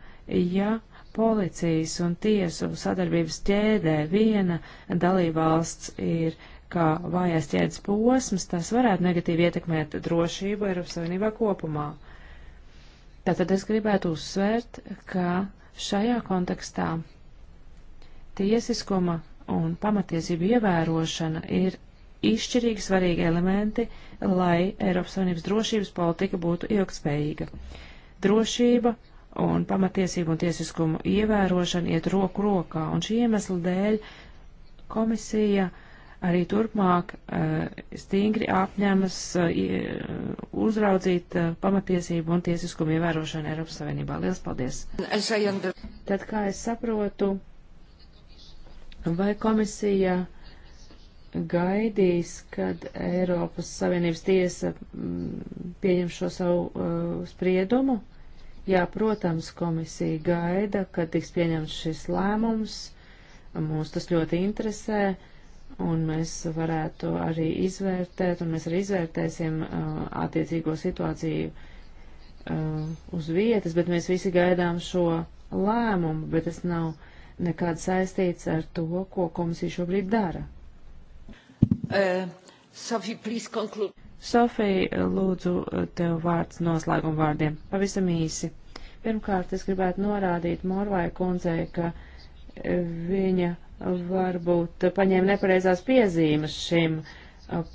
ja policijas un tiesu sadarbības ķēdē viena dalībvalsts ir kā vājās ķēdes posms, tas varētu negatīvi ietekmēt drošību Eiropas Savienībā kopumā. Tātad es gribētu uzsvērt, ka šajā kontekstā tiesiskuma un pamatiesību ievērošana ir izšķirīgi svarīgi elementi, lai Eiropas Savienības drošības politika būtu ilgspējīga. Drošība un pamatiesību un tiesiskumu ievērošana iet roku rokā. Un šī iemesla dēļ komisija arī turpmāk eh, stingri apņemas eh, uzraudzīt eh, pamatiesību un tiesiskumu ievērošanu Eiropas Savienībā. Lielas paldies! Tad, kā es saprotu, vai komisija gaidīs, kad Eiropas Savienības tiesa mm, pieņem šo savu uh, spriedumu? Uh, Jā, protams, komisija gaida, kad tiks pieņemts šis lēmums. Mūs tas ļoti interesē, un mēs varētu arī izvērtēt, un mēs arī izvērtēsim uh, attiecīgo situāciju uh, uz vietas, bet mēs visi gaidām šo lēmumu, bet tas nav nekāds saistīts ar to, ko komisija šobrīd dara. Uh, Sophie, please conclude. Sofija, lūdzu, tev vārds noslēguma vārdiem. Pavisam īsi. Pirmkārt, es gribētu norādīt Morvai kundzei, ka viņa varbūt paņēma nepareizās piezīmes šim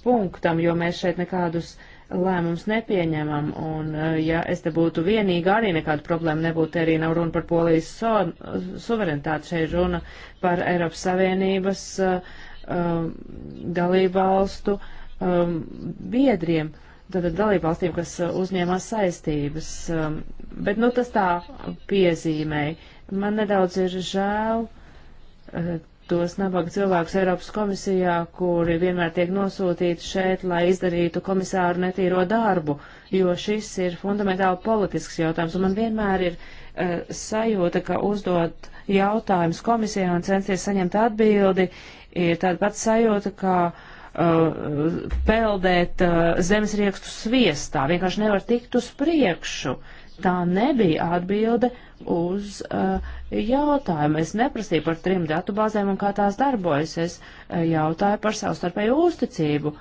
punktam, jo mēs šeit nekādus lēmumus nepieņemam. Un, ja es te būtu vienīga, arī nekāda problēma nebūtu. Te arī nav runa par polijas so suverenitāti, šeit runa par Eiropas Savienības uh, dalību valstu uh, um, biedriem, tātad dalībvalstīm, kas uh, uzņēmās saistības. Um, bet, nu, tas tā piezīmēja. Man nedaudz ir žēl uh, tos nabaga cilvēkus Eiropas komisijā, kuri vienmēr tiek nosūtīti šeit, lai izdarītu komisāru netīro darbu, jo šis ir fundamentāli politisks jautājums, un man vienmēr ir uh, sajūta, ka uzdot jautājumus komisijā un censties saņemt atbildi, ir tāda pati sajūta, kā uh, uh, peldēt uh, zemes riekstu sviestā, vienkārši nevar tikt uz priekšu. Tā nebija atbilde uz uh, jautājumu. Es neprasīju par trim datubāzēm un kā tās darbojas. Es uh, jautāju par savstarpēju uzticību.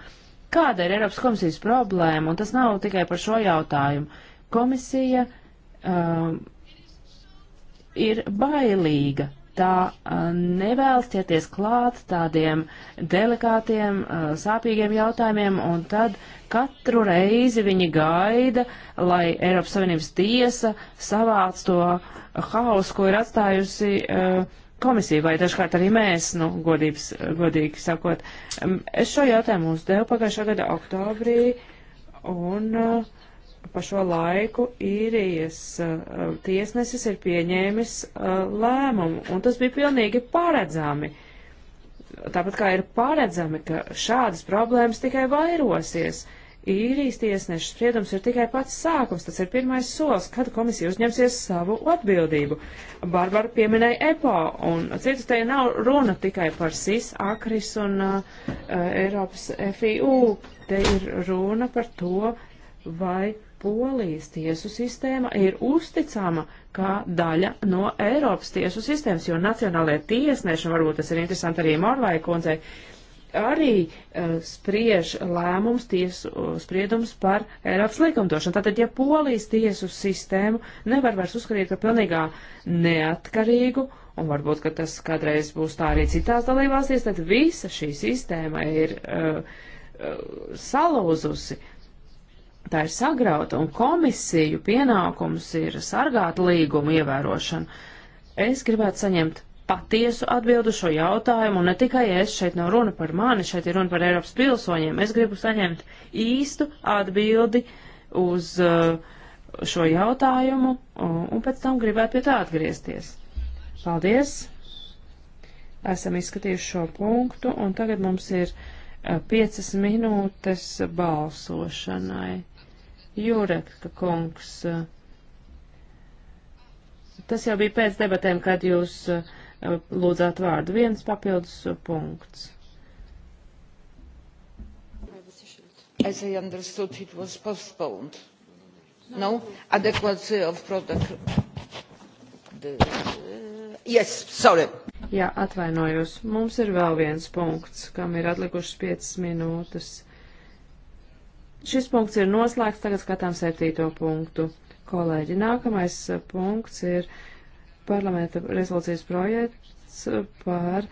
Kāda ir Eiropas komisijas problēma? Un tas nav tikai par šo jautājumu. Komisija uh, ir bailīga tā nevēlas ķerties klāt tādiem delikātiem, sāpīgiem jautājumiem, un tad katru reizi viņi gaida, lai Eiropas Savienības tiesa savāc to hausu, ko ir atstājusi komisija, vai dažkārt arī mēs, nu, godības, godīgi sakot. Es šo jautājumu uzdevu pagājušā gada oktobrī, un uh, pa šo laiku īrijas uh, tiesnesis ir pieņēmis uh, lēmumu, un tas bija pilnīgi paredzami. Tāpat kā ir paredzami, ka šādas problēmas tikai vairosies. Īrijas tiesneša spriedums ir tikai pats sākums, tas ir pirmais solis, kad komisija uzņemsies savu atbildību. Barbara pieminēja EPO, un citu te nav runa tikai par SIS, AKRIS un uh, Eiropas FIU. Te ir runa par to, vai Polijas tiesu sistēma ir uzticama kā daļa no Eiropas tiesu sistēmas, jo nacionālajie tiesneši, varbūt tas ir interesanti arī Morvai kundzei, arī uh, spriež lēmums, tiesu uh, eh, spriedums par Eiropas likumdošanu. Tātad, ja polijas tiesu sistēmu nevar vairs uzskatīt par pilnīgā neatkarīgu, un varbūt, ka tas kādreiz būs tā arī citās dalībvalstīs, tad visa šī sistēma ir uh, eh, uh, salūzusi, tā ir sagrauta, un komisiju pienākums ir sargāt līgumu ievērošanu. Es gribētu saņemt patiesu atbildu šo jautājumu, un ne tikai es, šeit nav runa par mani, šeit ir runa par Eiropas pilsoņiem. Es gribu saņemt īstu atbildi uz uh, šo jautājumu, un pēc tam gribētu pie tā atgriezties. Paldies! Esam izskatījuši šo punktu, un tagad mums ir uh, piecas minūtes balsošanai. Jureka kungs, eh, tas jau bija pēc debatēm, kad jūs eh, lūdzāt vārdu. Viens papildus punkts. As I understood, it was postponed. No? Adequacy of product. The, uh, yes, sorry. Jā, atvainojos. Mums ir vēl viens punkts, kam ir atlikušas piecas minūtes. Šis punkts ir noslēgts, tagad skatām septīto punktu. Kolēģi, nākamais uh, punkts ir parlamenta rezolūcijas projekts uh, par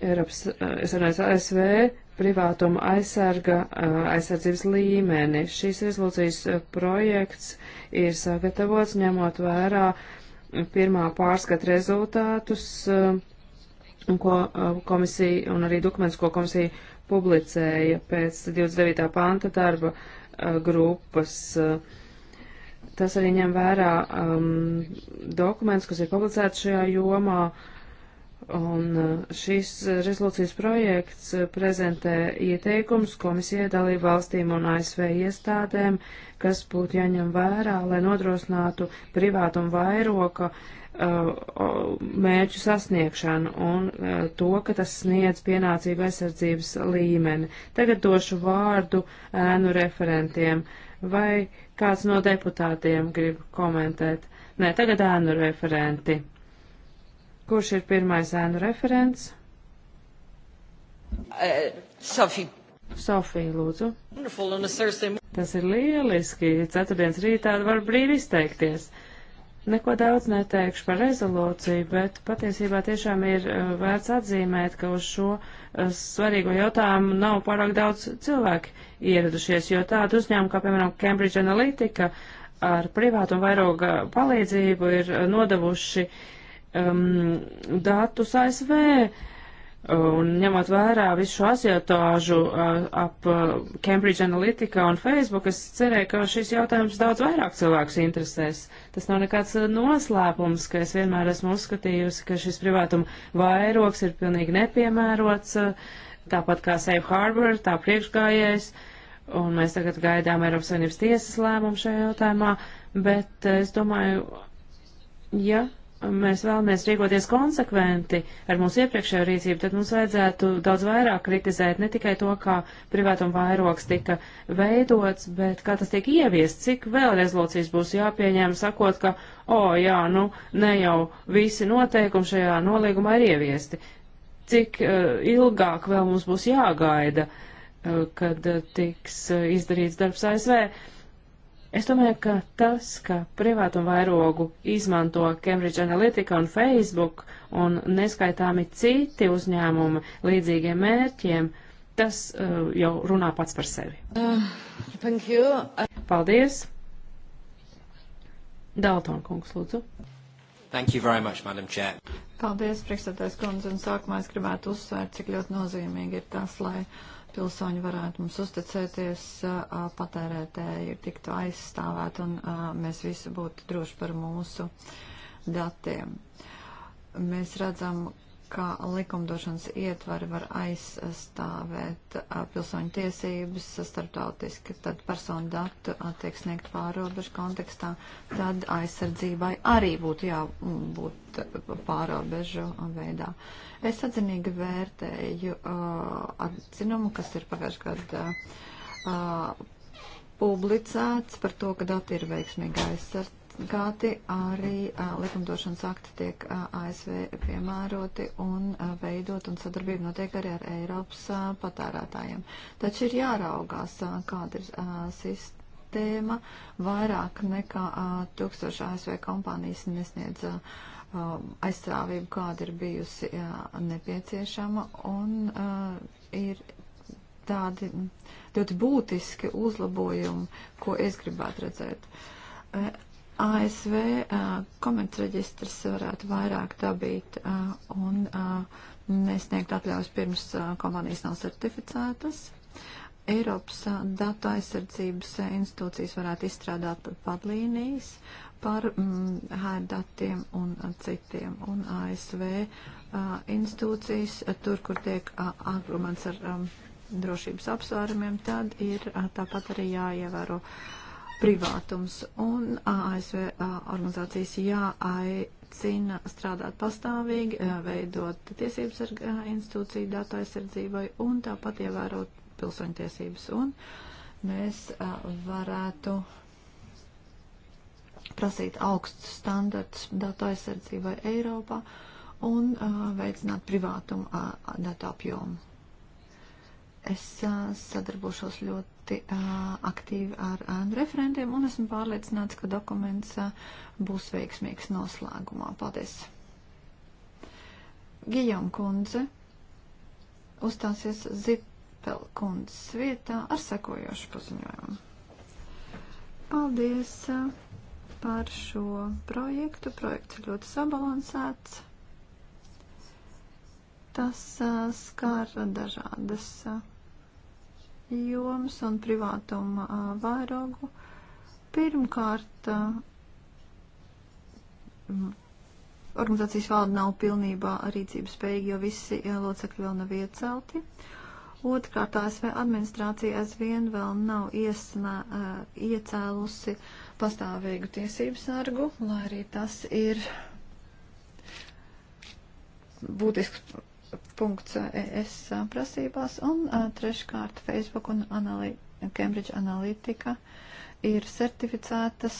Eiropas, uh, es runāju, ASV privātuma aizsarga, aizsardzības līmeni. Šīs rezolūcijas projekts ir sagatavots ņemot vērā pirmā pārskata rezultātus, ko komisija un arī dokumentus, ko komisija publicēja pēc 29. panta darba uh, grupas. Uh, tas arī ņem vērā um, dokuments, kas ir publicēts šajā jomā, un uh, šīs rezolūcijas projekts prezentē ieteikums komisijai dalību valstīm un ASV iestādēm, kas būtu jāņem vērā, lai nodrošinātu privātumu vairoka uh, Uh, mērķu sasniegšanu un uh, to, ka tas sniedz pienācību aizsardzības līmeni. Tagad došu vārdu ēnu referentiem. Vai kāds no deputātiem grib komentēt? Nē, tagad ēnu referenti. Kurš ir pirmais ēnu referents? Uh, Sofija. Sofija, lūdzu. Tas ir lieliski. Ceturtdienas rītā var brīvi izteikties. Uh, Neko daudz neteikšu par rezolūciju, bet patiesībā tiešām ir eh, vērts atzīmēt, ka uz šo eh, svarīgo jautājumu nav pārāk daudz cilvēku ieradušies, jo tāda uzņēmuma kā, piemēram, Cambridge Analytica ar privātu un vairoga palīdzību ir eh, nodevuši um, datus ASV. Uh, Un ņemot vērā visu šo asietāžu ap Cambridge Analytica un Facebook, es cerēju, ka šis jautājums daudz vairāk cilvēks interesēs. Tas nav nekāds noslēpums, ka es vienmēr esmu uzskatījusi, ka šis privātuma vairoks ir pilnīgi nepiemērots, tāpat kā Safe Harbor, tā priekšgājējs, un mēs tagad gaidām Eiropas Savienības tiesas lēmumu šajā jautājumā, bet es domāju, ja mēs vēlamies rīkoties konsekventi ar mūsu iepriekšējo rīcību, tad mums vajadzētu daudz vairāk kritizēt ne tikai to, kā privātuma vairogs tika veidots, bet kā tas tiek ieviests, cik vēl rezolūcijas būs jāpieņem, sakot, ka, o, oh, jā, nu, ne jau visi noteikumi šajā nolīgumā ir ieviesti. Cik uh, ilgāk vēl mums būs jāgaida, uh, kad uh, tiks uh, izdarīts darbs ASV. Uh, Es domāju, ka tas, ka privātu vairogu izmanto Cambridge Analytica un Facebook un neskaitāmi citi uzņēmumi līdzīgiem mērķiem, tas uh, jau runā pats par sevi. Uh, thank you. Paldies. Dalton kungs, lūdzu. Thank you very much, Madam Chair. Paldies, priekšstādājs kundze, un sākumā es gribētu uzsvērt, cik ļoti nozīmīgi ir tas, lai uh, pilsoņi varētu mums uzticēties, patērētēji tiktu aizstāvēt un mēs visi būtu droši par mūsu datiem. Mēs redzam, kā likumdošanas ietvari var aizstāvēt pilsoņu tiesības starptautiski, tad personu datu tiek sniegt pārobežu kontekstā, tad aizsardzībai arī būtu jābūt pārobežu veidā. Es atzinīgi vērtēju atzinumu, kas ir pagājušajā gadā publicēts par to, ka dati ir veiksmīgi aizsardzība gadi arī a, likumdošanas akti tiek a, ASV piemēroti un a, veidot, un sadarbība notiek arī ar Eiropas a, patērētājiem. Taču ir jāraugās, a, kāda ir a, sistēma. Vairāk nekā a, tūkstoši ASV kompānijas nesniedz a, aizstāvību, kāda ir bijusi a, nepieciešama, un a, ir tādi ļoti būtiski uzlabojumi, ko es gribētu redzēt. A, ASV komercreģistrs varētu vairāk dabīt un nesniegt atļaus pirms kompānijas nav certificētas. Eiropas datu aizsardzības institūcijas varētu izstrādāt padlīnijas par mm, HR datiem un citiem. Un ASV institūcijas, tur, kur tiek agrumants ar drošības apsvērumiem, tad ir tāpat arī jāievēro. Uh, privātums. Un ASV organizācijas jāaicina strādāt pastāvīgi, veidot tiesības ar institūciju datu aizsardzībai un tāpat ievērot pilsoņtiesības. Un mēs varētu prasīt augstus standartus datu aizsardzībai Eiropā un uh, veicināt privātumu uh, datu apjomu. Es uh, sadarbošos ļoti ļoti aktīvi ar referentiem, un esmu pārliecināts, ka dokuments būs veiksmīgs noslēgumā. Paldies! Gijom kundze uzstāsies Zipel kundzes vietā ar sekojošu paziņojumu. Paldies par šo projektu. Projekts ir ļoti sabalansēts. Tas skar dažādas. A, jomas un privātuma vairogu. Pirmkārt, organizācijas valde nav pilnībā rīcības spējīga, jo visi locekļi vēl nav iecelti. Otrkārt, ASV administrācija aizvien vēl nav iesnā, iecēlusi pastāvīgu tiesību sargu, lai arī tas ir būtisks punkts eh, ES eh, prasībās, un eh, treškārt Facebook un analī Cambridge Analytica ir certificētas,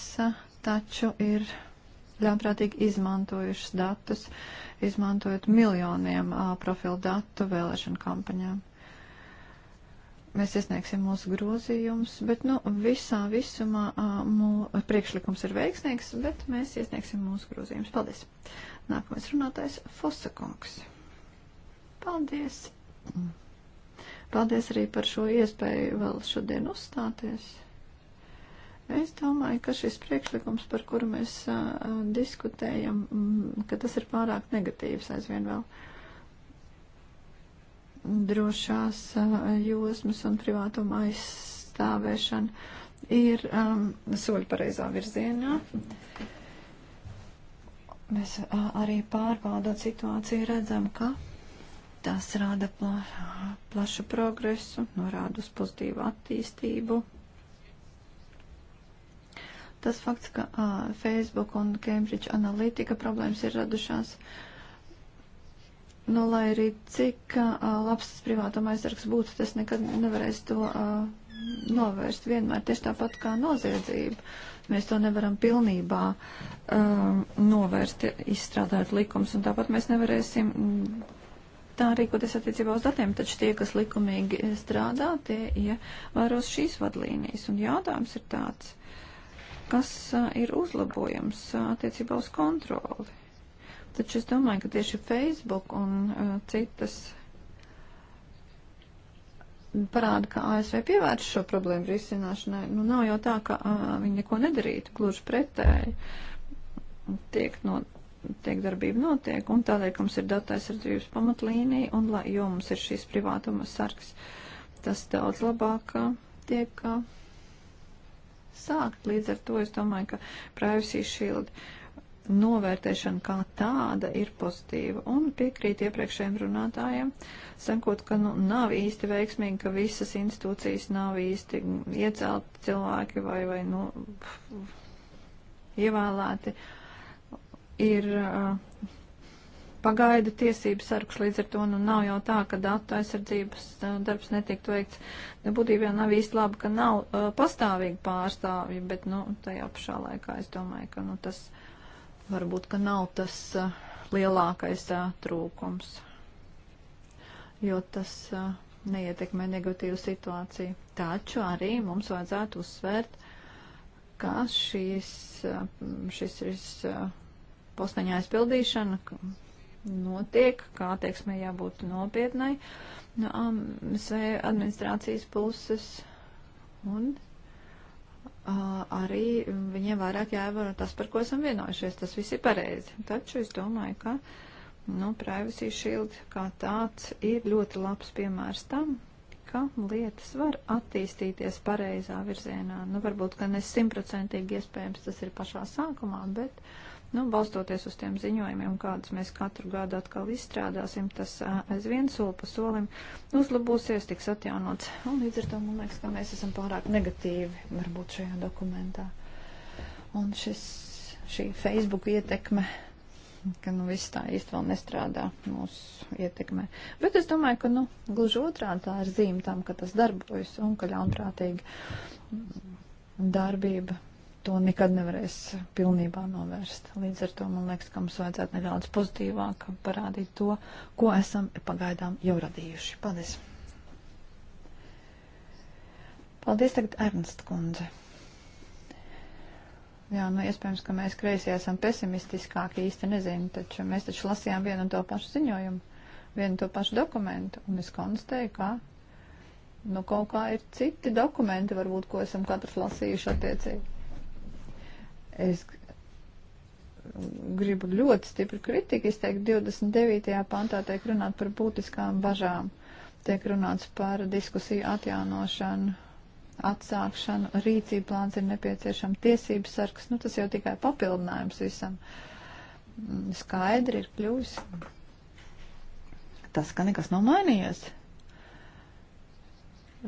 taču ir ļaunprātīgi izmantojušas datus, izmantojot miljoniem profilu datu vēlēšanu kampaņām. Mēs iesniegsim mūsu grozījumus, bet nu, visā visumā mū, priekšlikums ir veiksmīgs, bet mēs iesniegsim mūsu grozījumus. Paldies! Nākamais runātājs Fosakungs. kungs. Paldies! Paldies arī par šo iespēju vēl šodien uzstāties. Es domāju, ka šis priekšlikums, par kuru mēs uh, diskutējam, mm, ka tas ir pārāk negatīvs aizvien vēl. Drošās uh, josmas un privātuma aizstāvēšana ir um, soļi pareizā virzienā. Mēs uh, arī pārbaudot situāciju redzam, ka Tas rada pla plašu progresu, norāda uz pozitīvu attīstību. Tas fakts, ka uh, Facebook un Cambridge Analytica problēmas ir radušās, nu, lai arī cik uh, labs tas privātuma aizsargs būtu, tas nekad nevarēs to uh, novērst vienmēr tieši tāpat kā noziedzība. Mēs to nevaram pilnībā um, novērst, izstrādāt likums, un tāpat mēs nevarēsim tā rīkoties attiecībā uz datiem, taču tie, kas likumīgi strādā, tie ievēros ja šīs vadlīnijas. Un jautājums ir tāds, kas ir uzlabojums attiecībā uz kontroli. Taču es domāju, ka tieši Facebook un uh, citas parāda, ka ASV pievērš šo problēmu risināšanai. Nu, nav jau tā, ka uh, viņi neko nedarītu, gluži pretēji. Tiek no tiek darbība notiek, un tādēļ, ka mums ir datu aizsardzības pamatlīnija, un lai, jo mums ir šīs privātuma sargs, tas daudz labāk uh, tiek uh, sākt. Līdz ar to es domāju, ka privacy shield novērtēšana kā tāda ir pozitīva, un piekrīt iepriekšējiem runātājiem, sakot, ka nu, nav īsti veiksmīgi, ka visas institūcijas nav īsti iecelti cilvēki vai, vai nu, ievēlēti. Uh, ir uh, pagaidu tiesības sargs, līdz ar to nu, nav jau tā, ka datu aizsardzības uh, darbs netiek veikts. Nu, būtībā nav īsti labi, ka nav uh, pastāvīgi pārstāvji, bet nu, tajā pašā laikā es domāju, ka nu, tas varbūt ka nav tas uh, lielākais uh, trūkums, jo tas uh, neietekmē negatīvu situāciju. Taču arī mums vajadzētu uzsvērt, ka šīs, šis, šis, šis postaņa aizpildīšana notiek, kā attieksmē jābūt nopietnai no AMS administrācijas puses. Un uh, arī viņiem vairāk jāievēro tas, par ko esam vienojušies. Tas viss ir pareizi. Taču es domāju, ka nu, Privacy Shield kā tāds ir ļoti labs piemērs tam, ka lietas var attīstīties pareizā virzienā. Nu, varbūt, ka ne simtprocentīgi iespējams tas ir pašā sākumā, bet uh, Nu, balstoties uz tiem ziņojumiem, kādus mēs katru gadu atkal izstrādāsim, tas aizvien soli pa solim uzlabosies, tiks atjaunots. Un līdz ar to man liekas, ka mēs esam pārāk negatīvi varbūt šajā dokumentā. Un šis, šī Facebook ietekme, ka nu viss tā īsti vēl nestrādā mūsu ietekmē. Bet es domāju, ka nu gluži otrādi tā ir zīme tam, ka tas darbojas un ka ļaunprātīgi darbība to nekad nevarēs pilnībā novērst. Līdz ar to man liekas, ka mums vajadzētu nedaudz pozitīvāk parādīt to, ko esam pagaidām jau radījuši. Paldies! Paldies tagad Ernst kundze. Jā, nu iespējams, ka mēs kreisie esam pesimistiskāki, īsti nezinu, taču mēs taču lasījām vienu un to pašu ziņojumu, vienu un to pašu dokumentu, un es konstatēju, ka nu, kaut kā ir citi dokumenti, varbūt, ko esam katrs lasījuši attiecīgi. Es gribu ļoti stipru kritiku izteikt. 29. pantā tiek runāt par būtiskām bažām. Tiek runāts par diskusiju atjaunošanu, atsākšanu, rīcību plāns ir nepieciešama, tiesības sargs. Nu, tas jau tikai papildinājums visam. Mm, skaidri ir kļuvis. Tas, ka nekas nav mainījies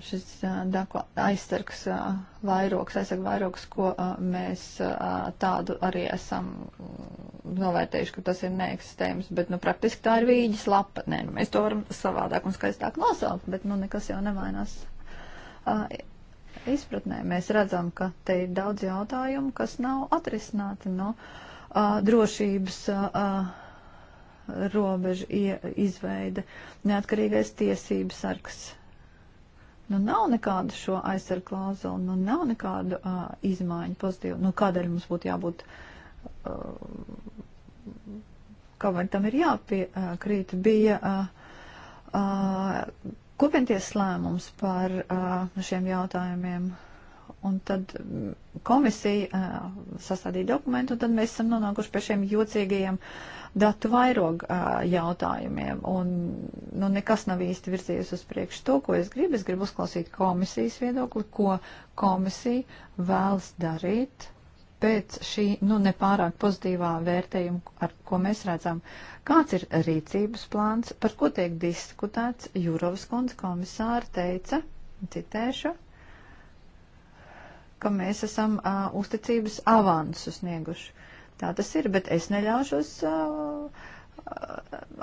šis dako, aizsargs vairoks, aizsargs vairoks, ko mēs tādu arī esam novērtējuši, ka tas ir neeksistējams, bet, nu, praktiski tā ir vīģis lapa. Nē, nu, mēs to varam savādāk un skaistāk nosaukt, bet, nu, nekas jau nemainās izpratnē. Mēs redzam, ka te ir daudz jautājumu, kas nav atrisināti no drošības robežu izveide, neatkarīgais tiesības sargs Nu, nav nekādu šo aizsardzību klauzulu, nu, nav nekādu uh, izmaiņu pozitīvu. Nu, kādēļ mums būtu jābūt, uh, kā vai tam ir jāpiekrīt, uh, bija uh, uh, kopienties lēmums par uh, šiem jautājumiem. Uh, Un tad mm, komisija sastādīja dokumentu, un tad mēs esam nonākuši pie šiem jocīgajiem datu vairogu jautājumiem. Un nu, nekas nav īsti virzījies uz priekšu. To, ko es gribu, es gribu uzklausīt komisijas viedokli, ko komisija vēlas darīt pēc šī nu, nepārāk pozitīvā vērtējuma, ar ko mēs redzam, kāds ir rīcības plāns, par ko tiek diskutēts. Jūrovas kundze komisāra teica, citēšu, ka mēs esam uh, uzticības avansu snieguši. Tā tas ir, bet es neļaušos uh,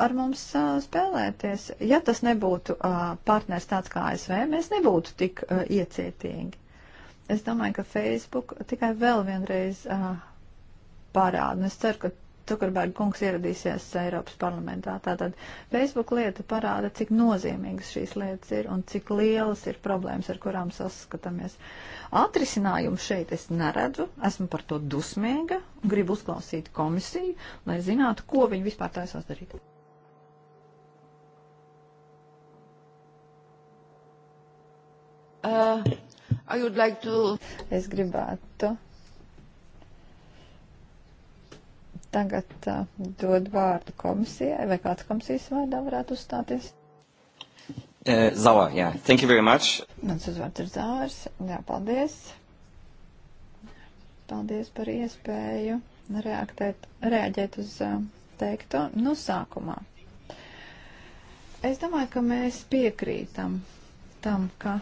ar mums uh, spēlēties. Ja tas nebūtu uh, partners tāds kā ASV, mēs nebūtu tik uh, iecietīgi. Es domāju, ka Facebook tikai vēl vienreiz uh, parāda. Es ceru, ka Cukerberga kungs ieradīsies Eiropas parlamentā. Tātad Facebook lieta parāda, cik nozīmīgas šīs lietas ir un cik lielas ir problēmas, ar kurām saskatamies. Atrisinājumu šeit es neredzu, esmu par to dusmīga, gribu uzklausīt komisiju, lai zinātu, ko viņi vispār taisās darīt. Uh, like to... Es gribētu Tagad uh, dod vārdu komisijai, vai kāds komisijas vārdā varētu uzstāties? Uh, Zala, jā. Yeah. Thank you very much. Mans uzvārds ir Zārs. Jā, paldies. Paldies par iespēju reaktēt, reaģēt uz uh, teikto. Nu, sākumā. Es domāju, ka mēs piekrītam tam, ka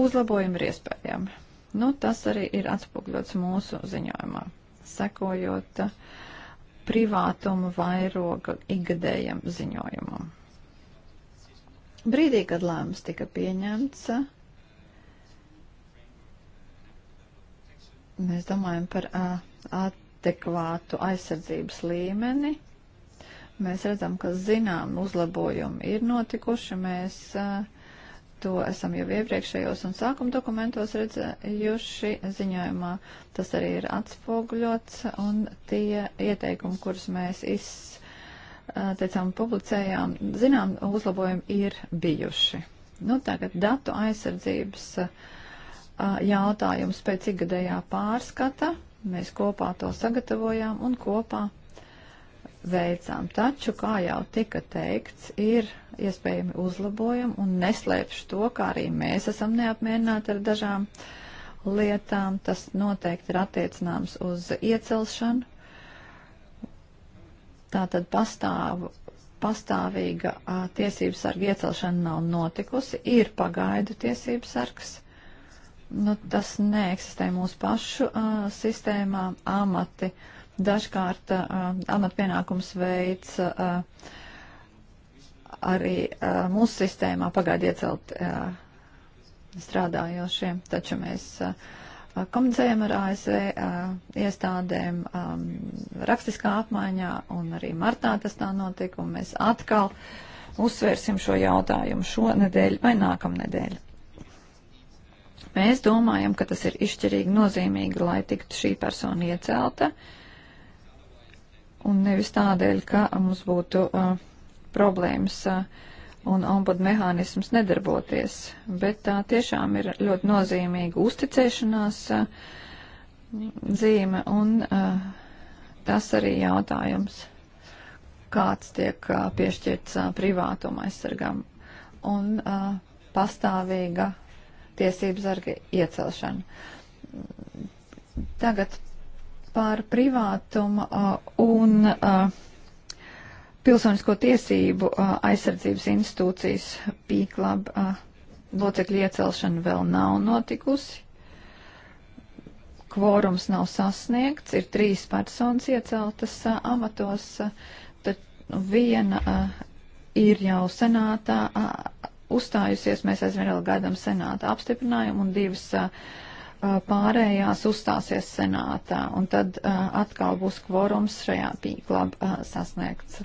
uzlabojumi ir iespējami. Nu, tas arī ir atspūgļots mūsu ziņojumā, sekojot uh, privātuma vairoga ikgadējam ziņojumam. Brīdī, kad lēmums tika pieņemts, mēs domājam par adekvātu aizsardzības līmeni. Mēs redzam, ka zinām uzlabojumi ir notikuši. Mēs uh, To esam jau iepriekšējos un sākuma dokumentos redzējuši ziņojumā. Tas arī ir atspoguļots un tie ieteikumi, kurus mēs izteicām un publicējām, zinām, uzlabojumi ir bijuši. Nu, tagad datu aizsardzības jautājums pēc ikgadējā pārskata. Mēs kopā to sagatavojām un kopā veicām. Taču, kā jau tika teikts, ir iespējami uzlabojam un neslēpšu to, kā arī mēs esam neapmierināti ar dažām lietām. Tas noteikti ir attiecināms uz iecelšanu. Tātad pastāv, pastāvīga a, tiesību sarga iecelšana nav notikusi, ir pagaidu tiesību sargs. Nu, tas neeksistē mūsu pašu uh, sistēmā. Amati dažkārt uh, amatpienākums veids uh, arī uh, mūsu sistēmā pagādi iecelt uh, strādājošiem, taču mēs uh, komunicējam ar ASV uh, iestādēm um, rakstiskā apmaiņā, un arī martā tas tā notika, un mēs atkal uzsvērsim šo jautājumu šonedēļ vai nākamnedēļ. Mēs domājam, ka tas ir izšķirīgi nozīmīgi, lai tiktu šī persona iecelta, un nevis tādēļ, ka mums būtu. Uh, problēmas un ombudu mehānisms nedarboties, bet tā tiešām ir ļoti nozīmīga uzticēšanās zīme un tas arī jautājums, kāds tiek piešķirts privātuma aizsargam un pastāvīga tiesības sarga iecelšana. Tagad par privātumu un uh, Pilsonisko tiesību aizsardzības institūcijas pīklab locekļu iecelšana vēl nav notikusi. Kvorums nav sasniegts, ir trīs personas ieceltas amatos, tad viena ir jau senātā uzstājusies, mēs aizvien vēl gaidām senāta apstiprinājumu un divas pārējās uzstāsies senātā, un tad atkal būs kvorums šajā pīklā sasniegts.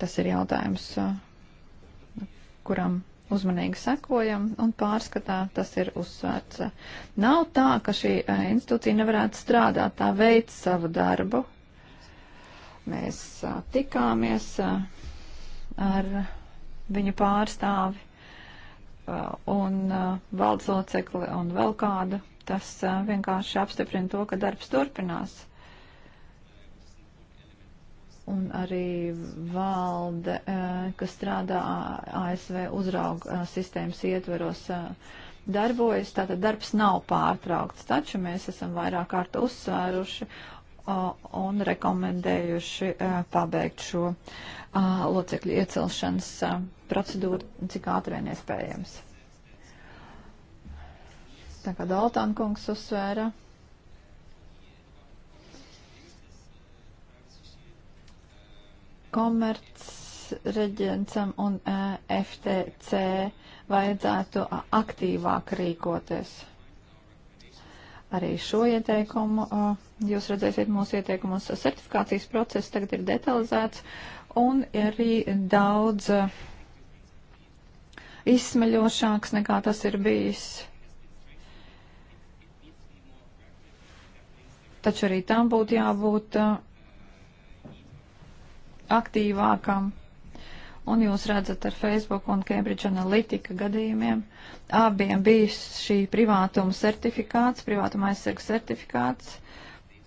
Tas ir jautājums, uh, kuram uzmanīgi sekojam un pārskatā tas ir uzsvērts. Nav tā, ka šī uh, institūcija nevarētu strādāt, tā veic savu darbu. Mēs uh, tikāmies ar viņu pārstāvi un valdes locekli un vēl kādu. Tas vienkārši apstiprina to, ka darbs turpinās un arī valde, eh, kas strādā ASV uzrauga eh, sistēmas ietveros, eh, darbojas. Tātad darbs nav pārtraukts, taču mēs esam vairāk kārt uzsvēruši un rekomendējuši pabeigt šo locekļu iecelšanas procedūru, cik ātri vien iespējams. Tā kā Daltāna kungs uzsvēra, komercreģencam un e, FTC vajadzētu aktīvāk rīkoties. Arī šo ieteikumu e, jūs redzēsiet mūsu ieteikumus. Certifikācijas process tagad ir detalizēts un arī daudz e, izsmeļošāks nekā tas ir bijis. Taču arī tam būtu jābūt uh, aktīvākam. Un jūs redzat ar Facebook un Cambridge Analytica gadījumiem, abiem bija šī privātuma certifikāts, privātuma aizsargs certifikāts,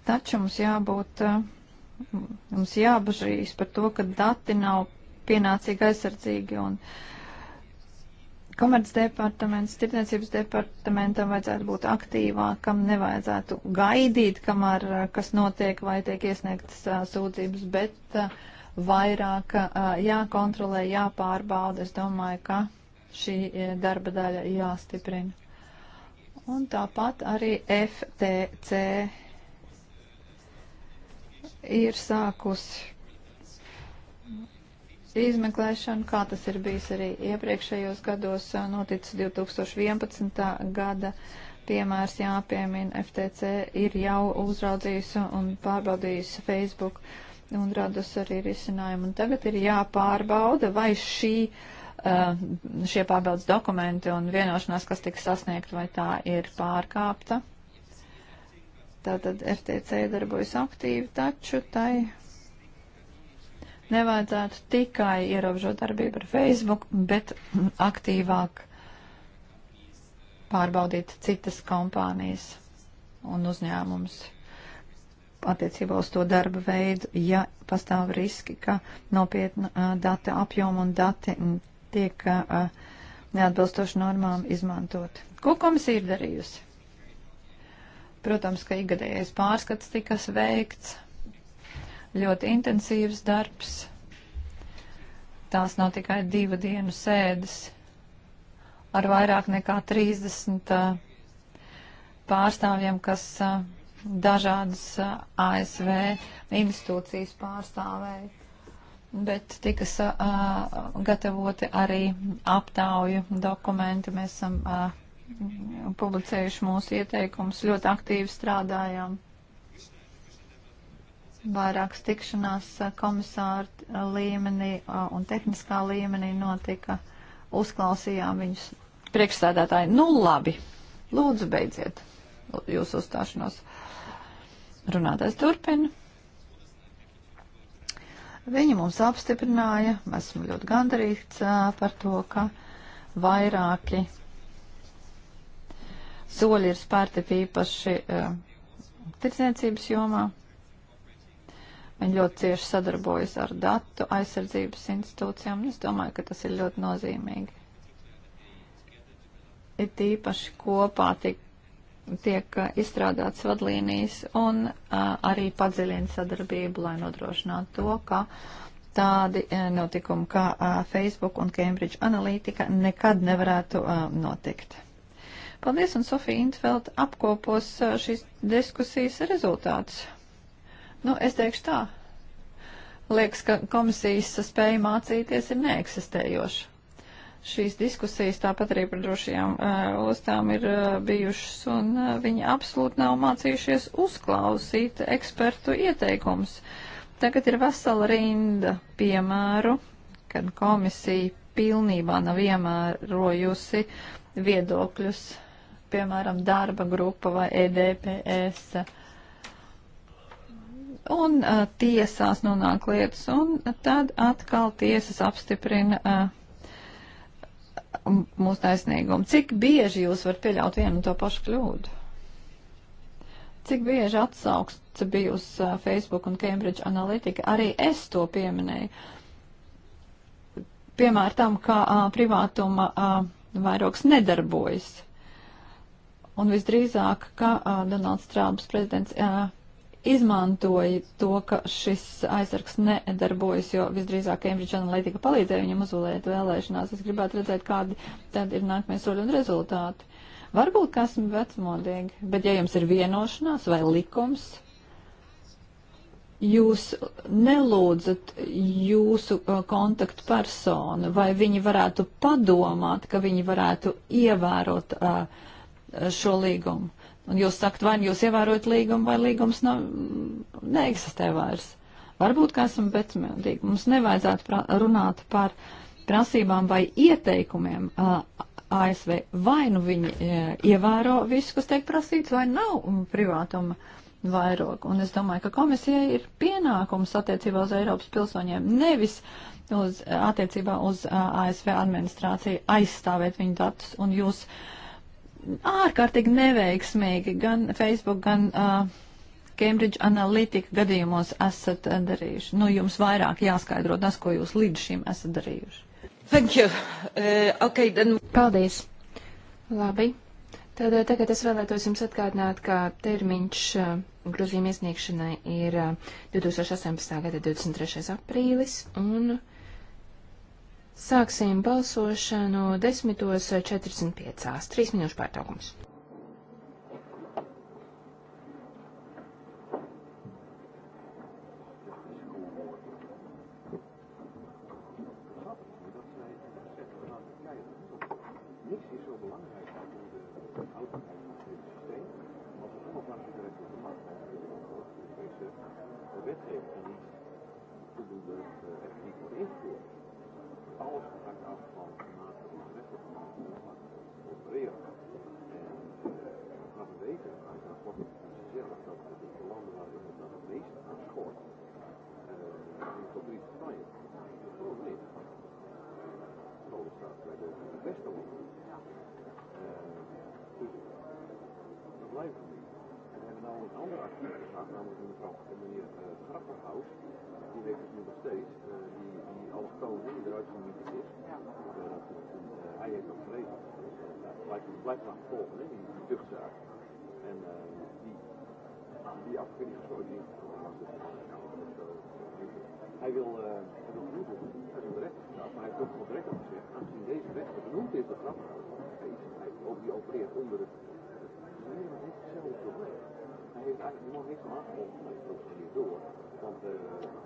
taču mums jābūt, eh, mums jābažīs par to, ka dati nav pienācīgi aizsardzīgi un komerces departaments, tirdzniecības departamentam vajadzētu būt aktīvākam, nevajadzētu gaidīt, kamēr eh, kas notiek vai tiek iesniegtas eh, sūdzības, bet uh, vairāk jākontrolē, jāpārbauda. Es domāju, ka šī darba daļa jāstiprina. Un tāpat arī FTC ir sākusi izmeklēšanu, kā tas ir bijis arī iepriekšējos gados, noticis 2011. gada piemērs jāpiemina, FTC ir jau uzraudzījusi un pārbaudījusi Facebook un radus arī risinājumu. Un tagad ir jāpārbauda, vai šī, eh, šie pārbaudas dokumenti un vienošanās, kas tika sasniegt, vai tā ir pārkāpta. Tātad FTC darbojas aktīvi, taču tai nevajadzētu tikai ierobežot darbību ar Facebook, bet aktīvāk pārbaudīt citas kompānijas un uzņēmumus attiecībā uz to darba veidu, ja pastāv riski, ka nopietna data apjoma un dati tiek neatbilstoši normām izmantot. Ko komisija ir darījusi? Protams, ka ikgadējais pārskats tika veikts, ļoti intensīvs darbs. Tās nav tikai divu dienu sēdes ar vairāk nekā 30 pārstāvjiem, kas dažādas eh, ASV institūcijas pārstāvēji, bet tika sagatavoti eh, arī aptauju dokumenti. Mēs esam eh, publicējuši mūsu ieteikumus, ļoti aktīvi strādājām vairākas tikšanās komisāra līmenī un tehniskā līmenī notika. Uzklausījām viņus priekšsēdētāji. Nu labi, lūdzu beidziet jūsu uzstāšanos. Runātais turpina. Viņa mums apstiprināja, esmu ļoti gandarīts par to, ka vairāki soļi ir spērti īpaši uh, tirdzniecības jomā. Viņi ļoti cieši sadarbojas ar datu aizsardzības institūcijām, un es domāju, ka tas ir ļoti nozīmīgi. Ir īpaši kopā tik tiek uh, izstrādāts vadlīnijas un uh, arī padziļina sadarbību, lai nodrošinātu to, ka tādi uh, notikumi kā Facebook un Cambridge Analytica nekad nevarētu notikt. Paldies, un Sofija Intfeld apkopos šīs diskusijas rezultātus. Nu, es teikšu tā. Liekas, ka komisijas spēja mācīties ir neeksistējoša. Šīs diskusijas tāpat arī par drošajām uh, ostām ir uh, bijušas, un uh, viņi absolūti nav mācījušies uzklausīt ekspertu ieteikumus. Tagad ir vesela rinda piemēru, kad komisija pilnībā nav iemērojusi viedokļus, piemēram, darba grupa vai EDPS. Un uh, tiesās nonāk lietas, un tad atkal tiesas apstiprina uh, mūsu taisnīgumu. Cik bieži jūs varat pieļaut vienu un to pašu kļūdu? Cik bieži atsauksts bija uz Facebook un Cambridge Analytica? Arī es to pieminēju. Piemēram, tam, kā a, privātuma a, vairogs nedarbojas. Un visdrīzāk, ka a, Donalds Trumps prezidents a, izmantoja to, ka šis aizsargs nedarbojas, jo visdrīzāk Cambridge Analytica palīdzēja viņam uzvalēt vēlēšanās. Es gribētu redzēt, kādi tad ir nākamie soļi un rezultāti. Varbūt kas ir vecmodīgi, bet ja jums ir vienošanās vai likums, jūs nelūdzat jūsu uh, kontaktu personu, vai viņi varētu padomāt, ka viņi varētu ievērot uh, šo līgumu. Un jūs sakat, vai nu jūs ievērojat līgumu, vai līgums nav, neeksistē vairs. Varbūt, ka esam bezmēdīgi. Mums nevajadzētu pra, runāt par prasībām vai ieteikumiem uh, ASV. Vai nu viņi uh, ievēro visu, kas tiek prasīts, vai nav privātuma vairogu. Un es domāju, ka komisijai ir pienākums attiecībā uz Eiropas pilsoņiem, nevis uz, attiecībā uz uh, ASV administrāciju aizstāvēt viņu datus. Un jūs uh, ārkārtīgi neveiksmīgi gan Facebook, gan uh, Cambridge Analytica gadījumos esat darījuši? Nu, jums vairāk jāskaidro tas, ko jūs līdz šim esat darījuši. Thank you. Uh, okay, then... Paldies. Labi. Tad uh, tagad es vēlētos jums atgādināt, ka termiņš uh, grozījuma iesniegšanai ir uh, 2018. gada 23. aprīlis un uh, Sāksim balsošanu 10.45. Trīs minūšu pārtraukums. achteraan, namelijk die mevrouw en meneer uh, Grapperhaus. Die weet het nu nog steeds, uh, die, die allochtone die eruit van niet is. Ja. Uh, dat, en, uh, hij heeft dat geregeld. Uh, nou, blijft, blijft aan het volgen, hè, die, die tuchtzaak. En uh, die, die afkeuring is nooit niet. Hij wil, uh, hij wil genoemd worden. Hij wil recht. Nou, maar hij heeft ook nog recht op gezegd. Aangezien deze rechter genoemd is, de Grapperhaus, hij, hij, ook die opereert onder het. Nee, maar dit is hetzelfde probleem in fact, more niks aangekomen van het procedure door. Want uh,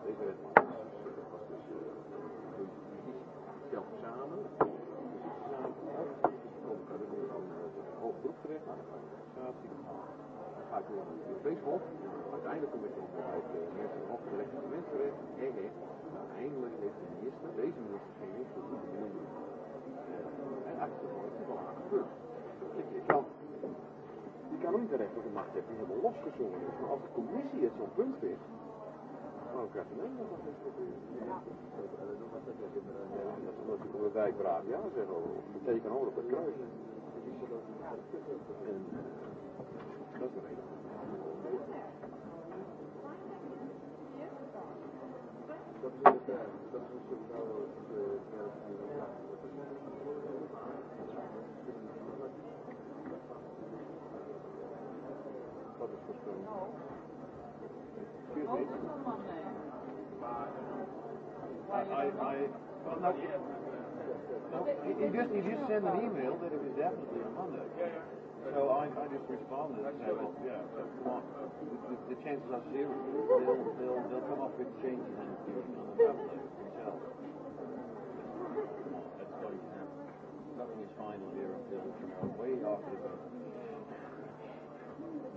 deze wet was dus zelf samen. Dan kom ik aan een hoog beroep terecht, aan een organisatie. Dan ga ik weer aan het Europees Uiteindelijk kom ik dan bij het mensen van Hof van Recht en Mensenrecht. He he. Uiteindelijk heeft de minister, deze minister, geen invloed op de herhalingberekening nu, gemaakt heeft, die helemaal losgezongen is. Maar als de commissie het zo'n punt vindt, dan krijg je een nog wat Ja. Dat is omdat je van de wijkbraad ja zeggen, of betekent ook op het kruis. En eh, dat is de reden. Dat is het, eh, dat is het, dat is het, No. Excuse Vote me? is on Monday. Why you I, don't I, know? Well, not yet. No, it, it, it just, he just sent an email that it was definitely on Monday. Yeah, yeah. So I, I just responded and said, well, yeah, so come on. The, the chances are zero. They'll, they'll, they'll come up with changes and confusion on the website themselves. That's why you have nothing is final here until, you know, way after the vote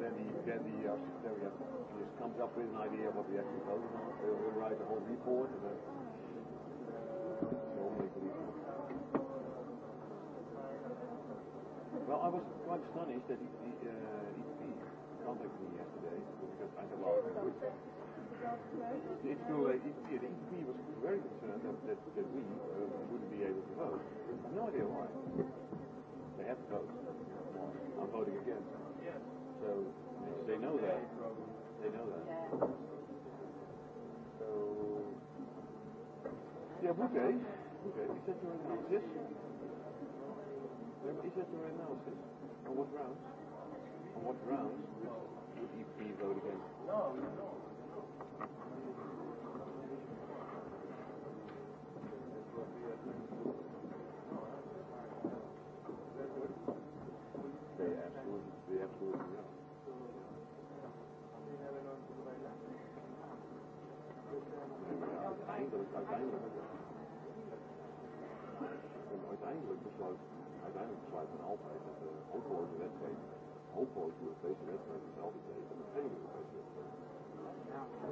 then he then the uh, secretariat just comes up with an idea of what we actually vote on. They'll, they'll write a whole report and then they'll make a report. Well, I was quite astonished that he, he, uh, he, he contacted me yesterday because I said, well, it's too late. It, uh, the ECB was very concerned that, that, that we uh, wouldn't be able to vote. I have no idea why. They had to vote. I'm voting against. So they know that. They know that. Yeah. So yeah, Bouquet. Bouquet. Is that your analysis? Is that your analysis? On what grounds? On what grounds would EP vote against? No, we don't. Thank you. En uiteindelijk besluit, uiteindelijk besluit men altijd dat de hoofdwoordje wedstrijd, hoofdwoordje Europese wedstrijd hetzelfde is dan de geen Europese wedstrijd. Ja. En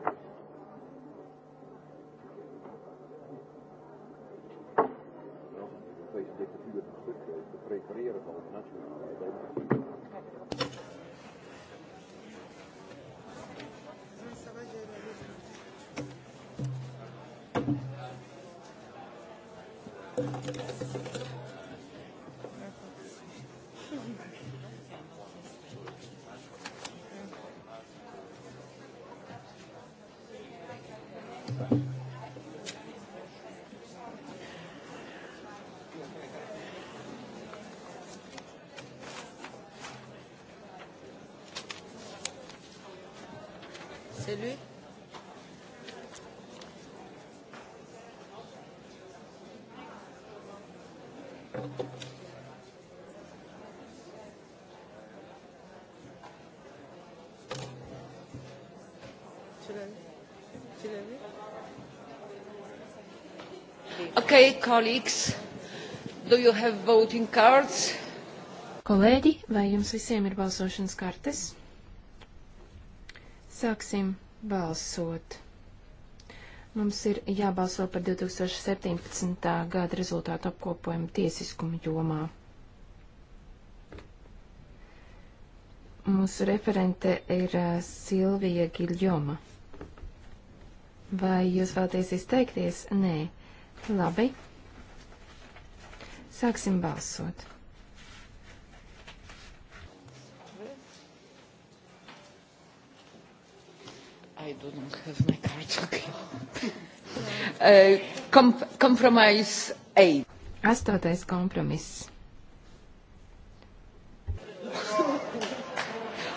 als het een Europese dictatuur een stuk te prepareren van het nationale democratie. C'est lui Okay, colleagues, do you have voting cards? Kolēģi, vai jums visiem ir balsošanas kartes? Sāksim balsot. Mums ir jābalso par 2017. gada rezultātu apkopojumu tiesiskumu jomā. Mūsu referente ir eh, Silvija Giljoma. Vai jūs vēlaties izteikties? Nē. Labi. Sāksim balsot. don't have my card. Okay. Uh, kom kompromise 8. Astotais kompromiss.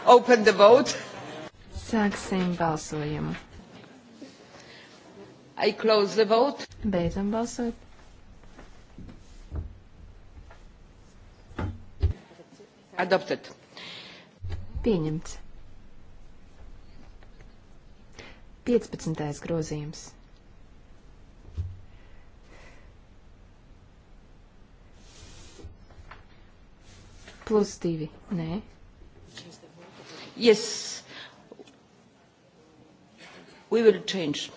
Open the vote. Sāksim balsojumu. I close the vote. Beidzam balsot. Adopted. Pieņemts. 15. grozījums. Plus 2. Nē. Yes. We will change.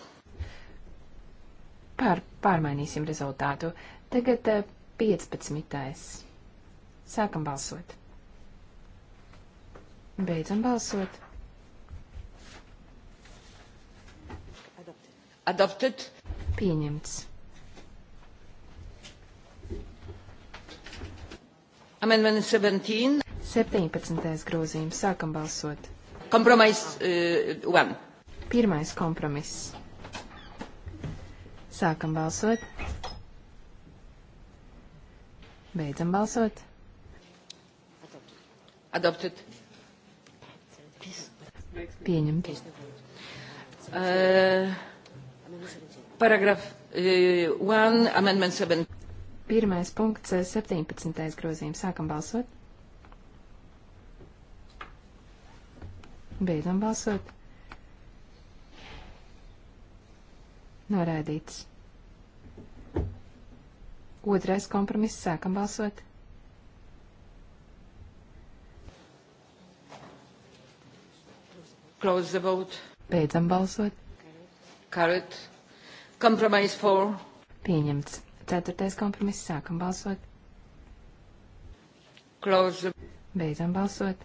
Pār, pārmainīsim rezultātu. Tagad 15. Eh, Sākam balsot. Beidzam balsot. Adopted. Pieņemts. Amendment 17. 17. grozījums. Sākam balsot. Kompromiss uh, 1. Pirmais kompromiss. Sākam balsot. Beidzam balsot. Adopted. Pieņemt. Uh, Paragraf 1, eh, amendment 7. Pirmais punkts, 17. Eh, grozījums. Sākam balsot. Beidzam balsot. Noraidīts. Otrais kompromiss. Sākam balsot. Close the vote. Beidzam balsot. Carried. Compromise 4. Pieņemts. Ceturtais kompromiss. Sākam balsot. Close. Beidzam balsot.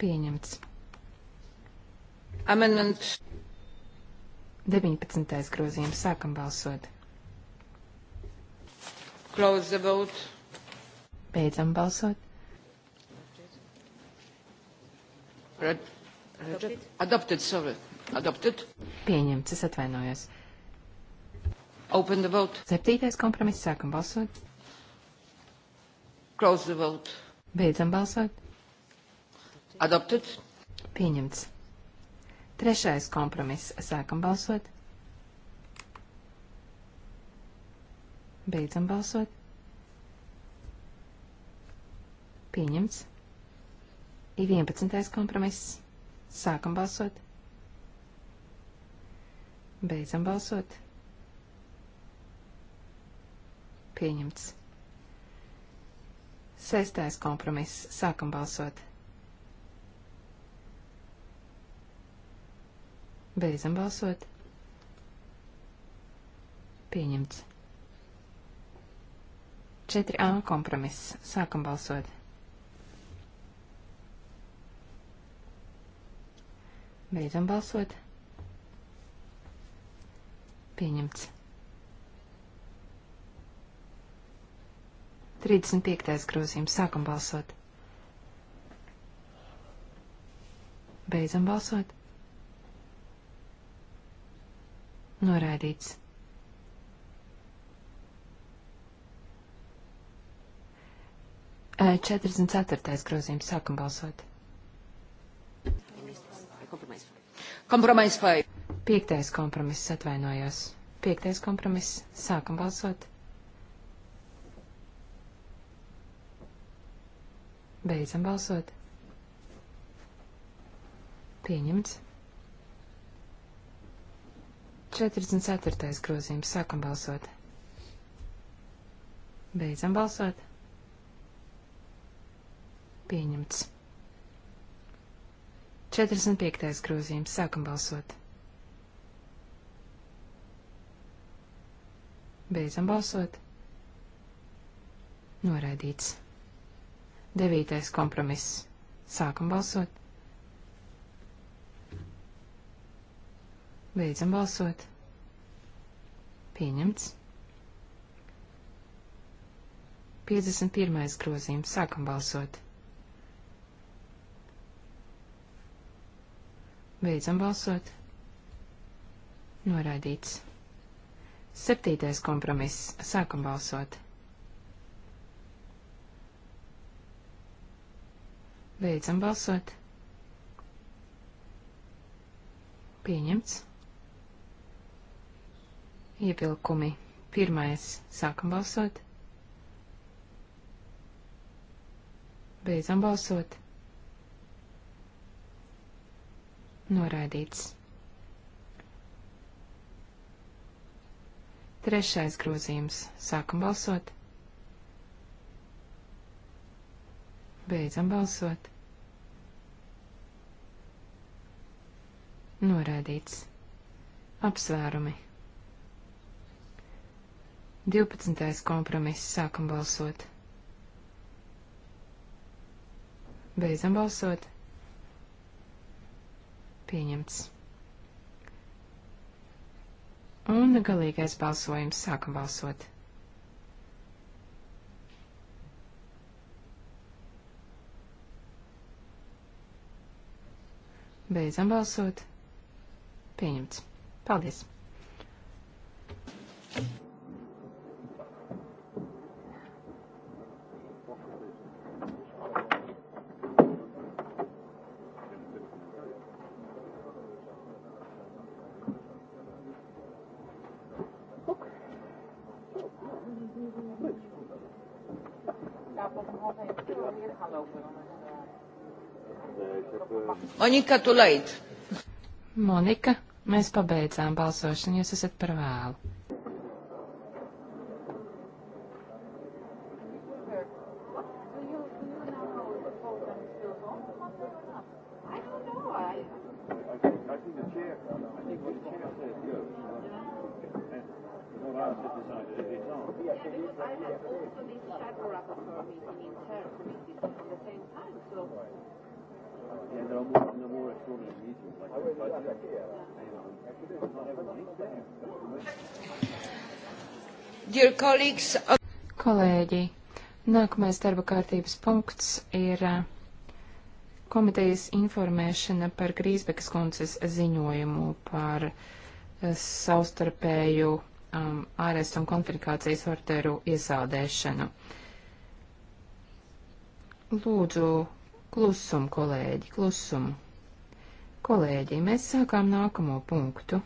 Pieņemts. Amendment. 19. grozījums. Sākam balsot. Close the vote. Beidzam balsot. Red. Adopted. Adopted, sorry. Adopted. Pieņemts, es atvainojos. Open the vote. Septītais kompromiss, sākam balsot. Close the vote. Beidzam balsot. Adopted. Pieņemts. Trešais kompromiss, sākam balsot. Beidzam balsot. Pieņemts. Ir 11. kompromiss. Sākam balsot. Beidzam balsot. Pieņemts. Sestais kompromiss. Sākam balsot. Beidzam balsot. Pieņemts. 4A kompromiss. Sākam balsot. Beidzam balsot. Pieņemts. 35. grozījums. Sākam balsot. Beidzam balsot. Noraidīts. E, 44. grozījums. Sākam balsot. Kompromiss vai? Piektais kompromiss atvainojos. Piektais kompromiss. Sākam balsot. Beidzam balsot. Pieņemts. 44. grozījums. Sākam balsot. Beidzam balsot. Pieņemts. 45. grozījums. Sākam balsot. Beidzam balsot. Noraidīts. 9. kompromiss. Sākam balsot. Beidzam balsot. Pieņemts. 51. grozījums. Sākam balsot. Beidzam balsot. Noraidīts. Septītais kompromiss. Sākam balsot. Beidzam balsot. Pieņemts. Ievilkumi. Pirmais. Sākam balsot. Beidzam balsot. Noraidīts. Trešais grozījums. Sākam balsot. Beidzam balsot. Noraidīts. Apsvērumi. 12. kompromiss. Sākam balsot. Beidzam balsot. Pieņemts. Un galīgais balsojums. Sākam balsot. Beidzam balsot. Pieņemts. Paldies! Thank you. Monika, tu laid. Monika, mēs pabeidzām balsošanu, jūs esat par vēlu. Uh, kolēģi, nākamais darba kārtības punkts ir uh, komitejas informēšana par Grīsbekas kundzes ziņojumu par uh, savstarpēju um, ārēstu un konfirmācijas orderu iesaldēšanu. Lūdzu, klusumu, kolēģi, klusumu. Kolēģi, mēs sākām nākamo punktu.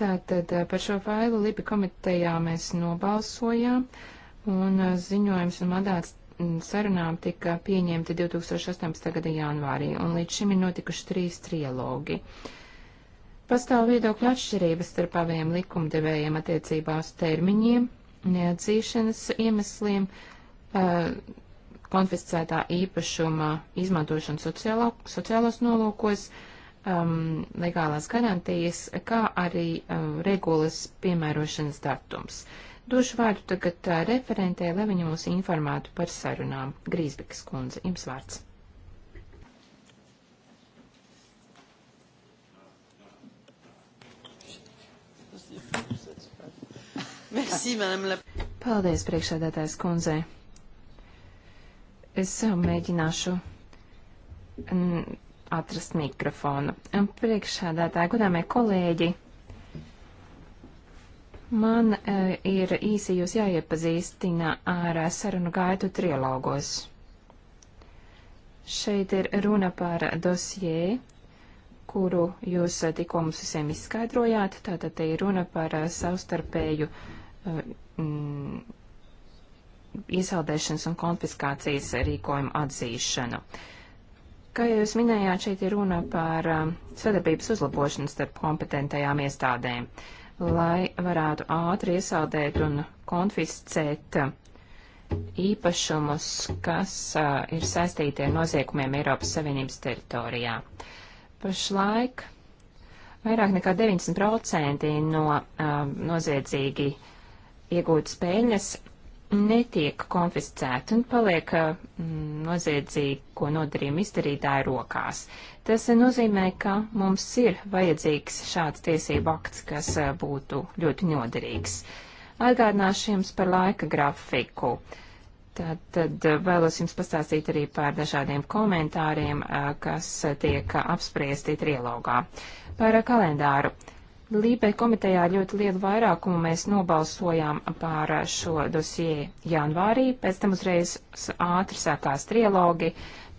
Tātad par šo failu Libi komitejā mēs nobalsojām, un ziņojums un mandāts sarunām tika pieņemti 2018. gada janvārī, un līdz šim ir notikuši trīs trilogi. Pastāv viedokļu atšķirības starp abiem likumdevējiem attiecībā uz termiņiem, neatzīšanas iemesliem, konfiscētā īpašuma izmantošanu sociālo, sociālos nolūkos, uh, um, legālās garantijas, kā arī um, regulas piemērošanas datums. Došu vārdu tagad uh, referentē, lai viņa mūs informētu par sarunām. Grīsbekas kundze, jums vārds. Merci, Paldies, priekšsēdētājs kundzei. Es um, mēģināšu atrast mikrofonu. Priekšādātāji, godāmie kolēģi, man uh, ir īsi jūs jāiepazīstina ar e, sarunu gaitu trilogos. Šeit ir runa par dosjē, kuru jūs e, tikko mums visiem izskaidrojāt. Tātad te ir runa par savstarpēju uh, mm, iesaldēšanas un konfiskācijas rīkojumu atzīšanu. Uh, Kā jau jūs minējāt, šeit ir runa par um, sadarbības uzlabošanu starp kompetentajām iestādēm, lai varētu ātri iesaldēt un konfiscēt um, īpašumus, kas uh, ir saistīti ar noziegumiem Eiropas Savienības teritorijā. Pašlaik vairāk nekā 90% no um, noziedzīgi iegūtas peļņas netiek konfiscēti un paliek eh, mm, noziedzīgo nodarījumu izdarītāju rokās. Tas eh, nozīmē, ka mums ir vajadzīgs šāds tiesību akts, kas eh, būtu ļoti noderīgs. Atgādināšu jums par laika grafiku. Tad, tad vēlos jums pastāstīt arī par dažādiem komentāriem, kas tiek apspriesti trilogā. Par kalendāru. Lībe komitejā ļoti lielu vairākumu mēs nobalsojām pār šo dosie janvārī, pēc tam uzreiz ātri sākās trilogi.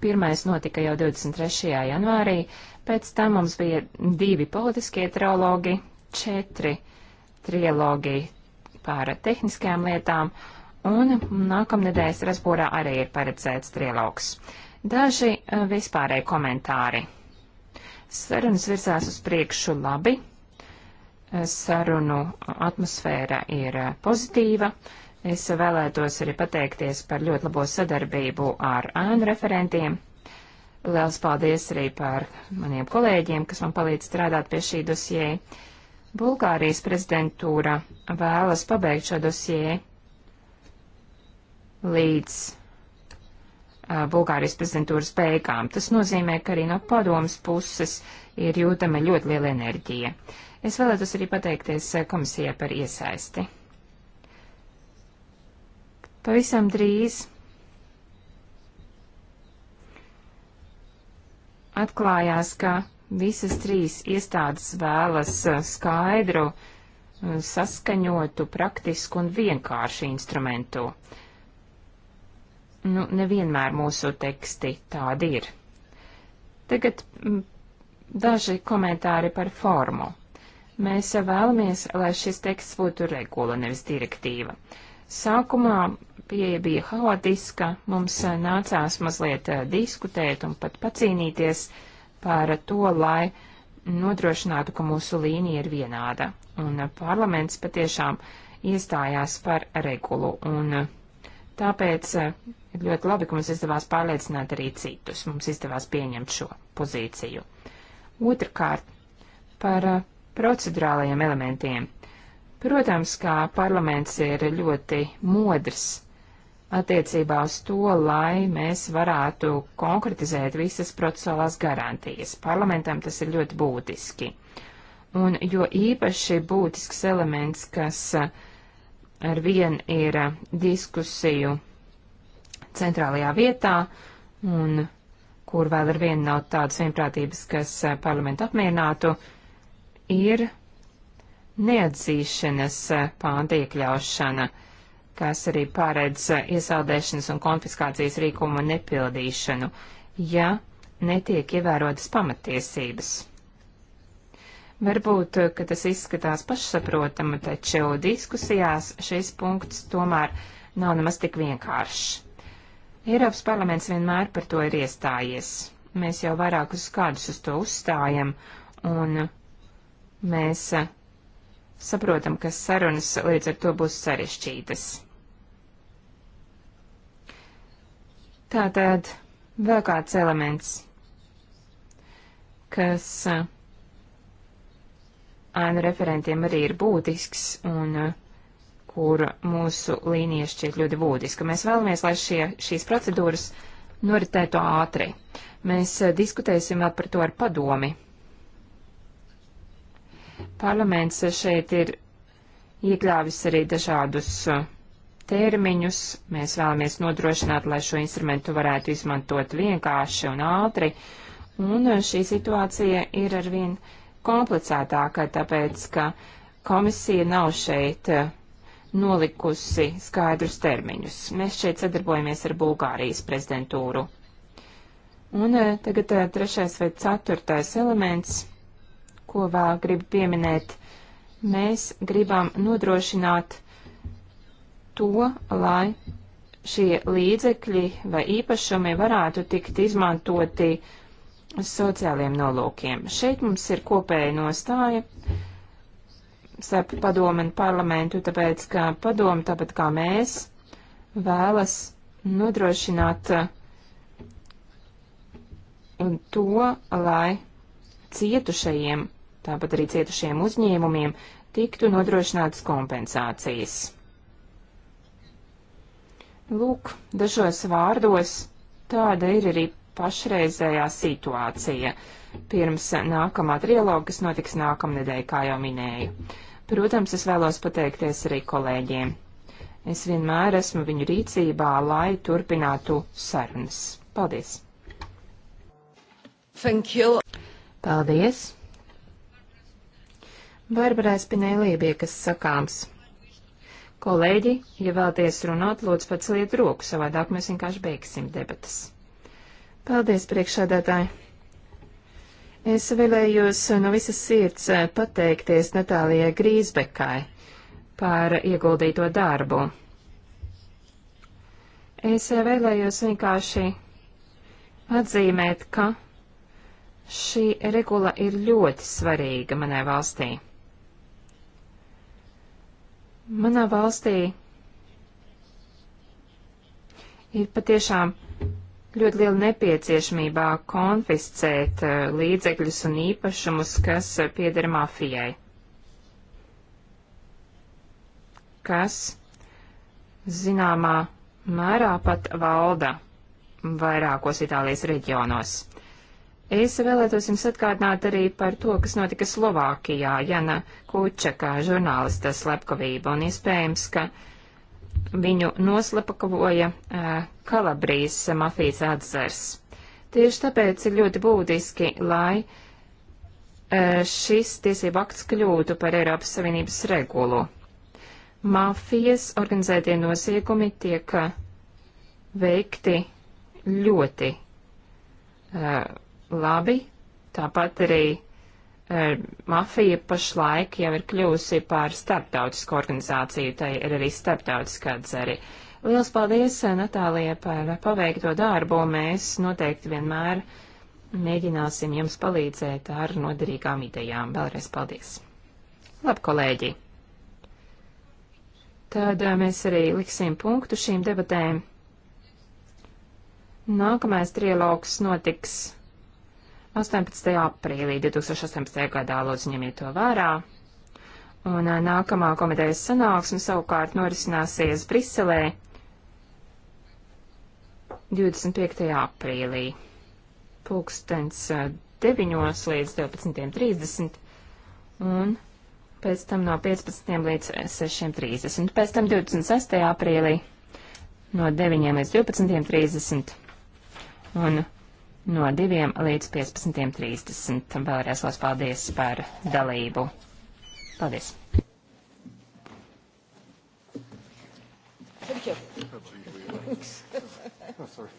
Pirmais notika jau 23. janvārī, pēc tam mums bija divi politiskie trilogi, četri trilogi pār tehniskajām lietām, un nākamnedēļ Strasbūrā arī ir paredzēts trilogs. Daži eh, vispārēji komentāri. Sarunas virzās uz priekšu labi sarunu atmosfēra ir eh, pozitīva. Es vēlētos arī pateikties par ļoti labo sadarbību ar ēnu referentiem. Liels paldies arī par maniem kolēģiem, kas man palīdz strādāt pie šī dosjē. Bulgārijas prezidentūra vēlas pabeigt šo dosjē līdz eh, Bulgārijas prezidentūras beigām. Tas nozīmē, ka arī no padomas puses ir jūtama ļoti liela enerģija. Uh, Es vēlētos arī pateikties eh, komisijai par iesaisti. Pavisam drīz atklājās, ka visas trīs iestādes vēlas eh, skaidru, eh, saskaņotu, praktisku un vienkāršu instrumentu. Nu, nevienmēr mūsu teksti tādi ir. Tagad mm, daži komentāri par formu. Mēs vēlamies, lai šis teksts būtu regula, nevis direktīva. Sākumā pieeja bija haotiska, mums nācās mazliet eh, diskutēt un pat pacīnīties par to, lai nodrošinātu, ka mūsu līnija ir vienāda. Un eh, parlaments patiešām iestājās par regulu, un eh, tāpēc ir ļoti labi, ka mums izdevās pārliecināt arī citus. Mums izdevās pieņemt šo pozīciju. Otrakārt, par procedurālajiem elementiem. Protams, kā parlaments ir ļoti modrs attiecībā uz to, lai mēs varētu konkretizēt visas procesuālās garantijas. Parlamentam tas ir ļoti būtiski. Un jo īpaši būtisks elements, kas ar vien ir diskusiju centrālajā vietā un kur vēl ar vienu nav tādas vienprātības, kas parlamentu apmierinātu, ir neatzīšanas eh, pānta iekļaušana, kas arī pārēdz eh, iesaldēšanas un konfiskācijas rīkumu nepildīšanu, ja netiek ievērotas pamatiesības. Varbūt, eh, ka tas izskatās pašsaprotama, taču diskusijās šis punkts tomēr nav nemaz tik vienkāršs. Eiropas parlaments vienmēr par to ir iestājies. Mēs jau vairākus gadus uz to uzstājam, un Mēs eh, saprotam, ka sarunas līdz ar to būs sarešķītas. Tātad vēl kāds elements, kas eh, ēnu referentiem arī ir būtisks un eh, kur mūsu līnija šķiet ļoti būtiska. Mēs vēlamies, lai šie, šīs procedūras noritētu ātri. Mēs diskutēsim vēl par to ar padomi. Parlaments šeit ir iekļāvis arī dažādus uh, termiņus. Mēs vēlamies nodrošināt, lai šo instrumentu varētu izmantot vienkārši un ātri. Un uh, šī situācija ir arvien komplicētāka, tāpēc, ka komisija nav šeit uh, nolikusi skaidrus termiņus. Mēs šeit sadarbojamies ar Bulgārijas prezidentūru. Un tagad trešais vai ceturtais elements ko vēl gribu pieminēt. Mēs gribam nodrošināt to, lai šie līdzekļi vai īpašumi varētu tikt izmantoti sociāliem nolūkiem. Šeit mums ir kopēja nostāja starp padomu un parlamentu, tāpēc ka padomu, tāpat kā mēs, vēlas nodrošināt uh, to, lai cietušajiem tāpat arī cietušiem uzņēmumiem, tiktu nodrošinātas kompensācijas. Lūk, dažos vārdos tāda ir arī pašreizējā situācija pirms nākamā trialoga, kas notiks nākamnedēļ, kā jau minēju. Protams, es vēlos pateikties arī kolēģiem. Es vienmēr esmu viņu rīcībā, lai turpinātu sarunas. Paldies! Thank you! Paldies! Barbarai Spinēlī bija kas sakāms. Kolēģi, ja vēlaties runāt, lūdzu paceliet roku, savādāk mēs vienkārši beigsim debatas. Paldies, priekšādātāji! Es vēlējos no visas sirds eh, pateikties Natālijai Grīsbekai par ieguldīto darbu. Es eh, vēlējos vienkārši atzīmēt, ka šī regula ir ļoti svarīga manai valstī. Manā valstī ir patiešām ļoti liela nepieciešamībā konfiscēt eh, līdzekļus un īpašumus, kas pieder mafijai, kas zināmā mērā pat valda vairākos Itālijas reģionos. Es vēlētos jums atkārtināt arī par to, kas notika Slovākijā, Jana Kučaka, žurnālista slepkavība, un iespējams, ka viņu noslapakavoja Kalabrijas mafijas atzars. Tieši tāpēc ir ļoti būtiski, lai šis tiesību akts kļūtu par Eiropas Savienības regulu. Mafijas organizētie noziegumi tiek veikti ļoti uh, labi. Tāpat arī e, mafija pašlaik jau ir kļūsi par starptautisku organizāciju, tai ir arī starptautiskā dzeri. Liels paldies, e, Natālija, par paveikto darbu. Mēs noteikti vienmēr mēģināsim jums palīdzēt ar noderīgām idejām. Vēlreiz paldies! Labi, kolēģi! Tad e, mēs arī liksim punktu šīm debatēm. Nākamais trialogs notiks 18. aprīlī 2018. gadā lūdzu ņemiet to vērā. Un nākamā komitejas sanāksme savukārt norisināsies Briselē 25. aprīlī pulkstens 9 līdz 12.30 un pēc tam no 15 līdz 6.30 un pēc tam 26. aprīlī no 9 līdz 12.30 un no 2 līdz 15.30. Vēlreiz liels paldies par dalību. Paldies! Thank you. Thanks. oh, sorry.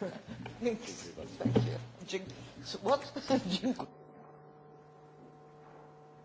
Thanks. Thank you. So what?